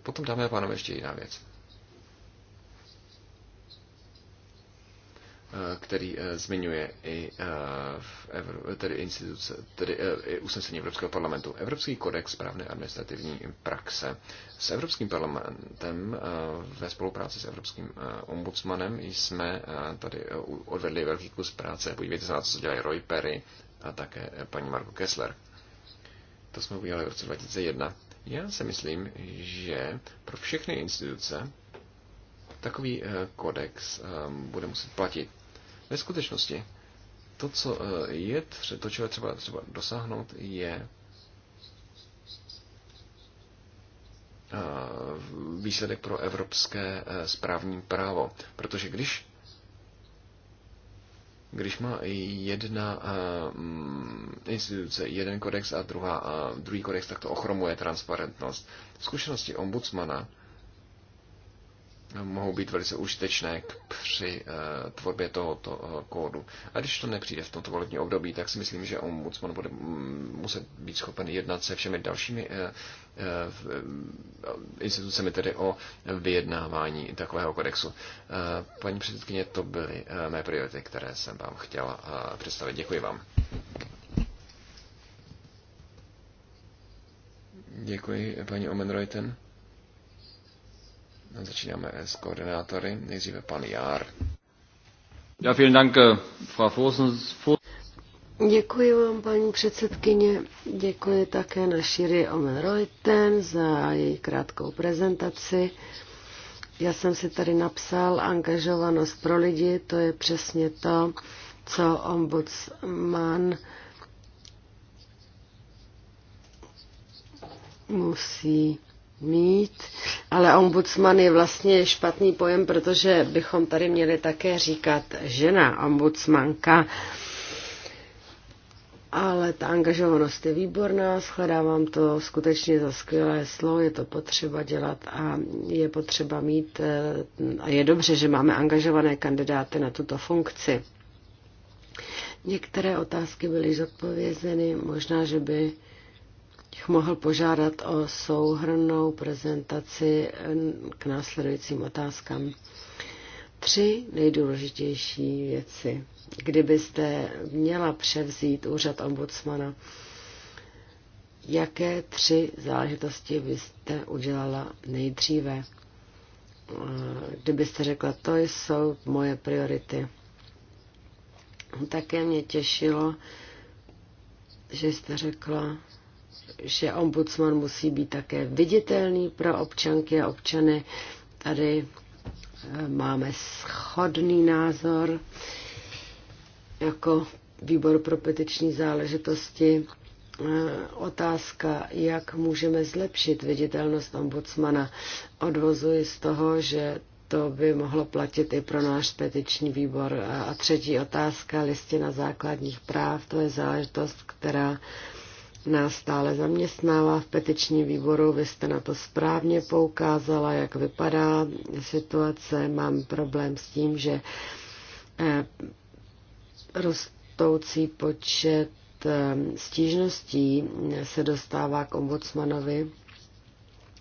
Potom dáme a pánové ještě jiná věc. Eh, který eh, zmiňuje i, eh, v Evro, tedy instituce, tedy i usnesení Evropského parlamentu. Evropský kodex správné administrativní praxe. S Evropským parlamentem ve spolupráci s Evropským ombudsmanem jsme tady odvedli velký kus práce. Podívejte se na to, co dělají Roy Perry a také paní Marko Kessler. To jsme udělali v roce 2001. Já si myslím, že pro všechny instituce takový kodex bude muset platit ve skutečnosti to, co eh, je, to, čeho třeba, třeba dosáhnout, je eh, výsledek pro evropské eh, správní právo. Protože když když má jedna instituce jeden kodex a druhá, druhý kodex, tak to ochromuje transparentnost. Zkušenosti ombudsmana mohou být velice užitečné k při uh, tvorbě tohoto uh, kódu. A když to nepřijde v tomto volebním období, tak si myslím, že ombudsman bude mm, muset být schopen jednat se všemi dalšími uh, uh, institucemi, tedy o vyjednávání takového kodexu. Uh, paní předsedkyně, to byly uh, mé priority, které jsem vám chtěla uh, představit. Děkuji vám. Děkuji, paní Omenreuten. Začínáme s koordinátory. Nejdříve pan Jár. Ja, vielen Dank, eh, Frau Děkuji vám, paní předsedkyně. Děkuji také na Shiri Omen Reuten za její krátkou prezentaci. Já jsem si tady napsal angažovanost pro lidi, to je přesně to, co ombudsman musí mít, ale ombudsman je vlastně špatný pojem, protože bychom tady měli také říkat žena ombudsmanka. Ale ta angažovanost je výborná, shledávám to skutečně za skvělé slovo, je to potřeba dělat a je potřeba mít, eh, a je dobře, že máme angažované kandidáty na tuto funkci. Některé otázky byly zodpovězeny, možná, že by bych mohl požádat o souhrnou prezentaci eh, k následujícím otázkám. Tři nejdůležitější věci. Kdybyste měla převzít úřad ombudsmana, jaké tři záležitosti byste udělala nejdříve? Eh, kdybyste řekla, to jsou moje priority. Také mě těšilo, že jste řekla, že ombudsman musí být také viditelný pro občanky a občany. Tady eh, máme schodný názor jako výbor pro petiční záležitosti. Eh, otázka, jak můžeme zlepšit viditelnost ombudsmana, odvozuji z toho, že to by mohlo platit i pro náš petiční výbor. Eh, a třetí otázka, listina základních práv, to je záležitost, která nás stále zaměstnává v petičním výboru. Vy jste na to správně poukázala, jak vypadá situace. Mám problém s tím, že eh, rostoucí počet eh, stížností se dostává k ombudsmanovi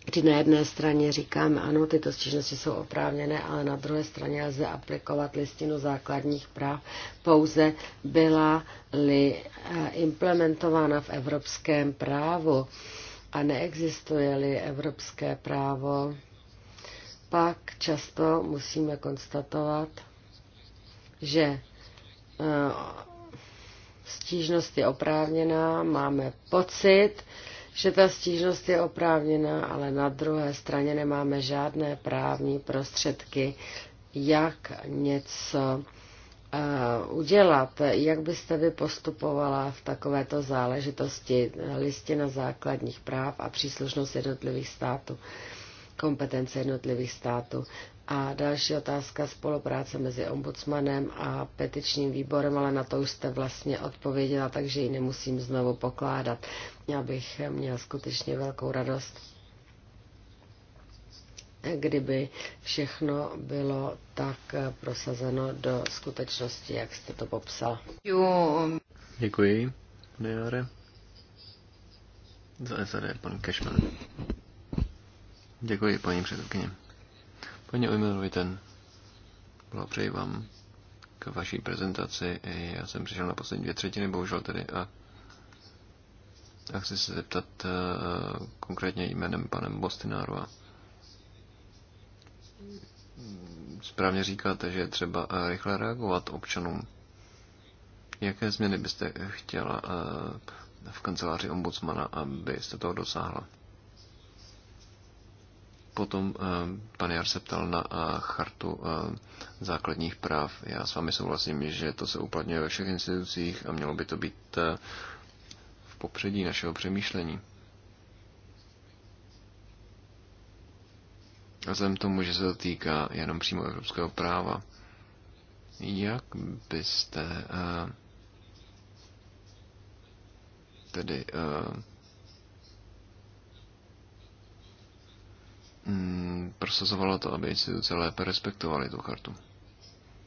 kdy na jedné straně říkáme, ano, tyto stížnosti jsou oprávněné, ale na druhé straně lze aplikovat listinu základních práv, pouze byla-li eh, implementována v evropském právu a neexistuje-li evropské právo, pak často musíme konstatovat, že eh, stížnost je oprávněná, máme pocit, že ta stížnost je oprávněná, ale na druhé straně nemáme žádné právní prostředky, jak něco eh, udělat. Jak byste vy postupovala v takovéto záležitosti listina základních práv a příslušnost jednotlivých států? kompetence jednotlivých států. A další otázka spolupráce mezi ombudsmanem a petičním výborem, ale na to už jste vlastně odpověděla, takže ji nemusím znovu pokládat. Já bych měla skutečně velkou radost, kdyby všechno bylo tak prosazeno do skutečnosti, jak jste to popsal. Děkuji, Nejare. Za SAD pan Kešman. Děkuji, paní předsedkyně. Paní ten blahopřeji vám k vaší prezentaci. Já jsem přišel na poslední dvě třetiny, bohužel tedy, a, a chci se zeptat uh, konkrétně jménem panem Bostinárova. Správně říkáte, že je třeba eh, rychle reagovat občanům. Jaké změny byste chtěla uh, v kanceláři ombudsmana, abyste toho dosáhla? Potom eh, pan Jar se ptal na eh, chartu eh, základních práv. Já s vámi souhlasím, že to se uplatňuje ve všech institucích a mělo by to být v popředí našeho přemýšlení. A vzhledem tomu, že se to týká jenom přímo evropského práva, jak byste tedy mm, prosazovala to, aby instituce lépe respektovaly tu chartu.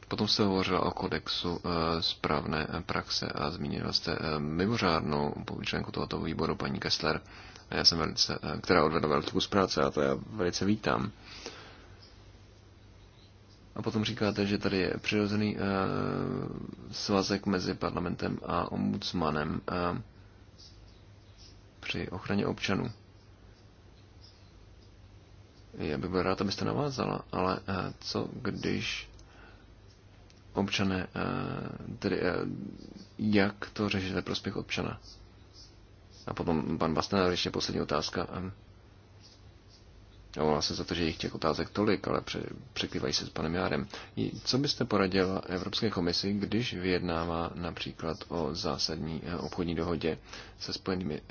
Potom jste hovořila o kodexu e, správné eh, praxe a zmínila jste e, mimořádnou poučenku tohoto výboru, paní Kessler, a já jsem velice, e, která odvedla velký kus práce a to já velice vítám. A potom říkáte, že tady je přirozený e, svazek mezi parlamentem a ombudsmanem e, při ochraně občanů. Já bych byl rád, abyste navázala, ale eh, co když občané, eh, tedy eh, jak to řešit ve prospěch občana? A potom pan Bastinár, ještě poslední otázka. Omlouvám se za to, že jich těch otázek tolik, ale překrývají se s panem Járem. Co byste poradila Evropské komisi, když vyjednává například o zásadní obchodní dohodě se Spojenými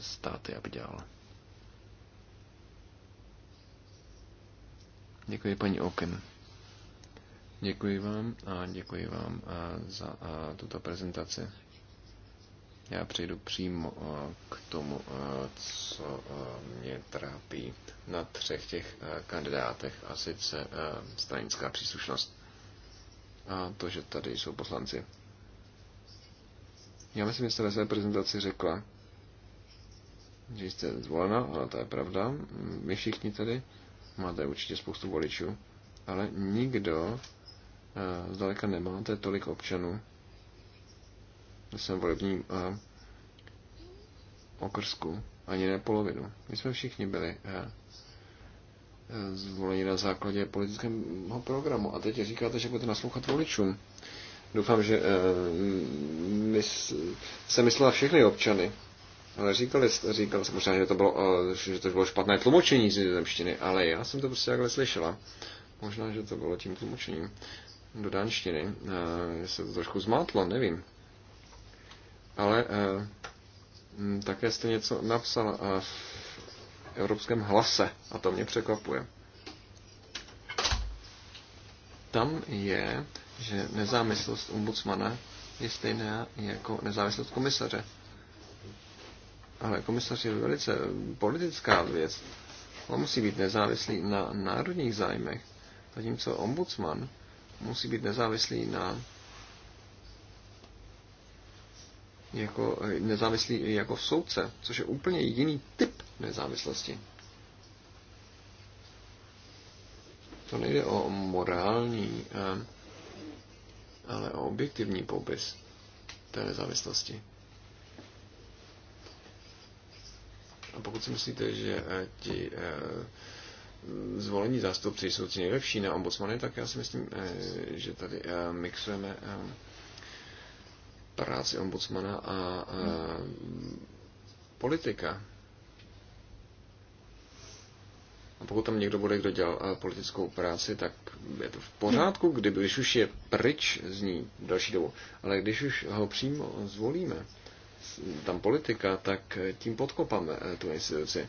státy, aby dělala? Děkuji, paní Oken. Děkuji vám a děkuji vám eh, za eh, tuto prezentaci. Já přejdu přímo eh, k tomu, co mě trápí na třech těch kandidátech, a sice stranická příslušnost. A to, že tady jsou poslanci. Já myslím, že jste ve své prezentaci řekla, že jste zvolena, ale to je pravda, my všichni tady, máte určitě spoustu voličů, ale nikdo eh, zdaleka nemáte tolik občanů ve svém volebním eh, okrsku, ani ne polovinu. My jsme všichni byli eh, zvoleni na základě politického programu. A teď říkáte, že budete naslouchat voličům. Doufám, že mys, se myslela všechny občany, ale no, říkali, říkal jsem možná, že to bylo, eh, že to bylo špatné tlumočení z nizozemštiny, ale já jsem to prostě takhle slyšela. Možná, že to bylo tím tlumočením do dánštiny, že eh, se to trošku zmátlo, nevím. Ale eh, mm, také jste něco napsal v evropském hlase a to mě překvapuje. Tam je, že nezávislost ombudsmana je stejná jako nezávislost komisaře. Ale komisař je velice eh, politická věc. On musí být nezávislý na národních zájmech, zatímco ombudsman musí být nezávislý na jako eh, nezávislý jako v soudce, což je úplně jiný typ nezávislosti. To nejde o morální, eh, ale o objektivní popis té nezávislosti. A pokud si myslíte, že eh, ti eh, zvolení zástupci jsou ti nejlepší na ombudsmany, tak já si myslím, eh, že tady mixujeme práci ombudsmana a politika. A pokud tam někdo bude, kdo dělal politickou práci, tak je to v pořádku, kdyby, když už je pryč z ní další dobu. Ale když už ho přímo zvolíme, tam politika, tak tím podkopáme eh, tu instituci.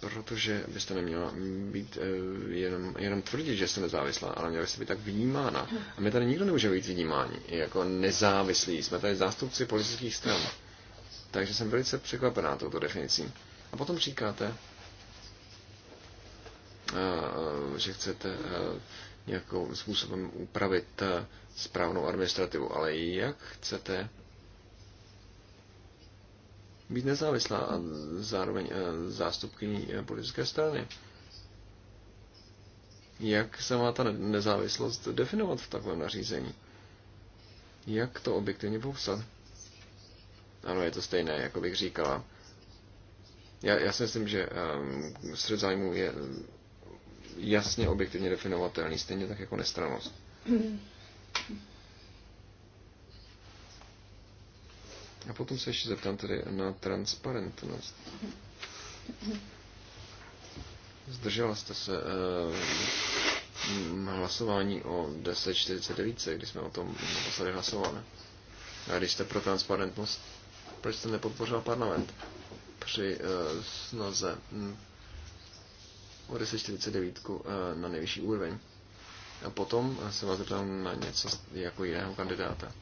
Protože byste neměla být eh, jenom, jenom tvrdit, že jste nezávislá, ale měla byste být tak vnímána. A my tady nikdo nemůže být vnímání jako nezávislí. Jsme tady zástupci politických stran. Takže jsem velice překvapená touto definicí. A potom říkáte, eh, že chcete nějakou způsobem upravit správnou administrativu, ale jak chcete být nezávislá a zároveň eh, zástupkyní eh, politické strany. Jak se má ta nezávislost definovat v takovém nařízení? Jak to objektivně popsat? Ano, je to stejné, jako bych říkala. Já, já si myslím, že um, střed zájmu je eh, jasně objektivně definovatelný, stejně tak jako nestranost. A potom se ještě zeptám tedy na transparentnost. Zdržela jste se uh, hlasování o 10.49, kdy jsme o tom poslali hlasovali. A když jste pro transparentnost, proč jste nepodpořil parlament při uh, snaze hm, o 10.49 uh, eh, na nejvyšší úroveň? A potom se vás zeptám na něco jako jiného kandidáta.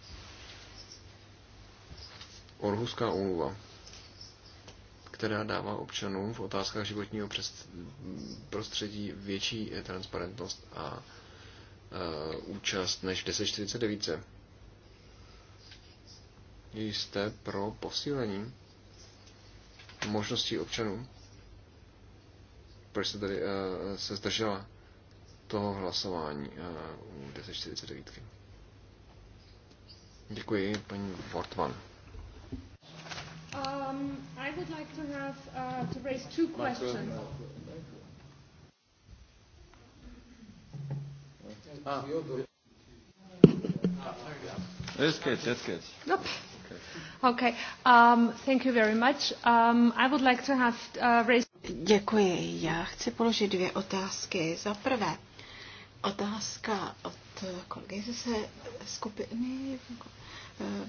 Orhuská úmluva, která dává občanům v otázkách životního prostředí větší transparentnost a e, účast než 1049. Jste pro posílení možností občanů? Proč se tady uh, se zdržela toho hlasování uh, u 1049? Děkuji, paní Fortman. Um, I would like to have uh, to raise two questions. Ah. ah. That's good. That's good. Nope. Okay. Um, thank you very much. Um, I would like to have uh, raised. Děkuji. Já chci položit dvě otázky. Za prvé, otázka od kolegy ze skupiny eh,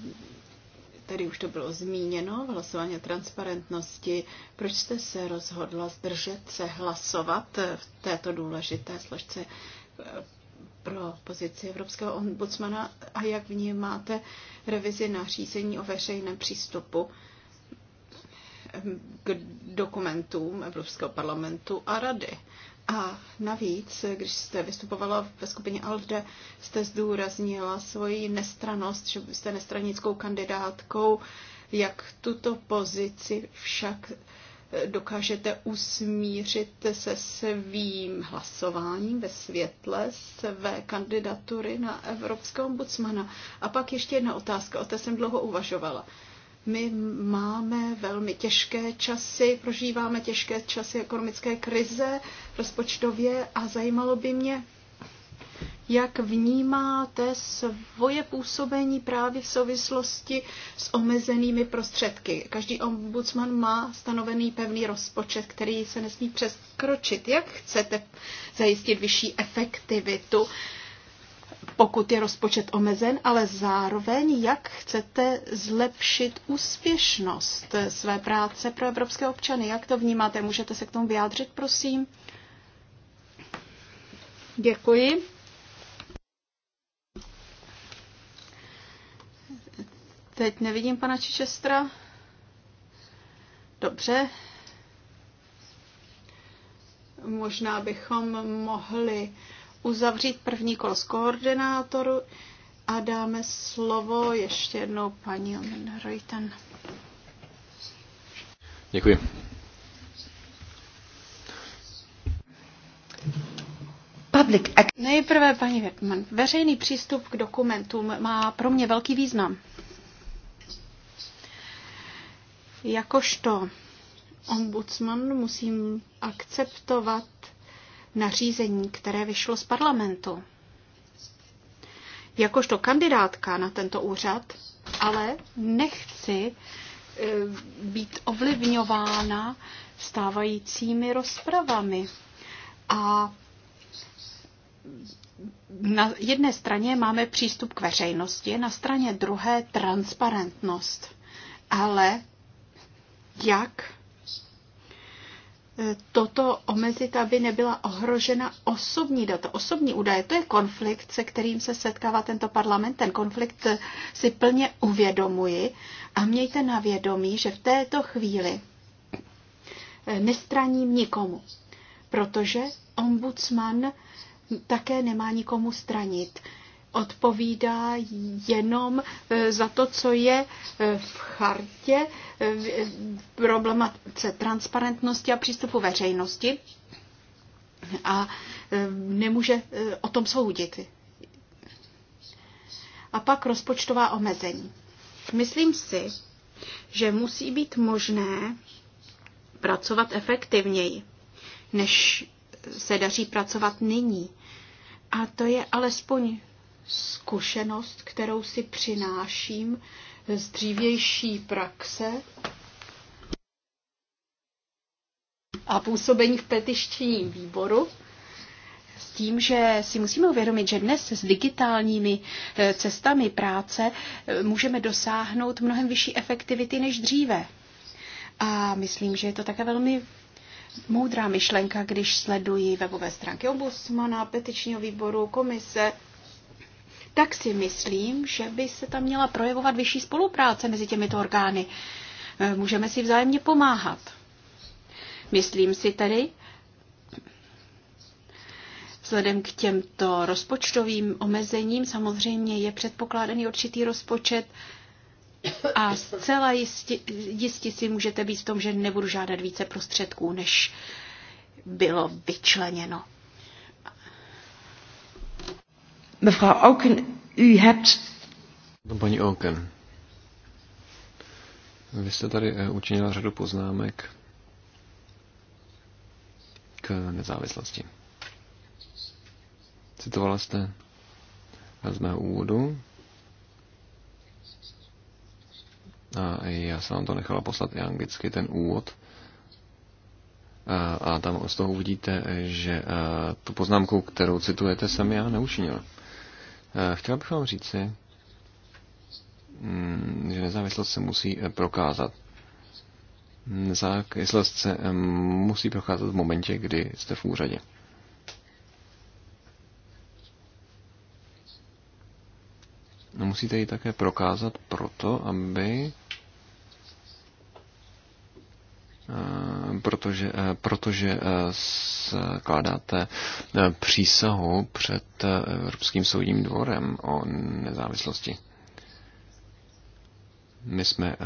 tady už to bylo zmíněno, v hlasování o transparentnosti. Proč jste se rozhodla zdržet se hlasovat v této důležité složce eh, pro pozici Evropského ombudsmana a jak vnímáte revizi nařízení o veřejném přístupu eh, k dokumentům Evropského parlamentu a rady? A navíc, když jste vystupovala ve skupině ALDE, jste zdůraznila svoji nestranost, že jste nestranickou kandidátkou. Jak tuto pozici však dokážete usmířit se svým hlasováním ve světle své kandidatury na Evropského ombudsmana? A pak ještě jedna otázka, o té jsem dlouho uvažovala. My máme velmi těžké časy, prožíváme těžké časy ekonomické krize rozpočtově a zajímalo by mě, jak vnímáte svoje působení právě v souvislosti s omezenými prostředky? Každý ombudsman má stanovený pevný rozpočet, který se nesmí přeskročit. Jak chcete zajistit vyšší efektivitu pokud je rozpočet omezen, ale zároveň, jak chcete zlepšit úspěšnost své práce pro evropské občany. Jak to vnímáte? Můžete se k tomu vyjádřit, prosím? Děkuji. Teď nevidím pana Čičestra. Dobře. Možná bychom mohli uzavřít první kolo z koordinátoru a dáme slovo ještě jednou paní Omen Reuten. Děkuji. Public Nejprve, paní Wertmann, veřejný přístup k dokumentům má pro mě velký význam. Jakožto ombudsman musím akceptovat nařízení, které vyšlo z parlamentu. Jakožto kandidátka na tento úřad, ale nechci eh, být ovlivňována stávajícími rozpravami. A na jedné straně máme přístup k veřejnosti, na straně druhé transparentnost. Ale jak toto omezit, aby nebyla ohrožena osobní data, osobní údaje. To je konflikt, se kterým se setkává tento parlament. Ten konflikt si plně uvědomuji a mějte na vědomí, že v této chvíli eh, nestraním nikomu, protože ombudsman také nemá nikomu stranit odpovídá jenom eh, za to, co je eh, v chartě eh, v problematice transparentnosti a přístupu veřejnosti a nemůže o tom soudit. A pak rozpočtová omezení. Myslím si, že musí být možné pracovat efektivněji, než se daří pracovat nyní. A to je alespoň zkušenost, kterou si přináším z dřívější praxe a působení v petičním výboru s tím, že si musíme uvědomit, že dnes s digitálními eh, cestami práce eh, můžeme dosáhnout mnohem vyšší efektivity než dříve. A myslím, že je to také velmi moudrá myšlenka, když sleduji webové stránky ombudsmana, petičního výboru, komise, tak si myslím, že by se tam měla projevovat vyšší spolupráce mezi těmito orgány. Eh, můžeme si vzájemně pomáhat. Myslím si tedy, Vzhledem k těmto rozpočtovým omezením samozřejmě je předpokládaný určitý rozpočet a zcela jistě, jistě si můžete být v tom, že nebudu žádat více prostředků, než bylo vyčleněno. Mevrouw Auken, u hebt... Paní Auken, vy jste tady eh, učinila řadu poznámek k nezávislosti. Citovala jste z mého úvodu a já jsem vám to nechala poslat i anglicky, ten úvod. A, a tam z toho uvidíte, že eh, tu poznámku, kterou citujete, jsem já neučinila. Eh, chtěl bych vám říci, mm, že nezávislost se musí eh, prokázat. Nezávislost se eh, musí prokázat v momentě, kdy jste v úřadě. Musíte ji také prokázat proto, aby Eh, protože, eh, protože eh, skládáte přísahu před Evropským soudním dvorem o nezávislosti. My jsme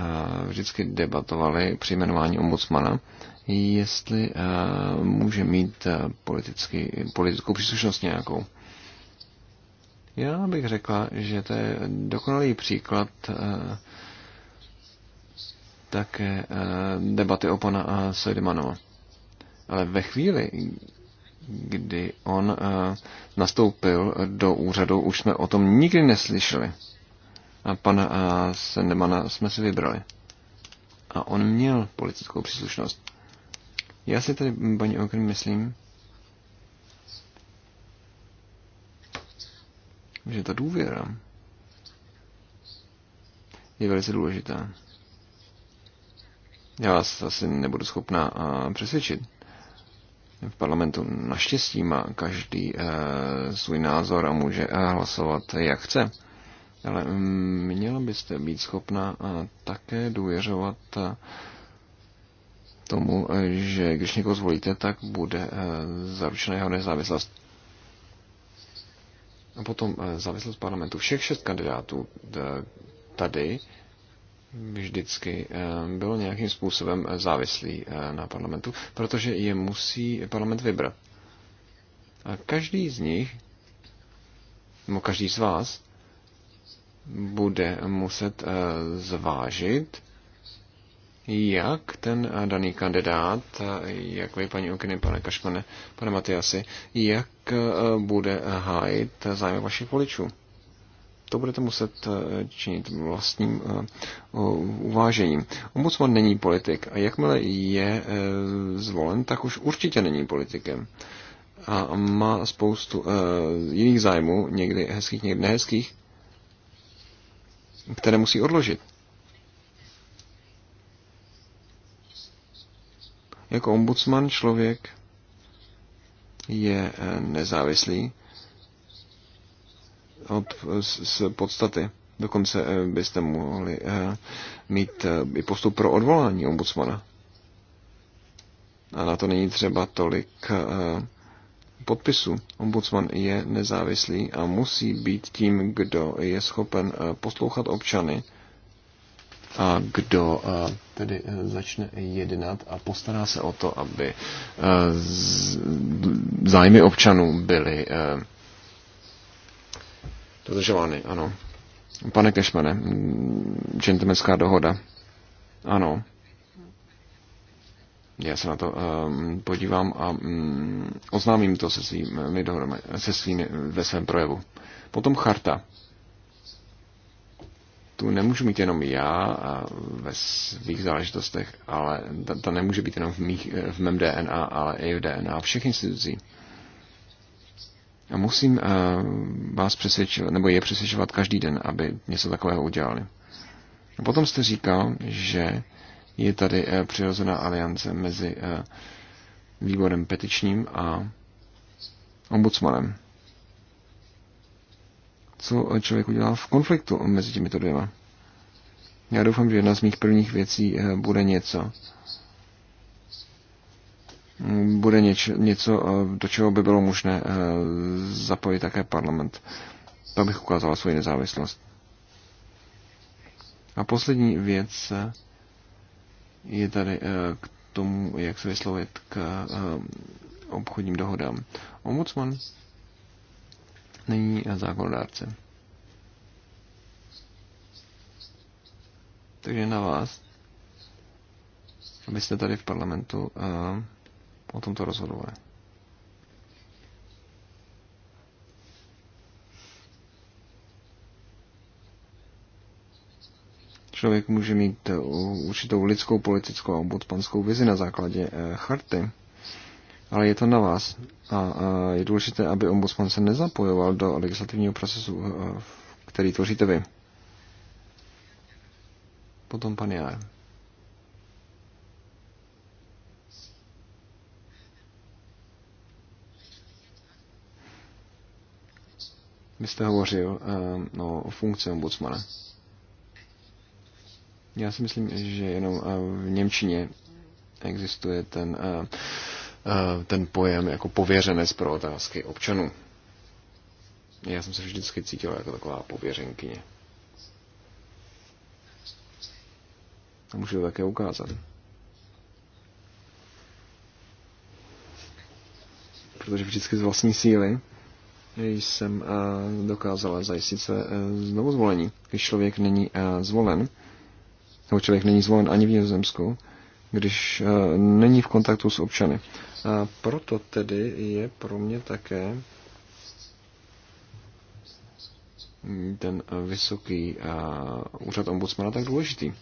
vždycky debatovali při jmenování ombudsmana, jestli může mít politicky, politickou příslušnost nějakou. Já bych řekla, že to je dokonalý příklad také eh, debaty o pana eh, Sojdemanova. Ale ve chvíli, kdy on eh, nastoupil do úřadu, už jsme o tom nikdy neslyšeli. A pana Sendemana jsme si vybrali. A on měl politickou příslušnost. Já si tedy, mm, paní Okren, myslím, že ta důvěra je velice důležitá. Já vás asi nebudu schopna přesvědčit. V parlamentu naštěstí má každý e, svůj názor a může e, hlasovat, jak chce. Ale mm, měla byste být schopna také důvěřovat e, tomu, že když někoho zvolíte, tak bude zaručena jeho nezávislost. A potom závislost parlamentu. Všech šest kandidátů tady vždycky eh, byl nějakým způsobem eh, závislý eh, na parlamentu, protože je musí parlament vybrat. A každý z nich, nebo každý z vás, bude muset zvážit, jak ten daný kandidát, jak vy, paní Okyny, pane Kašmane, pane Matyasi, jak bude hájit zájmy vašich voličů to budete muset eh, činit vlastním eh, uvážením. Ombudsman není politik a jakmile je eh, zvolen, tak už určitě není politikem. A má spoustu jiných zájmů, někdy hezkých, někdy nehezkých, které musí odložit. Jako ombudsman člověk je nezávislý, od, z, z podstaty. Dokonce eh, byste mohli eh, mít eh, i postup pro odvolání ombudsmana. A na to není třeba tolik podpisu. Ombudsman je nezávislý a musí být tím, kdo je schopen poslouchat občany a kdo tedy začne jednat a postará se o to, aby zájmy občanů byly Dodržovány, ano. Pane Kešmane, džentlmenská mm, dohoda. Ano. Já se na to um, podívám a um, oznámím to se svými, dohodami, se svými ve svém projevu. Potom charta. Tu nemůžu mít jenom já ve svých záležitostech, ale ta, ta nemůže být jenom v, mých, eh, v mém DNA, ale i v DNA všech institucí. Musím eh, vás přesvědčovat, nebo je přesvědčovat každý den, aby něco takového udělali. Potom jste říkal, že je tady eh, přirozená aliance mezi eh, výborem petičním a ombudsmanem. Co člověk udělal v konfliktu mezi těmito dvěma? Já doufám, že jedna z mých prvních věcí bude něco, bude něč, něco, eh, do čeho by bylo možné eh, zapojit také parlament. To bych ukázala svoji nezávislost. A poslední věc eh, je tady k tomu, jak se vyslovit k obchodním dohodám. Ombudsman není zákonodárce. Takže na vás, abyste tady v parlamentu o tomto rozhoduje. Člověk může mít eh, určitou lidskou, politickou a ombudsmanskou vizi na základě eh, charty, ale je to na vás. A je důležité, aby ombudsman se nezapojoval do legislativního procesu, eh, který tvoříte vy. Potom pan Jár. Vy jste hovořil eh, no, o funkci ombudsmana. Já si myslím, že jenom eh, v Němčině existuje ten, eh, ten pojem jako pověřenec pro otázky občanů. Já jsem se vždycky cítil jako taková pověřenkyně. A můžu to také ukázat. Protože vždycky z vlastní síly jsem eh, dokázala zajistit se eh, znovu zvolení. Když člověk není eh, zvolen, nebo člověk není zvolen ani v Nizozemsku, když není v kontaktu s občany. A proto tedy je pro mě také ten vysoký úřad ombudsmana tak důležitý.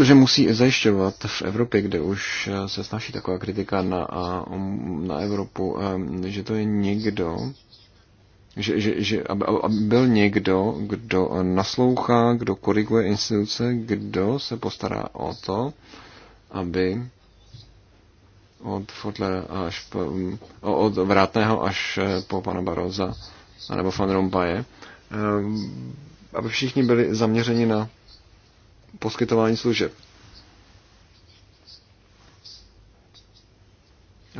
protože musí zajišťovat v Evropě, kde už eh, se snaží taková kritika na, um, na Evropu, eh, že to je někdo, že, že, že aby, aby byl někdo, kdo naslouchá, kdo koriguje instituce, kdo se postará o to, aby od Fotlera až po, mm, od Vrátného až eh, po pana Baroza, nebo Van Rompaje, aby všichni byli zaměřeni na poskytování služeb.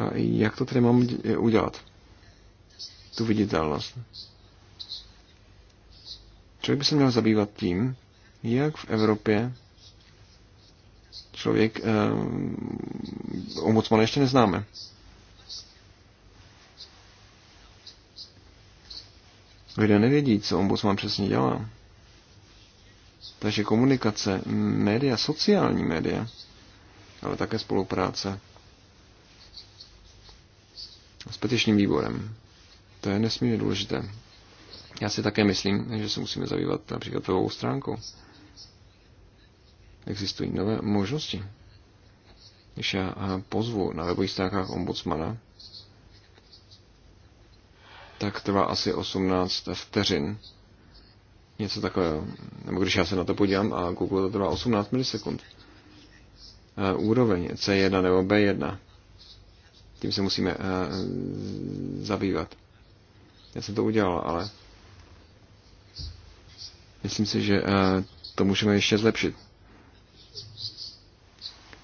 A jak to tedy mám udělat? Tu viditelnost. Člověk by se měl zabývat tím, jak v Evropě člověk, eh, ombudsmana ještě neznáme. Lidé nevědí, co ombudsman přesně dělá. Takže komunikace, média, sociální média, ale také spolupráce s petičním výborem. To je nesmírně důležité. Já si také myslím, že se musíme zabývat například webovou stránkou. Existují nové možnosti. Když já pozvu na webových stránkách ombudsmana, tak trvá asi 18 vteřin, Něco takového. Nebo když já se na to podívám a Google to trvá 18 milisekund. E, úroveň C1 nebo B1. Tím se musíme e, zabývat. Já jsem to udělal, ale myslím si, že e, to můžeme ještě zlepšit.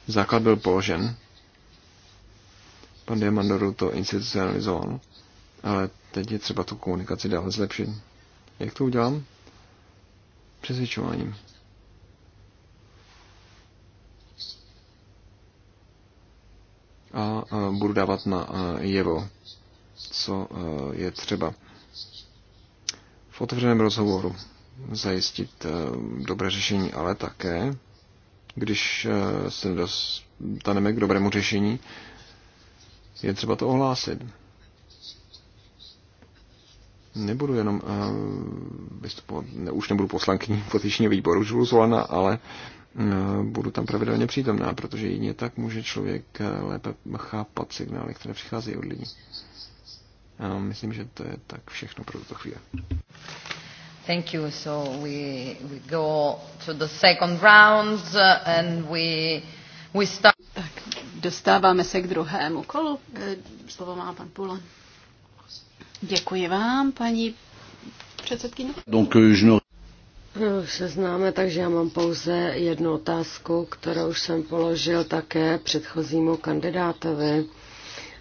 Základ byl položen. Pan Diamandoru to institucionalizoval, ale teď je třeba tu komunikaci dále zlepšit. Jak to udělám? přesvědčováním. A budu dávat na jevo, co je třeba v otevřeném rozhovoru zajistit dobré řešení, ale také, když se dostaneme k dobrému řešení, je třeba to ohlásit nebudu jenom uh, vystupovat, ne, už nebudu poslankyní potičního výboru, už budu zvolena, ale uh, budu tam pravidelně přítomná, protože jedině tak může člověk eh, lépe chápat signály, které přicházejí od lidí. A myslím, že to je tak všechno pro tuto chvíli. Thank you. So we, we go to the second round and we, we start... Tak, dostáváme se k druhému kolu. Slovo má pan Pulan. Děkuji vám, paní předsedkyně. Donc, euh, je no, se známe, takže já mám pouze jednu otázku, kterou už jsem položil také předchozímu kandidátovi.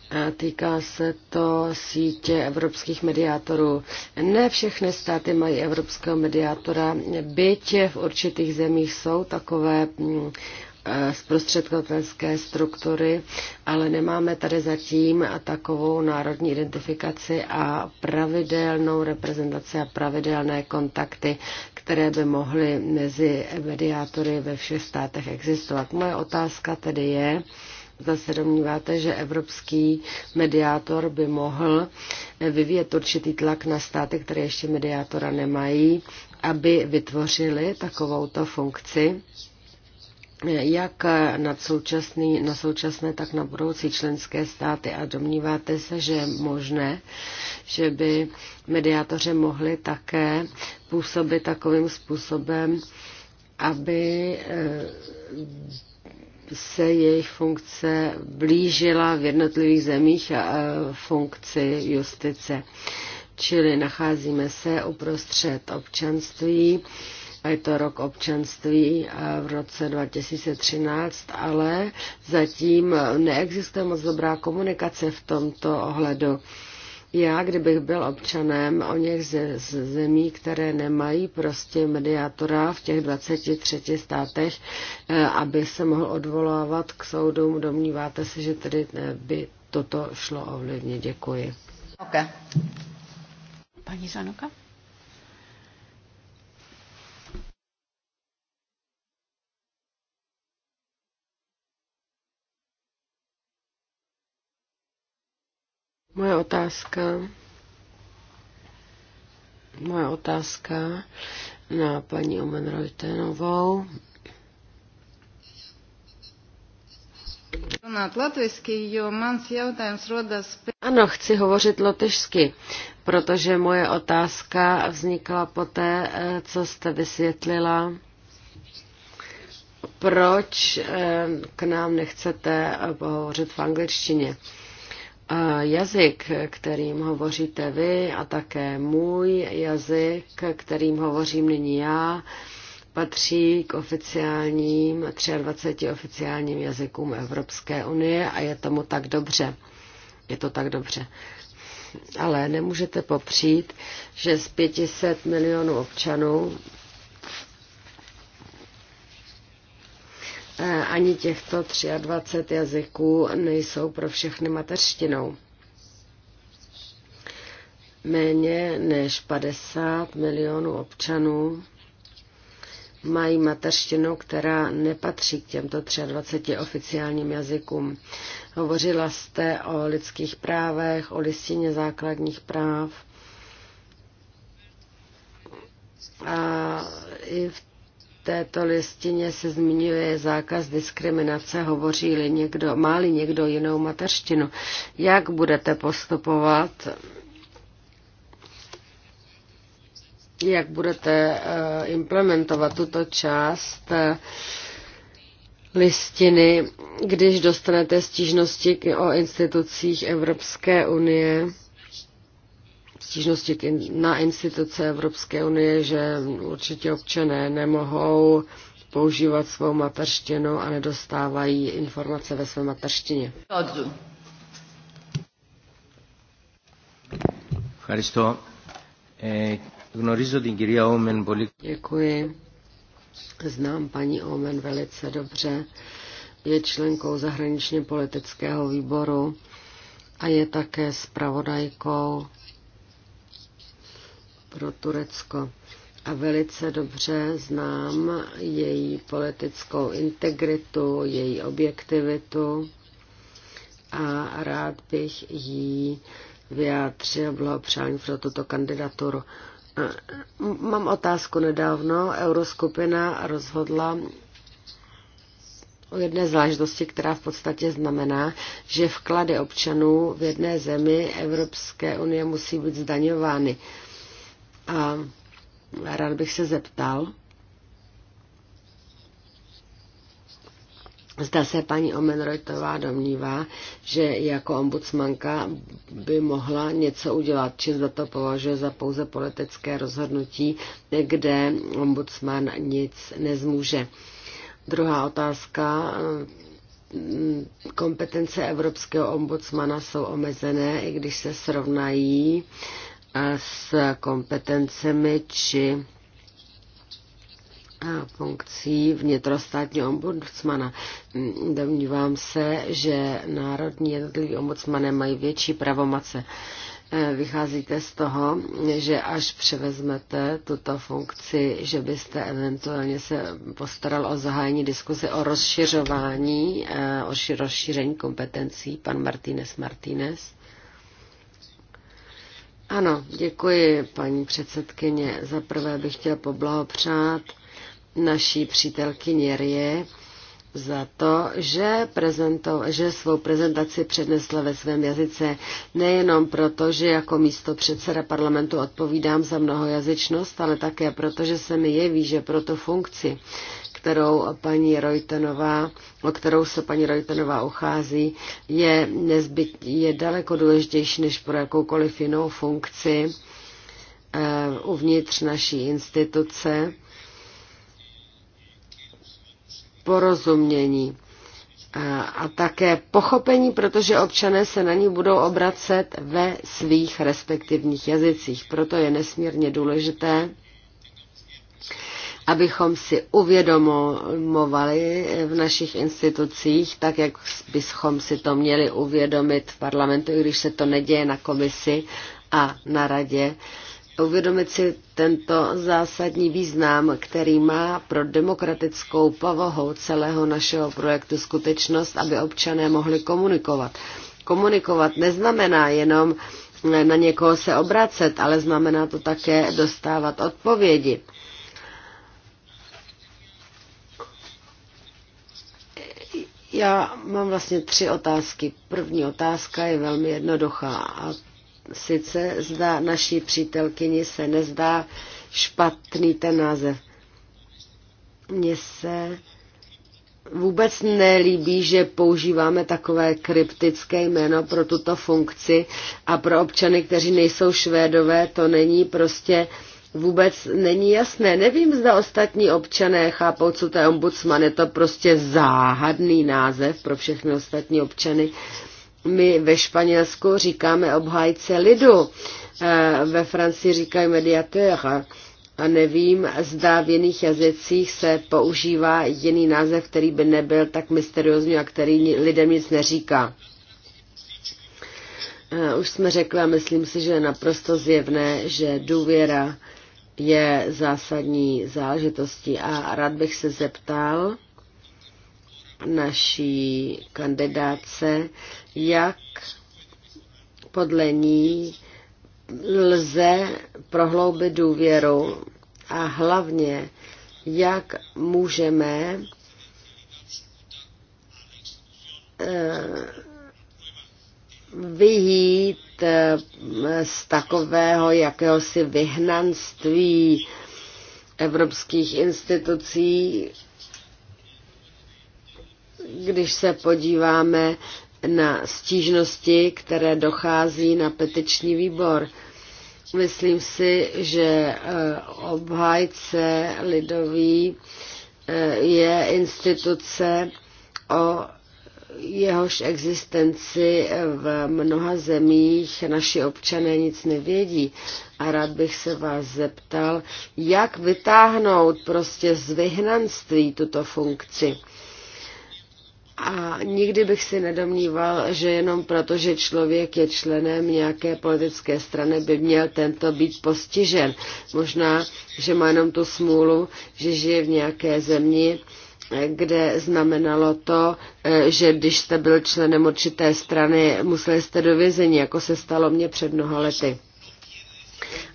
A týká se to sítě evropských mediátorů. Ne všechny státy mají evropského mediátora, byť v určitých zemích jsou takové mm, Eh, zprostředkovatelské struktury, ale nemáme tady zatím takovou národní identifikaci a pravidelnou reprezentaci a pravidelné kontakty, které by mohly mezi mediátory ve všech státech existovat. Moje otázka tedy je, Zda se domníváte, že evropský mediátor by mohl vyvíjet určitý tlak na státy, které ještě mediátora nemají, aby vytvořili takovouto funkci? jak na, současný, na současné, tak na budoucí členské státy a domníváte se, že je možné, že by mediátoři mohli také působit takovým způsobem, aby eh, se jejich funkce blížila v jednotlivých zemích a eh, funkci justice. Čili nacházíme se uprostřed občanství, je to rok občanství v roce 2013, ale zatím neexistuje moc dobrá komunikace v tomto ohledu. Já, kdybych byl občanem o něch ze, z zemí, které nemají prostě mediátora v těch 23 státech, eh, aby se mohl odvolávat k soudům, domníváte se, že tedy eh, by toto šlo ovlivnit? Děkuji. Okay. Paní Zanoka? Moje otázka, moje otázka na paní Omen Rojtenovou. Ano, chci hovořit lotyšsky, protože moje otázka vznikla poté, eh, co jste vysvětlila, proč eh, k nám nechcete eh, hovořit v angličtině jazyk, kterým hovoříte vy a také můj jazyk, kterým hovořím nyní já, patří k oficiálním, 23 oficiálním jazykům Evropské unie a je tomu tak dobře. Je to tak dobře. Ale nemůžete popřít, že z 500 milionů občanů E, ani těchto 23 jazyků nejsou pro všechny mateřštinou. Méně než 50 milionů občanů mají mateřštinu, která nepatří k těmto 23 oficiálním jazykům. Hovořila jste o lidských právech, o listině základních práv. A i v této listině se zmiňuje zákaz diskriminace, hovoří-li někdo, má-li někdo jinou mateřštinu. Jak budete postupovat? Jak budete eh, implementovat tuto část eh, listiny, když dostanete stížnosti o institucích Evropské unie? stížnosti na instituce Evropské unie, že určitě občané nemohou používat svou mateřštinu a nedostávají informace ve své mateřštině. Děkuji. Znám paní Omen velice dobře. Je členkou zahraničně politického výboru a je také spravodajkou pro Turecko a velice dobře znám její politickou integritu, její objektivitu a rád bych jí vyjádřil blahopřání pro tuto kandidaturu. Mám otázku nedávno. Euroskupina rozhodla o jedné záležitosti, která v podstatě znamená, že vklady občanů v jedné zemi Evropské unie musí být zdaňovány. Uh, a rád bych se zeptal, Zda se paní Omenrojtová domnívá, že jako ombudsmanka by mohla něco udělat, či zda to považuje za pouze politické rozhodnutí, kde ombudsman nic nezmůže. Druhá otázka. Kompetence evropského ombudsmana jsou omezené, i když se srovnají s kompetencemi či funkcí vnitrostátního ombudsmana. Domnívám se, že národní jednotliví ombudsmané mají větší pravomace. E, vycházíte z toho, že až převezmete tuto funkci, že byste eventuálně se postaral o zahájení diskuse o rozšiřování, e, o rozšíření kompetencí, pan Martínez Martínez? Ano, děkuji paní předsedkyně. Za prvé bych chtěl poblahopřát naší přítelkyni Nierie za to, že, že svou prezentaci přednesla ve svém jazyce nejenom proto, že jako místo předseda parlamentu odpovídám za mnohojazyčnost, ale také proto, že se mi jeví, že pro funkci, kterou paní Rojtenová, o kterou se paní Rojtenová uchází, je, nezbyt, je daleko důležitější než pro jakoukoliv jinou funkci eh, uvnitř naší instituce porozumění a také pochopení, protože občané se na ní budou obracet ve svých respektivních jazycích. Proto je nesmírně důležité, abychom si uvědomovali v našich institucích, tak jak bychom si to měli uvědomit v parlamentu, i když se to neděje na komisi a na radě, uvědomit si tento zásadní význam, který má pro demokratickou povahu celého našeho projektu skutečnost, aby občané mohli komunikovat. Komunikovat neznamená jenom na někoho se obracet, ale znamená to také dostávat odpovědi. Já mám vlastně tři otázky. První otázka je velmi jednoduchá a sice zdá naší přítelkyni se nezdá špatný ten název. Mně se vůbec nelíbí, že používáme takové kryptické jméno pro tuto funkci a pro občany, kteří nejsou švédové, to není prostě uh, vůbec není jasné. Nevím, zda ostatní občané chápou, co to je ombudsman. Je to prostě záhadný název pro všechny ostatní občany. My ve Španělsku říkáme obhájce lidu, eh, ve Francii říkají mediateur. A nevím, zda v jiných jazycích se používá jiný název, který by nebyl tak mysteriózní a který lidem nic neříká. Eh, už jsme řekli a myslím si, že je naprosto zjevné, že důvěra je zásadní záležitostí. A rád bych se zeptal naší kandidáce, jak podle ní lze prohloubit důvěru a hlavně, jak můžeme eh, vyjít Eh, z takového jakéhosi vyhnanství evropských institucí, když se podíváme na stížnosti, které dochází na petiční výbor. Myslím si, že eh, obhájce lidový eh, je instituce, o jehož existenci v mnoha zemích naši občané nic nevědí. A rád bych se vás zeptal, jak vytáhnout prostě z vyhnanství tuto funkci. A nikdy bych si nedomníval, že jenom proto, že člověk je členem nějaké politické strany, by měl tento být postižen. Možná, že má jenom tu smůlu, že žije v nějaké zemi, kde znamenalo to, e, že když jste byl členem určité strany, museli jste do vězení, jako se stalo mně před mnoha lety.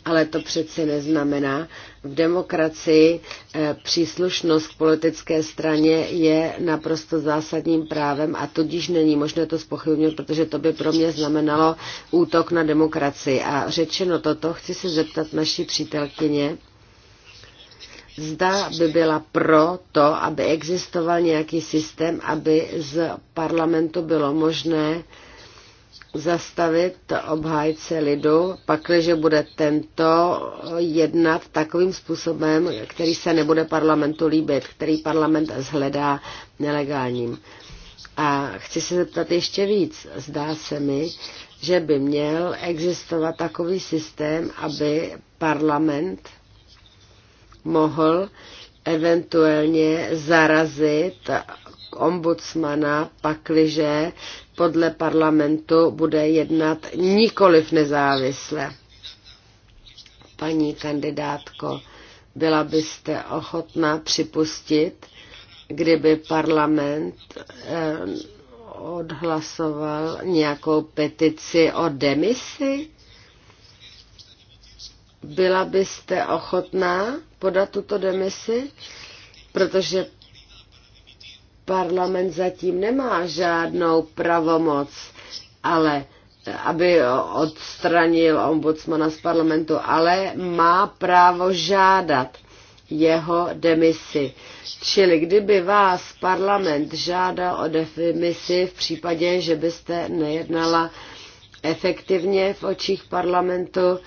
Ale to přeci neznamená. V demokracii e, příslušnost k politické straně je naprosto zásadním právem a tudíž není možné to spochybnit, protože to by pro mě znamenalo útok na demokracii. A řečeno toto, chci se zeptat naší přítelkyně, zda by byla pro to, aby existoval nějaký systém, aby z parlamentu bylo možné zastavit obhájce lidu, pakliže bude tento jednat takovým způsobem, který se nebude parlamentu líbit, který parlament zhledá nelegálním. A chci se zeptat ještě víc. Zdá se mi, že by měl existovat takový systém, aby parlament mohl eventuálně zarazit ombudsmana, pakliže podle parlamentu bude jednat nikoliv nezávisle. Paní kandidátko, byla byste ochotná připustit, kdyby parlament eh, odhlasoval nějakou petici o demisi? Byla byste ochotná podat tuto demisi, protože parlament zatím nemá žádnou pravomoc, ale aby odstranil ombudsmana z parlamentu, ale má právo žádat jeho demisi. Čili kdyby vás parlament žádal o demisi v případě, že byste nejednala efektivně v očích parlamentu,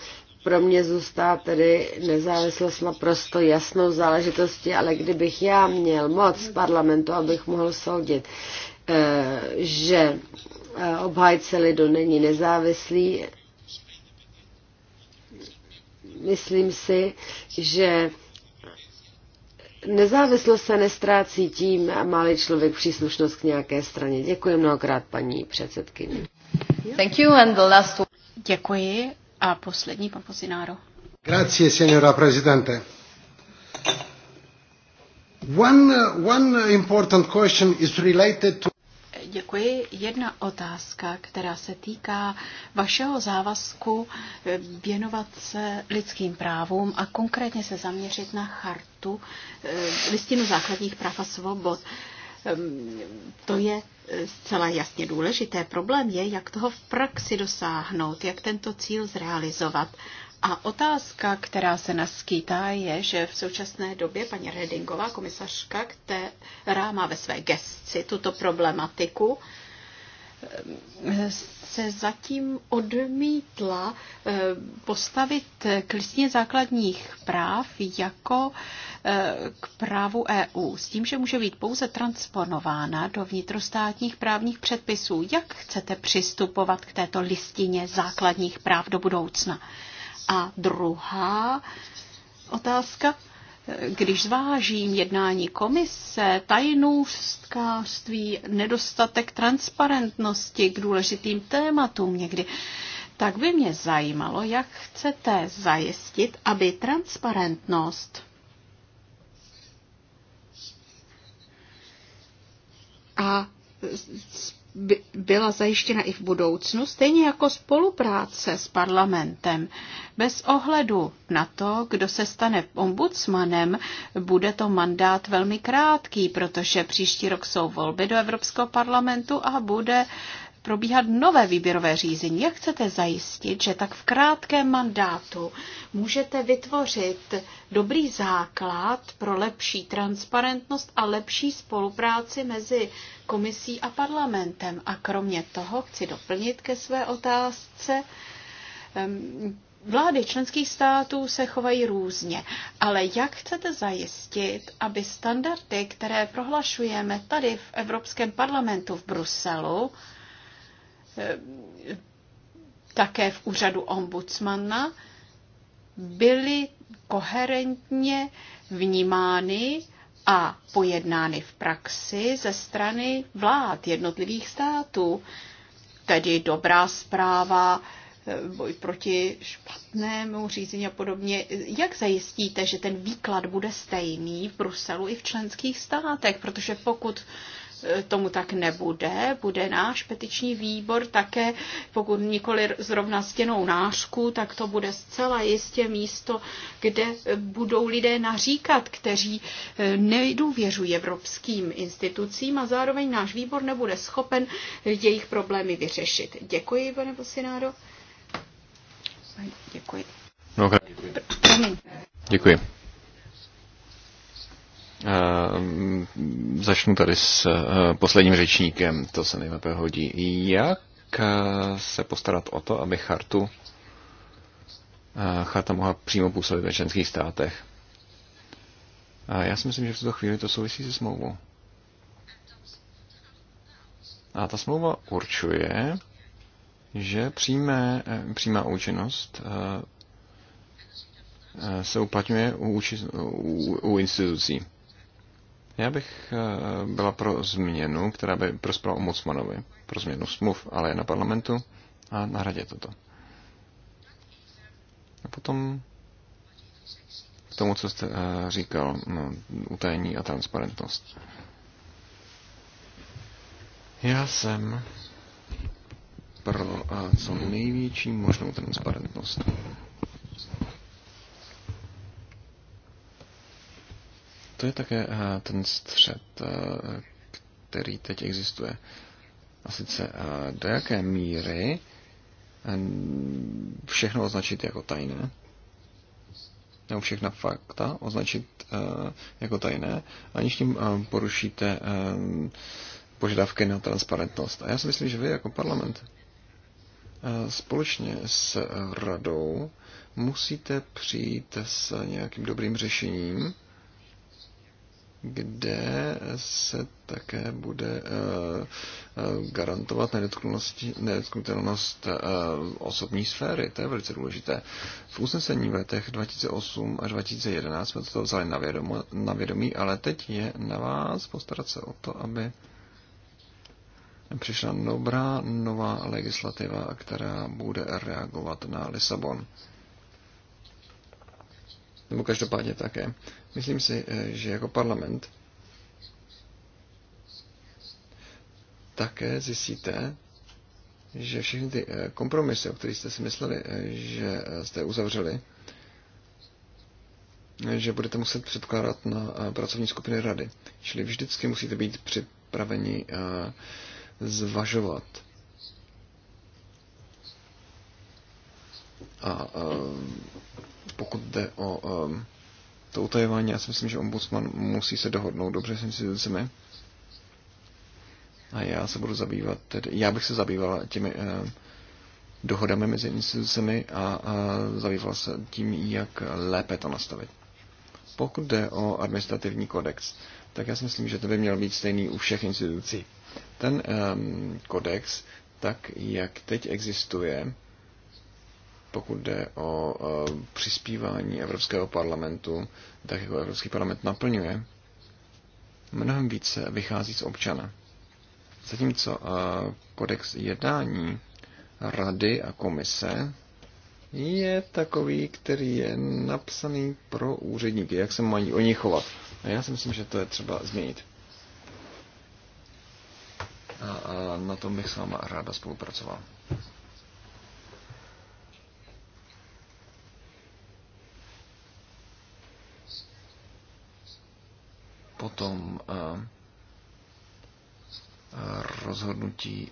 pro mě zůstává tedy nezávislost naprosto jasnou záležitostí, ale kdybych já měl moc parlamentu, abych mohl soudit, eh, že eh, obhájce lidu není nezávislý, myslím si, že nezávislost se nestrácí tím, má-li člověk příslušnost k nějaké straně. Děkuji mnohokrát, paní předsedkyni. Thank you and the last... Děkuji a poslední, pan Pozináro. Grazie, signora Presidente. One, one important question is related to Děkuji. Jedna otázka, která se týká vašeho závazku eh, věnovat se lidským právům a konkrétně se zaměřit na chartu, eh, listinu základních práv a svobod. To je eh, zcela jasně důležité. Problém je, jak toho v praxi dosáhnout, jak tento cíl zrealizovat. A otázka, která se naskýtá, je, že v současné době paní Redingová, komisařka, která má ve své gesci tuto problematiku, se zatím odmítla eh, postavit k listině základních práv jako eh, k právu EU, s tím, že může být pouze transponována do vnitrostátních právních předpisů. Jak chcete přistupovat k této listině základních práv do budoucna? A druhá otázka když zvážím jednání komise, tajnůstkářství, nedostatek transparentnosti k důležitým tématům někdy, tak by mě zajímalo, jak chcete zajistit, aby transparentnost a by byla zajištěna i v budoucnu, stejně jako spolupráce s parlamentem. Bez ohledu na to, kdo se stane ombudsmanem, bude to mandát velmi krátký, protože příští rok jsou volby do Evropského parlamentu a bude uh, probíhat nové výběrové řízení. Jak chcete zajistit, že tak v krátkém mandátu můžete vytvořit dobrý základ pro lepší transparentnost a lepší spolupráci mezi komisí a parlamentem? A kromě toho chci doplnit ke své otázce, ehm, Vlády členských států se chovají různě, ale jak chcete zajistit, aby standardy, které prohlašujeme tady v Evropském parlamentu v Bruselu, Eh, také v úřadu ombudsmana, byly koherentně vnímány a pojednány v praxi ze strany vlád jednotlivých států. Tedy dobrá zpráva, eh, boj proti špatnému řízení a podobně. Jak zajistíte, že ten výklad bude stejný v Bruselu i v členských státech? Protože pokud tomu tak nebude. Bude náš petiční výbor také, pokud nikoli zrovna stěnou nářku, tak to bude zcela jistě místo, kde budou lidé naříkat, kteří eh, nedůvěřují evropským institucím a zároveň náš výbor nebude schopen jejich problémy vyřešit. Děkuji, pane Bosináro. Děkuji. No, okay. Děkuji. Děkuji. Eh, začnu tady s eh, posledním řečníkem, to se nejlépe hodí. Jak eh, se postarat o to, aby chartu, charta mohla přímo působit ve členských státech? A já si myslím, že v tuto chvíli to souvisí se smlouvou. A ta smlouva určuje, že přímé, přímá účinnost se uplatňuje u, u, u institucí. Já bych eh, byla pro změnu, která by prospěla ombudsmanovi, pro změnu smluv, ale je na parlamentu a na radě toto. A potom k tomu, co jste eh, říkal, no, utajení a transparentnost. Já jsem pro eh, co největší možnou transparentnost. to je také eh, ten střed, eh, který teď existuje. A sice eh, do jaké míry všechno označit jako tajné, nebo všechna fakta označit jako tajné, aniž tím porušíte požadavky na transparentnost. A já si myslím, že vy jako parlament společně s radou musíte přijít s nějakým dobrým řešením, kde se také bude eh, eh, garantovat nedotknutelnost eh, osobní sféry. To je velice důležité. V usnesení v letech 2008 až 2011 jsme to vzali na, vědomí, na vědomí, ale teď je na vás postarat se o to, aby přišla dobrá nová legislativa, která bude reagovat na Lisabon nebo každopádně také. Myslím si, eh, že jako parlament také zjistíte, že všechny ty eh, kompromisy, o kterých jste si mysleli, eh, že jste uzavřeli, že budete muset předkládat na pracovní skupiny rady. Čili vždycky musíte být připraveni zvažovat a pokud jde o um, to utajování, já si myslím, že ombudsman musí se dohodnout dobře s institucemi. A já se budu zabývat, tedy, já bych se zabývala těmi eh, dohodami mezi institucemi a eh, zabývala se tím, jak lépe to nastavit. Pokud jde o administrativní kodex, tak já si myslím, že to by měl být stejný u všech institucí. Ten eh, kodex, tak jak teď existuje, pokud jde o přispívání Evropského parlamentu, tak jako Evropský parlament naplňuje, mnohem více vychází z občana. Zatímco e, kodex jednání rady a komise je takový, který je napsaný pro úředníky, jak se mají o nich chovat. A já si myslím, že to je třeba změnit. A, a na tom bych s váma ráda spolupracoval. potom eh, eh, rozhodnutí eh,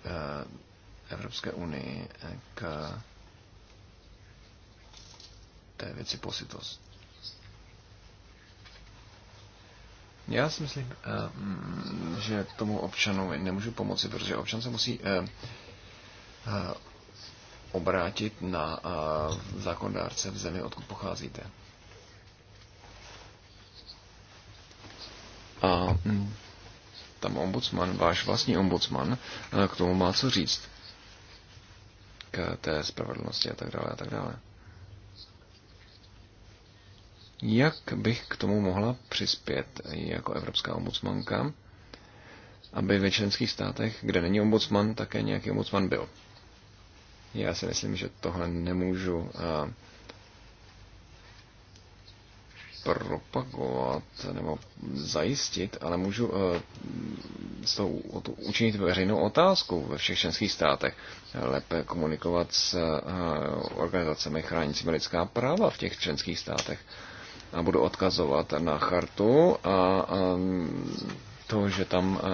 Evropské unii k té věci positost. Já si myslím, mm, že tomu občanovi nemůžu pomoci, protože občan se musí obrátit na zákonodárce v zemi, odkud pocházíte. A hmm. tam ombudsman, váš vlastní ombudsman, eh, k tomu má co říct. K té spravedlnosti a tak dále a tak dále. Jak bych k tomu mohla přispět jako evropská ombudsmanka, aby ve členských státech, kde není ombudsman, také nějaký ombudsman byl? Já si myslím, že tohle nemůžu eh, propagovat nebo zajistit, ale můžu z eh, toho učinit veřejnou otázku ve všech členských státech. Lépe komunikovat s eh, organizacemi chránící lidská práva v těch členských státech. A budu odkazovat na chartu a to, že tam eh,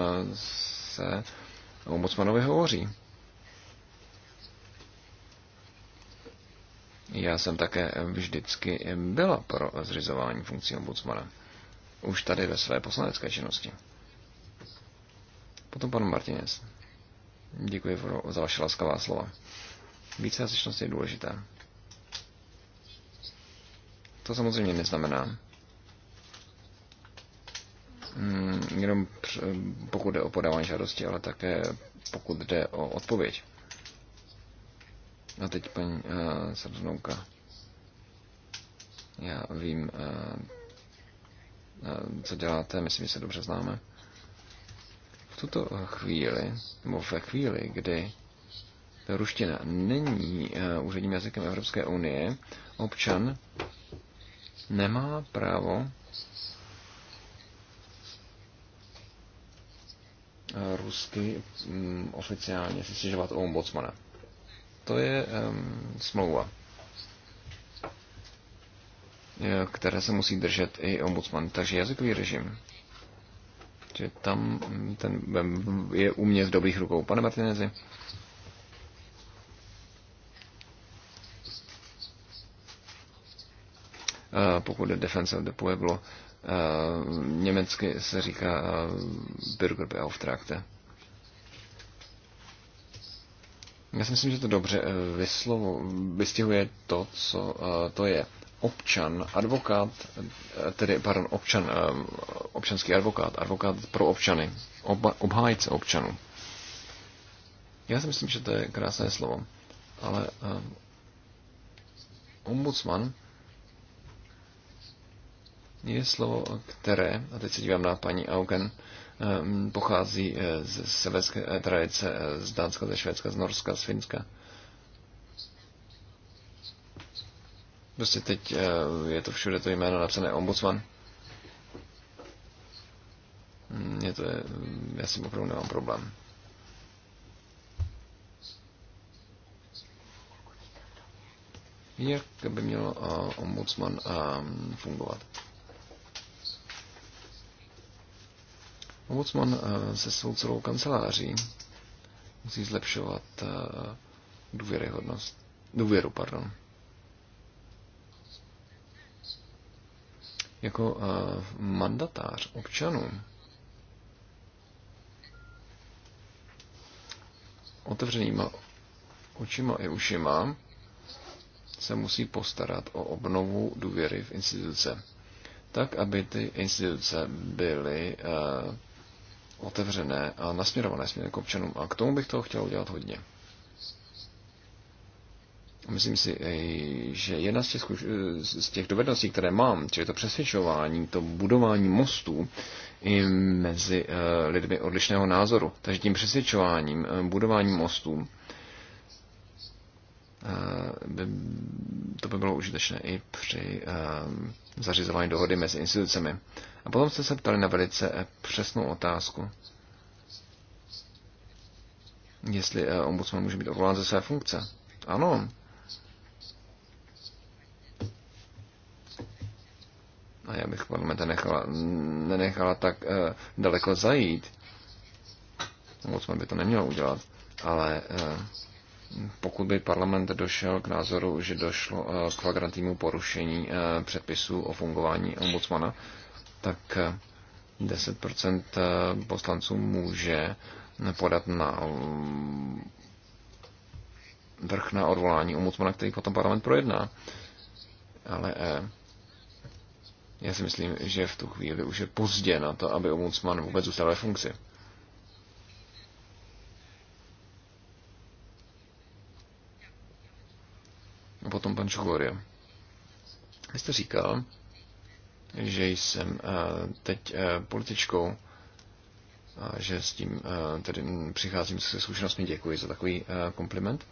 se ombudsmanovi hovoří. Já jsem také vždycky byla pro zřizování funkcí ombudsmana. Už tady ve své poslanecké činnosti. Potom pan Martinez. Děkuji za vaše laskavá slova. Vícejazyčnost je důležitá. To samozřejmě neznamená, mm, jenom pokud jde o podávání žádosti, ale také pokud jde o odpověď. A no teď paní uh, Srdnouka. Já vím, uh, uh, co děláte, myslím, že se dobře známe. V tuto chvíli, nebo ve chvíli, kdy ruština není uh, úředním jazykem Evropské unie, občan nemá právo rusky um, oficiálně si stěžovat u ombudsmana to je um, smlouva, které se musí držet i ombudsman, takže jazykový režim. Že tam ten je u mě v dobrých rukou. Pane Martinezi. E, pokud je Defense of the Pueblo, e, německy se říká e, Bürgerbeauftragte. Já si myslím, že to dobře eh, vyslovo, vystihuje to, co eh, to je. Občan, advokát, eh, tedy, pardon, občan, občanský advokát, advokát pro občany, oba, obhájce občanů. Já si myslím, že to je krásné slovo, ale ombudsman je slovo, které, a teď se dívám na paní Augen, Ehm, pochází eh, z severské eh, tradice, eh, z Dánska, ze Švédska, z Norska, z Finska. Prostě teď je to všude to jméno napsané ombudsman. Mě hm, to je, já si opravdu nemám problém. Jak by měl ombudsman ehm, fungovat? Ombudsman eh, se svou celou kanceláří musí zlepšovat eh, důvěryhodnost, důvěru, pardon. Jako eh, mandatář občanů otevřenýma očima i ušima se musí postarat o obnovu důvěry v instituce. Tak, aby ty instituce byly uh, otevřené a nasměrované směrem k občanům. A k tomu bych toho chtěl udělat hodně. Myslím si, že jedna z těch, z těch dovedností, které mám, čili to přesvědčování, to budování mostů i mezi eh, lidmi odlišného názoru. Takže tím přesvědčováním, eh, budováním mostů, eh, by, to by bylo užitečné i při zařizování dohody mezi institucemi. A potom jste se ptali na velice eh, přesnou otázku, jestli eh, ombudsman může být odvolán ze své funkce. Ano. A já bych parlamenta nechala, nenechala tak eh, daleko zajít. Ombudsman by to neměl udělat, ale eh, pokud by parlament došel k názoru, že došlo eh, k flagrantnímu porušení předpisů o fungování ombudsmana, tak 10% eh, poslanců může podat na mm, vrch na odvolání ombudsmana, který potom parlament projedná. Ale eh, já si myslím, že v tu chvíli už je pozdě na to, aby ombudsman vůbec zůstal ve funkci. A potom pan Čuchoria. Vy jste říkal, že jsem eh, teď eh, političkou a že s tím eh, tedy přicházím se zkušenostmi. Děkuji za takový kompliment.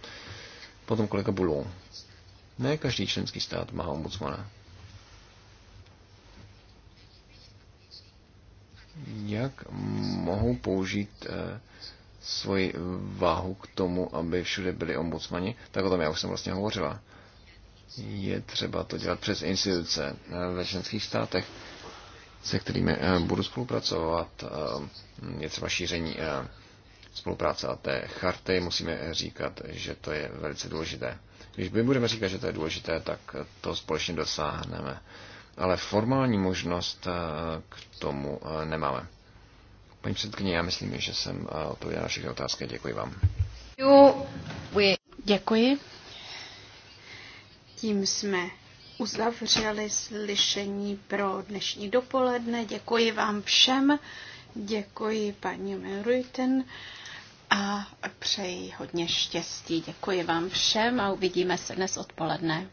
Potom kolega Bulou. Ne každý členský stát má ombudsmana. Jak mohou použít svoji váhu k tomu, aby všude byli ombudsmani? Tak o tom já už jsem vlastně hovořila je třeba to dělat přes instituce eh, ve členských státech, se kterými eh, budu spolupracovat. Eh, je třeba šíření spolupráce a té charty. Musíme říkat, že to je velice důležité. Když my budeme říkat, že to je důležité, tak to společně dosáhneme. Ale formální možnost k tomu nemáme. Paní předkyně, já myslím, že jsem odpověděl na všechny otázky. Děkuji vám. Děkuji. Tím jsme uzavřeli slyšení pro dnešní dopoledne. Děkuji vám všem, děkuji paní Meruiten a přeji hodně štěstí. Děkuji vám všem a uvidíme se dnes odpoledne.